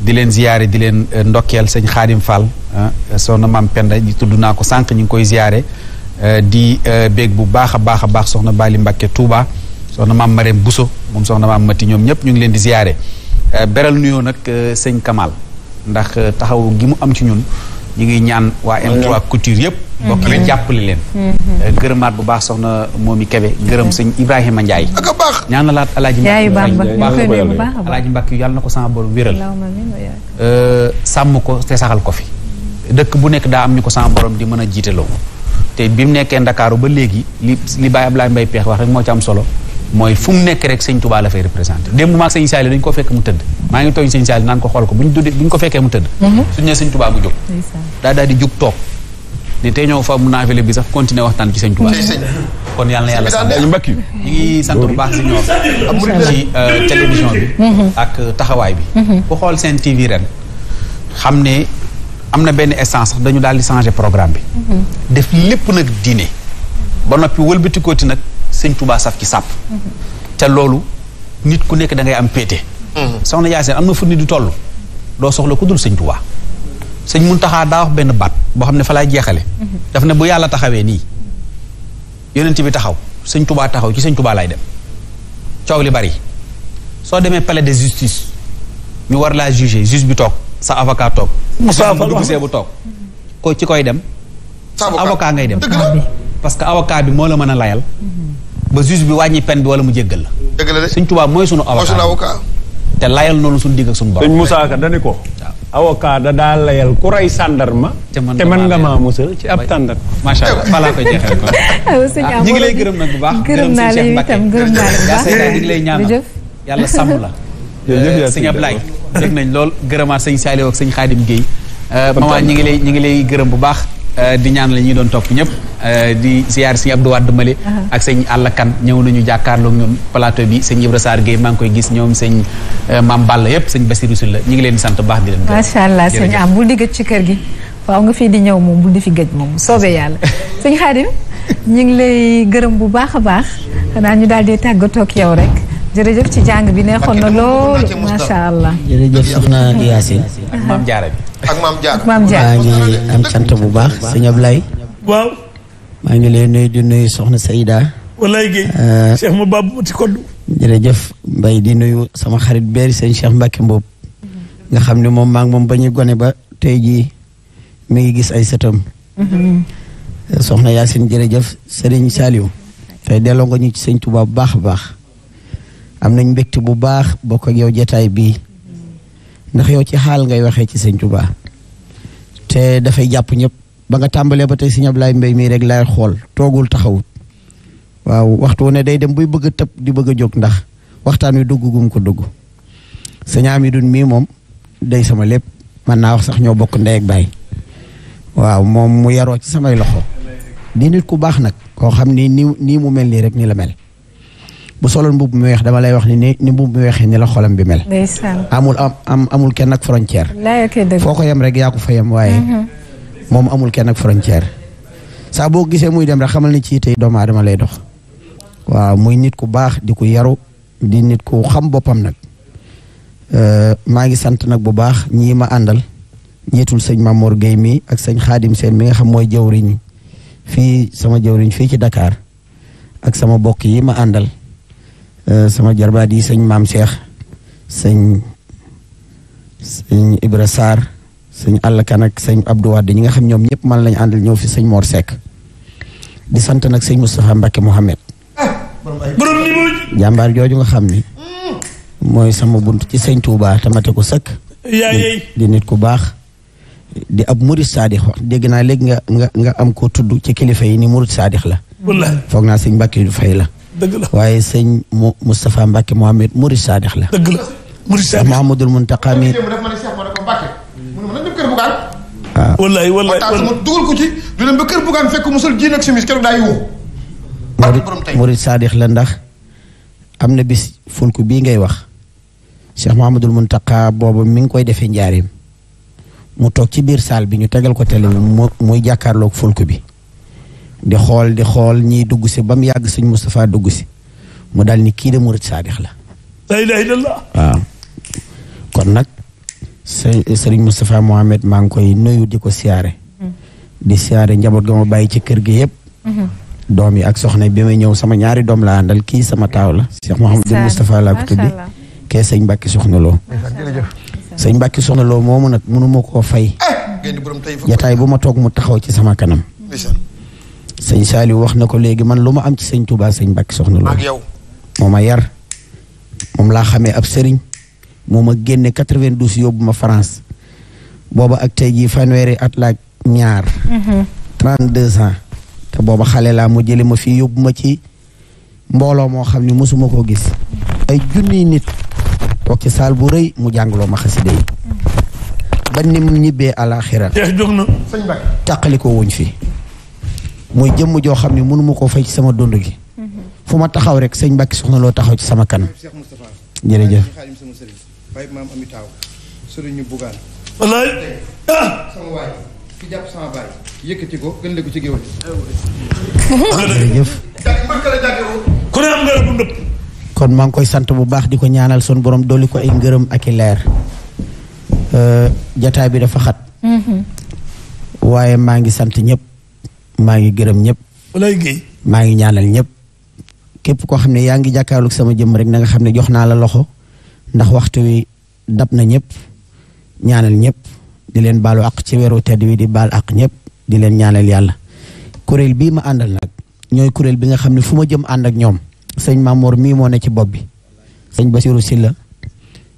di leen ziyaare di leen ndokkeel sëñ Xaadim Fall ah soxna maam Penda tudd naa ko sànq ñu ngi koy ziyaare Euh, di euh, béeg bu baax a baax a baax soxna Bali Mbacke Touba soxna maam Marème Bousso moom soxna maam Mati ñoom ñëpp ñu ngi leen di ziyaare euh, beral nuyoo nag sëñ Kamal ndax taxaw gi mu am ci ñun ñu ngi ñaan waa M3 Couture yëpp mhm. bokk yi jàppale leen mhm. gërëmaat bu baax soxna i Kebe gërëm sëñ Ibrahima Ndiaye ak a baax ñaanalaat alaaji Mbacke yàlla na ko sama borom wéral sàmm ko te saxal ko fi dëkk bu nekk daa am ñu ko sama borom di mën a jiitaloo te bi mu nekkee ndakaaru ba léegi li li Baye Ablaye Mbaye Peex wax rek moo ci am solo mooy fu mu nekk rek sëñ Touba la fay représenté démb maag sëñ Saali dañu ko fekk mu tëdd maa ngi tooñ sëñ Saali naan ko fekkee mu tëdd mhm. suñu ne sëñ Touba mu jóg daa di jóg toog ne tey ñëw fa mu naafile bi sax continuer waxtaan ci sëñ Touba kon yàlla na yàlla sant ñu ngi sant baax si ñoom ci euh, télévision bi mhm. ak taxawaay bi mhm. ku xool seen TV ren xam ne am na benn essence sax dañu daal di changer programme bi. def lépp nag diine. ba noppi wëlbatikooti nag sëñ Touba saf ci sàpp. te loolu nit ku nekk da ngay am péete. soxna Yacine am na fu nit di toll doo soxla ku dul sëñ Touba. sëñ Muntaxa daa wax benn baat boo xam ne fa laay jeexale daf ne bu yàlla taxawee nii yonent bi taxaw sëñ tubaa taxaw ci sëñ Touba lay dem coow li bari soo demee pale de justice ñu war laa juger juge bi toog. sa avocat toog. Moussa Fall bu bu toog. ko ci koy dem. sa avocat ngay dem. parce que avocat bi moo la mën a layal. Mm-hmm. ba juge bi wàññi peine bi wala mu jéggal la. dëgg suñ tubaab mooy sunu avocat te layal noonu suñ digg ak suñu borom. sëñ Moussa Ka dani ko. avocat da daa layal ku rey sàndarma. te mën nga maa musal ci ab tàndar. macha allah fa laa koy jeexal ko. Ah, ah, ñu ngi lay gërëm nag bu baax. gërëm naa la itam la bu baax gërëm naa la yàlla sàmm la. jërëjëf sëñ dégg nañ lool gërëmaat sëñ Saliou ak sëñ Xaadim géey maman ñi ngi lay ñi ngi lay gërëm bu baax euh, di ñaan la ñuy doon topp ñëpp euh, di ziar sëñ Abdou Wade Mali ak sëñ Alla Kan ñëw nañu jàkkaarloog ñun plateau bi sëñ Ibra Sarr Guèye maa ngi koy gis ñoom sëñ euh, Maam Balla yëpp sëñ Bassirou Sylla la ñi ngi leen di sant bu baax di leen gërëm macha allah sëñ am bul di gëj ci kër gi waaw nga fii di ñëw moom di fi gëj moom soobee yàlla sëñ Xaadim ñi ngi lay gërëm bu baax a baax xanaa ñu daal di tàggatoo ak yow rek jërëjëf ci jàng bi neexoon na lool macha allah. jërëjëf am sant bu baax sëñ Ablaye. waaw. maa ngi lay nuyu nuyu soxna Seyda. walaay Guèye. Euh, Cheikh ma Babou ci koddu. jërëjëf Mbaye di nuyu sama xarit beeri sëñ Cheikh Mbacke Mbow. nga xam ne moom maa moom ba ñu gone ba tey jii mi ngi gis ay sëtam. Mm-hmm. soxna Yacine jërëjëf Serigne Saliou. tey delloo nga ñu ci sëñ bu baax a baax. am nañ mbégte bu baax bokk ak yow jataay bii ndax yow ci xaal ngay waxee ci sëñ Tuubaa te dafay jàpp ñëpp ba nga tàmbalee ba tey sëñ Ablaye Mbaye mii rek lay xool toogul taxawut waaw waxtu wu ne day dem buy bëgg a tëb di bëgg a jóg ndax waxtaan wi dugg gum ko dugg sëñ Amidun mii moom day sama lépp mën naa wax sax ñoo bokk ndey ak baay waaw moom mu yaroo ci samay loxo di nit ku baax nag koo xam ni nii nii mu mel nii rek ni la mel bu soloon mbubb mu weex dama lay wax ni ni ni mbubb mu weexee ni la xolam bi mel amul am amul kenn ak frontière foo ko yem rek yaa ko fa yem waaye mhm. moom amul kenn ak frontière saa boo gisee muy dem rek xamal ni ci tey doomu aadama lay dox waaw muy nit ku baax di ku yaru di nit ku xam boppam nag euh, maa ngi sant nag bu baax ñii ma àndal ñeetul sëñ Mamour Guèye mi ak sëñ Xaadim Seen mi nga xam mooy jawriñ fii sama jëwriñ fii ci dakaar ak sama bokk yi ma àndal Euh, sama jarbaat yi sëñ maam Cheikh sëñ sëñ Ibra Sarr sëñ àll kan sëñ Abdou Wade ñi nga xam ñoom ñëpp man lañ àndal ñëw fi sëñ Mor Seck di sant nag sëñ Moustapha Mbacke Mohamed. jàmbaar jooju nga xam ni mooy sama bunt ci sëñ Touba tamate ko sëkk. di nit ku baax. di ab murid saadix wax dégg naa léegi nga nga nga am ko tudd ci kilifa yi ni murid saadix la. foog naa sëñ Mbacke du fay la. waaye sëñ mu Moustapha Mbacke Mohamed Mouride Sadikh la. dëgg la Mouride ah. la ndax am na bis fulk bii ngay wax Cheikh Mouhamadul Muntaqa boobu mi ngi koy defee njaareem mu toog ci biir saal bi ñu tegal ko télé bi muy jàkkaarloog fulk bi. di xool di xool ñii dugg si ba mu yàgg sëñ Moustapha dugg si mu daal ni kii de murid saadix la. la waaw kon nag sëriñ Moustapha Mohamed maa ngi koy nuyu di ko siyaare. Mm-hmm. di siyaare njaboot ga ma bàyyi ci kër gi yëpp. Mm-hmm. doom yi ak soxna bi may ñëw sama ñaari doom la àndal kii sama taaw la. Cheikh Mouhamadou Moustapha laa ko tuddi kee sëñ Mbacke Soxna Lo. sëñ Mbacke Soxna Lo moomu nag mënu koo fay. Eh! jataay bu ma toog mu taxaw ci sama kanam. sëñ Saliou wax na ko léegi man lu ma am ci sëñ Touba sëñ Mbacke soxna loolu. ak yow moo ma yar moom laa xamee ab sëriñ moo ma génne 92 yóbbu ma France booba ak tey ji fanweeri at laak ñaar. 32 mhm. ans te booba xale laa mu jëlee ma fii yóbbu ci mbooloo moo xam ne mosuma koo gis. ay junniy nit toog ci saal bu rëy mu jàngaloo ma xaside yi. Mhm. ba ni ñibbee àlaaxira. jeex jóg na sëñ Mbacke ko wuñ fi. mooy jëmm joo xam ne mënu koo fay ci sama dund gi. fu ma taxaw rek sëñ Mbàkke soxna loo taxaw ci sama kanam. kon maa ngi koy sant bu baax di ko ñaanal sun borom dolli ko ay ngërëm ak i leer. Euh, jataay bi dafa xat. Mm-hmm. waaye maa ngi sant ñëpp. maa ngi gërëm ñëpp. lay maa ngi ñaanal ñëpp. képp koo xam ne yaa ngi jàkkaarloog sama jëm rek na nga xam ne jox naa la loxo ndax waxtu wi dab na ñëpp ñaanal ñëpp di leen baalu àq ci weeru tedd wi di baal ak ñëpp di leen ñaanal yàlla. kuréel bii ma àndal nag ñooy kuréel bi nga xam ne fu ma jëm ànd ak ñoom sëñ mamoor mii moo ne ci bopp bi sëñ Basirou Sylla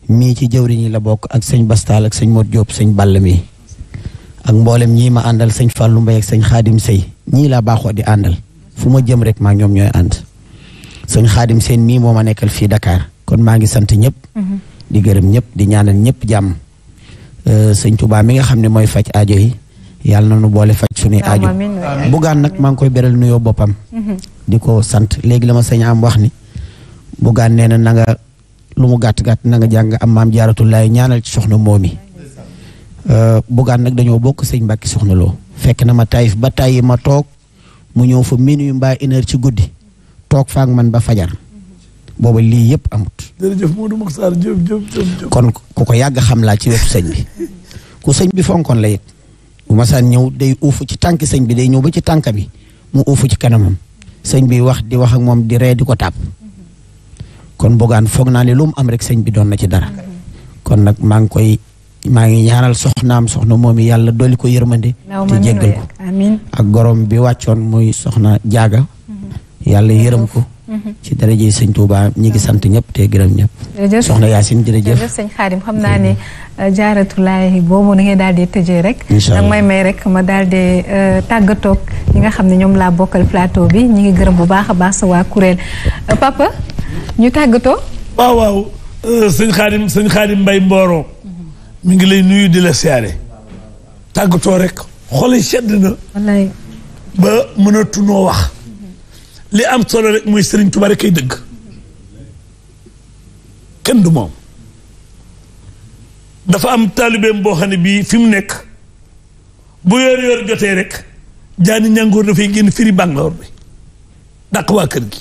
mii ci jëwriñ yi la bokk ak sëñ Bastal ak sëñ Modou Diop sëñ Ball mii. ak mboolem ñii ma àndal sëñ Fallou Mbaye ak sëñ Xaadim Sey ñii laa baaxoo di àndal fu ma jëm rek maa ñoom ñooy ànd sëñ Xaadim Seen mii moo ma nekkal fii Dakar kon maa ngi sant ñëpp. Mhm. di gërëm ñëpp di ñaanal ñëpp jàmm. Euh, sëñ Touba mi nga xam ne mooy faj aajo yi yàlla na nu boole faj suñuy aajo. bugaan nag maa ngi koy beral nuyoo boppam. Mhm. di ko sant léegi la ma sëñ am wax ni. bugaan nee na na nga lu mu gàtt gàtt na nga jàng am maam jaaratullaay ñaanal ci soxna moomi Euh, Bougane nag dañoo bokk sëñ Mbàkke Soxna Lo fekk na ma Taïf ba tàyyi ma toog mu ñëw fa minuit mbaa une heure ci guddi toog faak man ba fajar booba lii yëpp amut. kon ku ko yàgg xam laa ci wetu sëñ bi ku sëñ bi fonkoon la it bu masaan ñëw day uufu ci tànk sëñ bi day ñëw ba ci tànk bi mu uufu ci kanamam sëñ bi wax di wax ak moom di ree di ko tàpp kon Bougane foog naa ne lu am rek sëñ bi doon na ci dara kon nag maa koy. maa ngi ñaanal soxnaam soxna moom yàlla dolli ko yërmande te jéggal ko ak gorom bi wàccoon muy soxna jaaga mm-hmm. yàlla yërëm ko mm-hmm. ci daraje sëñ Touba ñi ngi sant ñëpp te gërëm ñëpp soxna Yacine jërëjëf jërëjëf sëñ Xaadim xam naa ne euh, jaaratulaay boobu na ngay daal de tëjee rek danga may may rek ma daal de euh, tàggatoog ñi nga xam ne ñoom laa bokkal plateau bi ñu ngi gërëm bu baax a baax sa waa kuréel euh, papa ñu tàggatoo waaw waaw sëñ Xaadim Mbay Mbooro mi ngi lay nuyu di la siyaare tàggatoo rek xol sedd na. ba mën a wax. li am solo rek mooy Serigne Touba rek kay dëgg kenn du moom dafa am taalibeem boo xam ne bii fi mu nekk bu yor yor jotee rek jaani ñangoor dafay génn firi bàngoor bi daq waa kër gi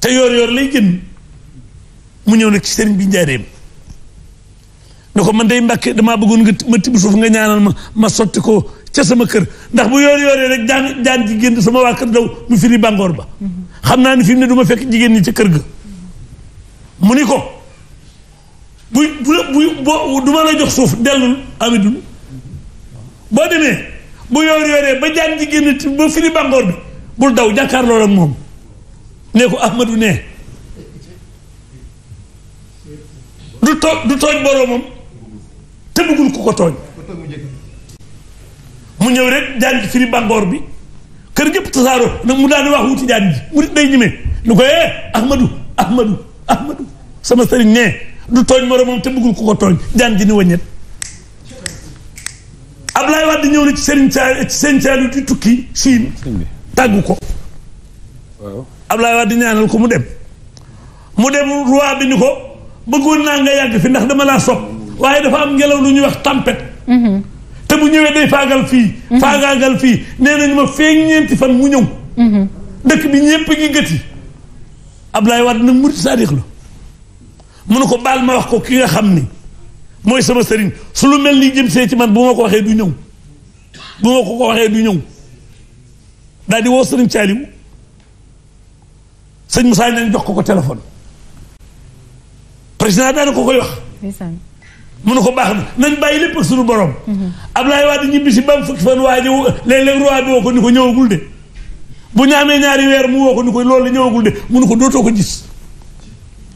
te yor yor lay génn mu ñëw nag ci sëriñ bi njaareem na ko man day mbàkke damaa bëggoon nga ma tibb suuf nga ñaanal ma ma sotti ko ca sama kër ndax bu yoor yooree rek jaan jaan ci génn sama waa kër daw mu firi bàngoor ba xam naa ni fi ne du ma fekk jigéen ñi kër ga mu ni ko bu bu bu du ma jox suuf dellul amidul demee bu yoor yooree ba jaan ci génn ba firi bàngoor bi bul daw jàkkaarloo moom nee ko ahmadu nee du tooj du tooj boroomam te bëggul ku ko tooñ mu ñëw rek jaan ji firi bàngoor bi kër gépp tasaaroo nag mu daal di wax wuti jaan ji mu day ñime nu ko eh ahmadu ahmadu ahmadu sama sëriñ ne du tooñ moromam te bëggul ko ko tooñ jaan ji ni waññet Ablaye Wade ñëw na ci sëriñ Saal ci sëriñ Saal di tukki siin tàggu ko Ablaye Wade ñaanal ko mu dem mu dem roi bi ni ko bëggoon naa nga yàgg fi ndax dama laa sopp waaye dafa am ngelaw lu ñuy wax tàmpet mhm. te mu ñëwee day faagal fii. Mhm. faagaagal fii nee nañu ma feeñ ñeenti fan mu ñëw. Mhm. dëkk bi ñëpp ngi gëti Ablaye Wade nag murit la mu ne ko baal wax ko ki nga xam ni mooy sama sëriñ su lu mel ni jëm see man bu ko waxee du ñëw bu ma ko ko waxee du ñëw daal di woo sëriñ Thialiou sëñ Moussa nañ jox ko ko téléphone président daana ko koy wax. mun na ko baax na nañ bàyyi lépp ak suñu borom. Ablaye Wade ñibbi si ba mu fukki fan waa ji léeg-léeg woo ko ni ko ñëwagul de bu ñu ñaari weer mu woo ko ni ko loolu ñëwagul de ko dootoo ko gis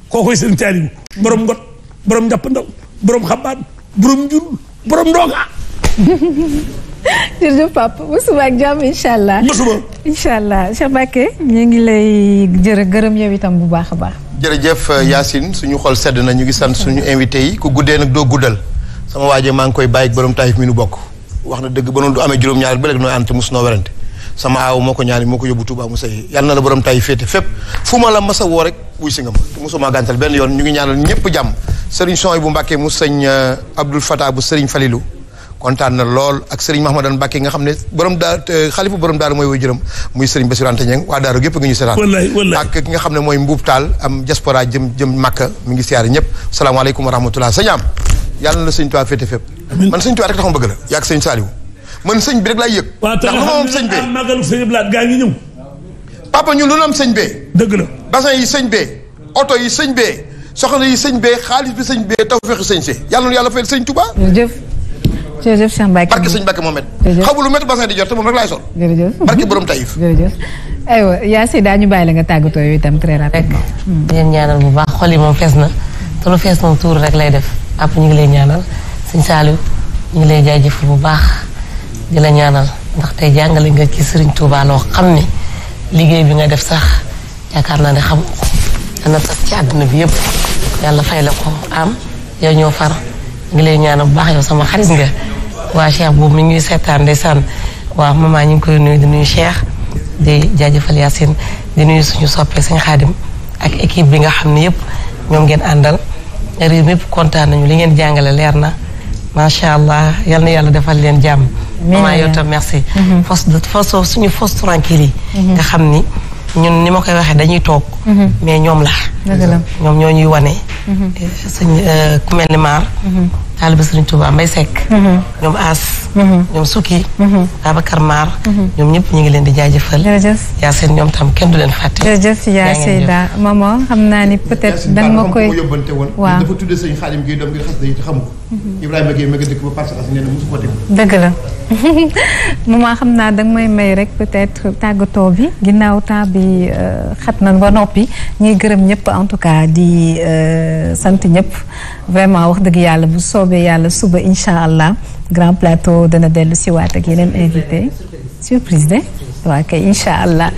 kookoy seen caaligu. borom ngot borom njàpp ndaw borom xabaan borom njur borom ndooga. jërëjëf Pape bu suba ak jàmm incha allah. bu suba incha allah Cheikh Mbacké ngi lay jërë gërëm yow itam bu baax a baax. jërëjëf euh, Yacine suñu xol sedd na ñu ngi sant suñu invité yi ku guddee nag doo guddal sama waaje maa ngi koy bàyyi borom taayif mi nu bokk wax na dëgg ba noonu du amee juróom-ñaar ba léegi nooy ànd mos noo werante sama aaw moo ko ñaani moo ko yóbbu Touba Moussa yi yal na la borom taayif féete fépp fu ma la mas a woo rek wuy si nga ma te mosuma gàntal benn yoon ñu ngi ñaanal ñëpp jàmm Serigne Son bu Mbàkke mu sëñ euh, Abdoul Fatah bu Serigne Falilou kontaan na lool ak sëriñ Mahamadan Mbàkke nga xam ne borom daar xalifa borom daar mooy woy jërëm muy sëriñ Bassirou Anta Niang waa daaru gépp nga ñu seetaan nga xam ne mooy mbuub taal am diaspora jëm jëm mi ngi siyaare ñëpp salaamaaleykum wa rahmatullah sañaam yàlla na la sëñ Tuubaa féete fépp man sëñ Tuubaa rek taxam bëgg la yaag sëñ Saaliwu man sëñ bi rek laay yëg ndax lu ma am sëñ bee màggalu sëñ Blaat gaa ngi ñëw papa ñu lu am sëñ bee sëñ bee bi sëñ bee taw feexi yàlla na yàlla fayal sëñ Tuubaa jërëjëf Cheikh Mbacké barke Sëñ Mbacké lu métti bassin di jot te moom rek laay sol jërëjëf barke borom Taïf jërëjëf yaa sey daa ñu bàyyi la nga tàggatoo yooyu itam très rapidement leen ñaanal bu baax xol yi moom fees na te lu fees moom rek lay def àpp ñu ngi lay ñaanal Sëñ Saliou ñu ngi lay jaajëfal bu baax di la ñaanal ndax tey jàngale nga ci Sëriñ Touba xam ne liggéey bi nga def sax yaakaar naa ne xam dana àdduna bi yëpp yàlla la ko am yow ñoo far ngi lay ñaanal bu baax yow sama xarit nga waa Cheikh boobu mi ñuy seetaan ndeysaan waa maman ñu ngi koy nuyu di nuyu Cheikh di jaajëfal Yacine di nuy suñu soppee sañ xaadim ak équipe bi nga xam ne yëpp ñoom ngeen àndal réew kontaan nañu li ngeen jàngale leer na macha allah yal yàlla defal leen jàmm. maman yow tam merci. Mhm. fos de mhm. nga xam ni ni ma koy waxee dañuy toog. Mhm. mais ñoom la. ñoom ñoo ñuy wane. suñ euh, ku mel ni maar. taaliba Serigne Touba Mbaye Seck. Mm-hmm. ñoom As. Mm-hmm. ñoom Suki. Mm-hmm. Babacar Mar. ñoom ñëpp ñu ngi leen di jaajëfal. jërëjëf yaa seen ñoom tam kenn du leen fàtte. jërëjëf naa ni peut-être dan ma koy. waaw dafa tuddee sëñ Xaadim Guèye doom ngir xas day xamu ko. Ibrahima Guèye ma nga dëkk ba parce dëgg la maman xam naa danga may may rek peut tàggatoo bi ginnaaw temps bi euh, xat na ba noppi ñuy gërëm ñëpp en tout cas di euh, sant ñëpp vraiment wax dëgg yàlla bu soob soobee yàlla suba incha allah grand plateau dana dellu si waat ak yeneen invité surprise de waa kay incha allah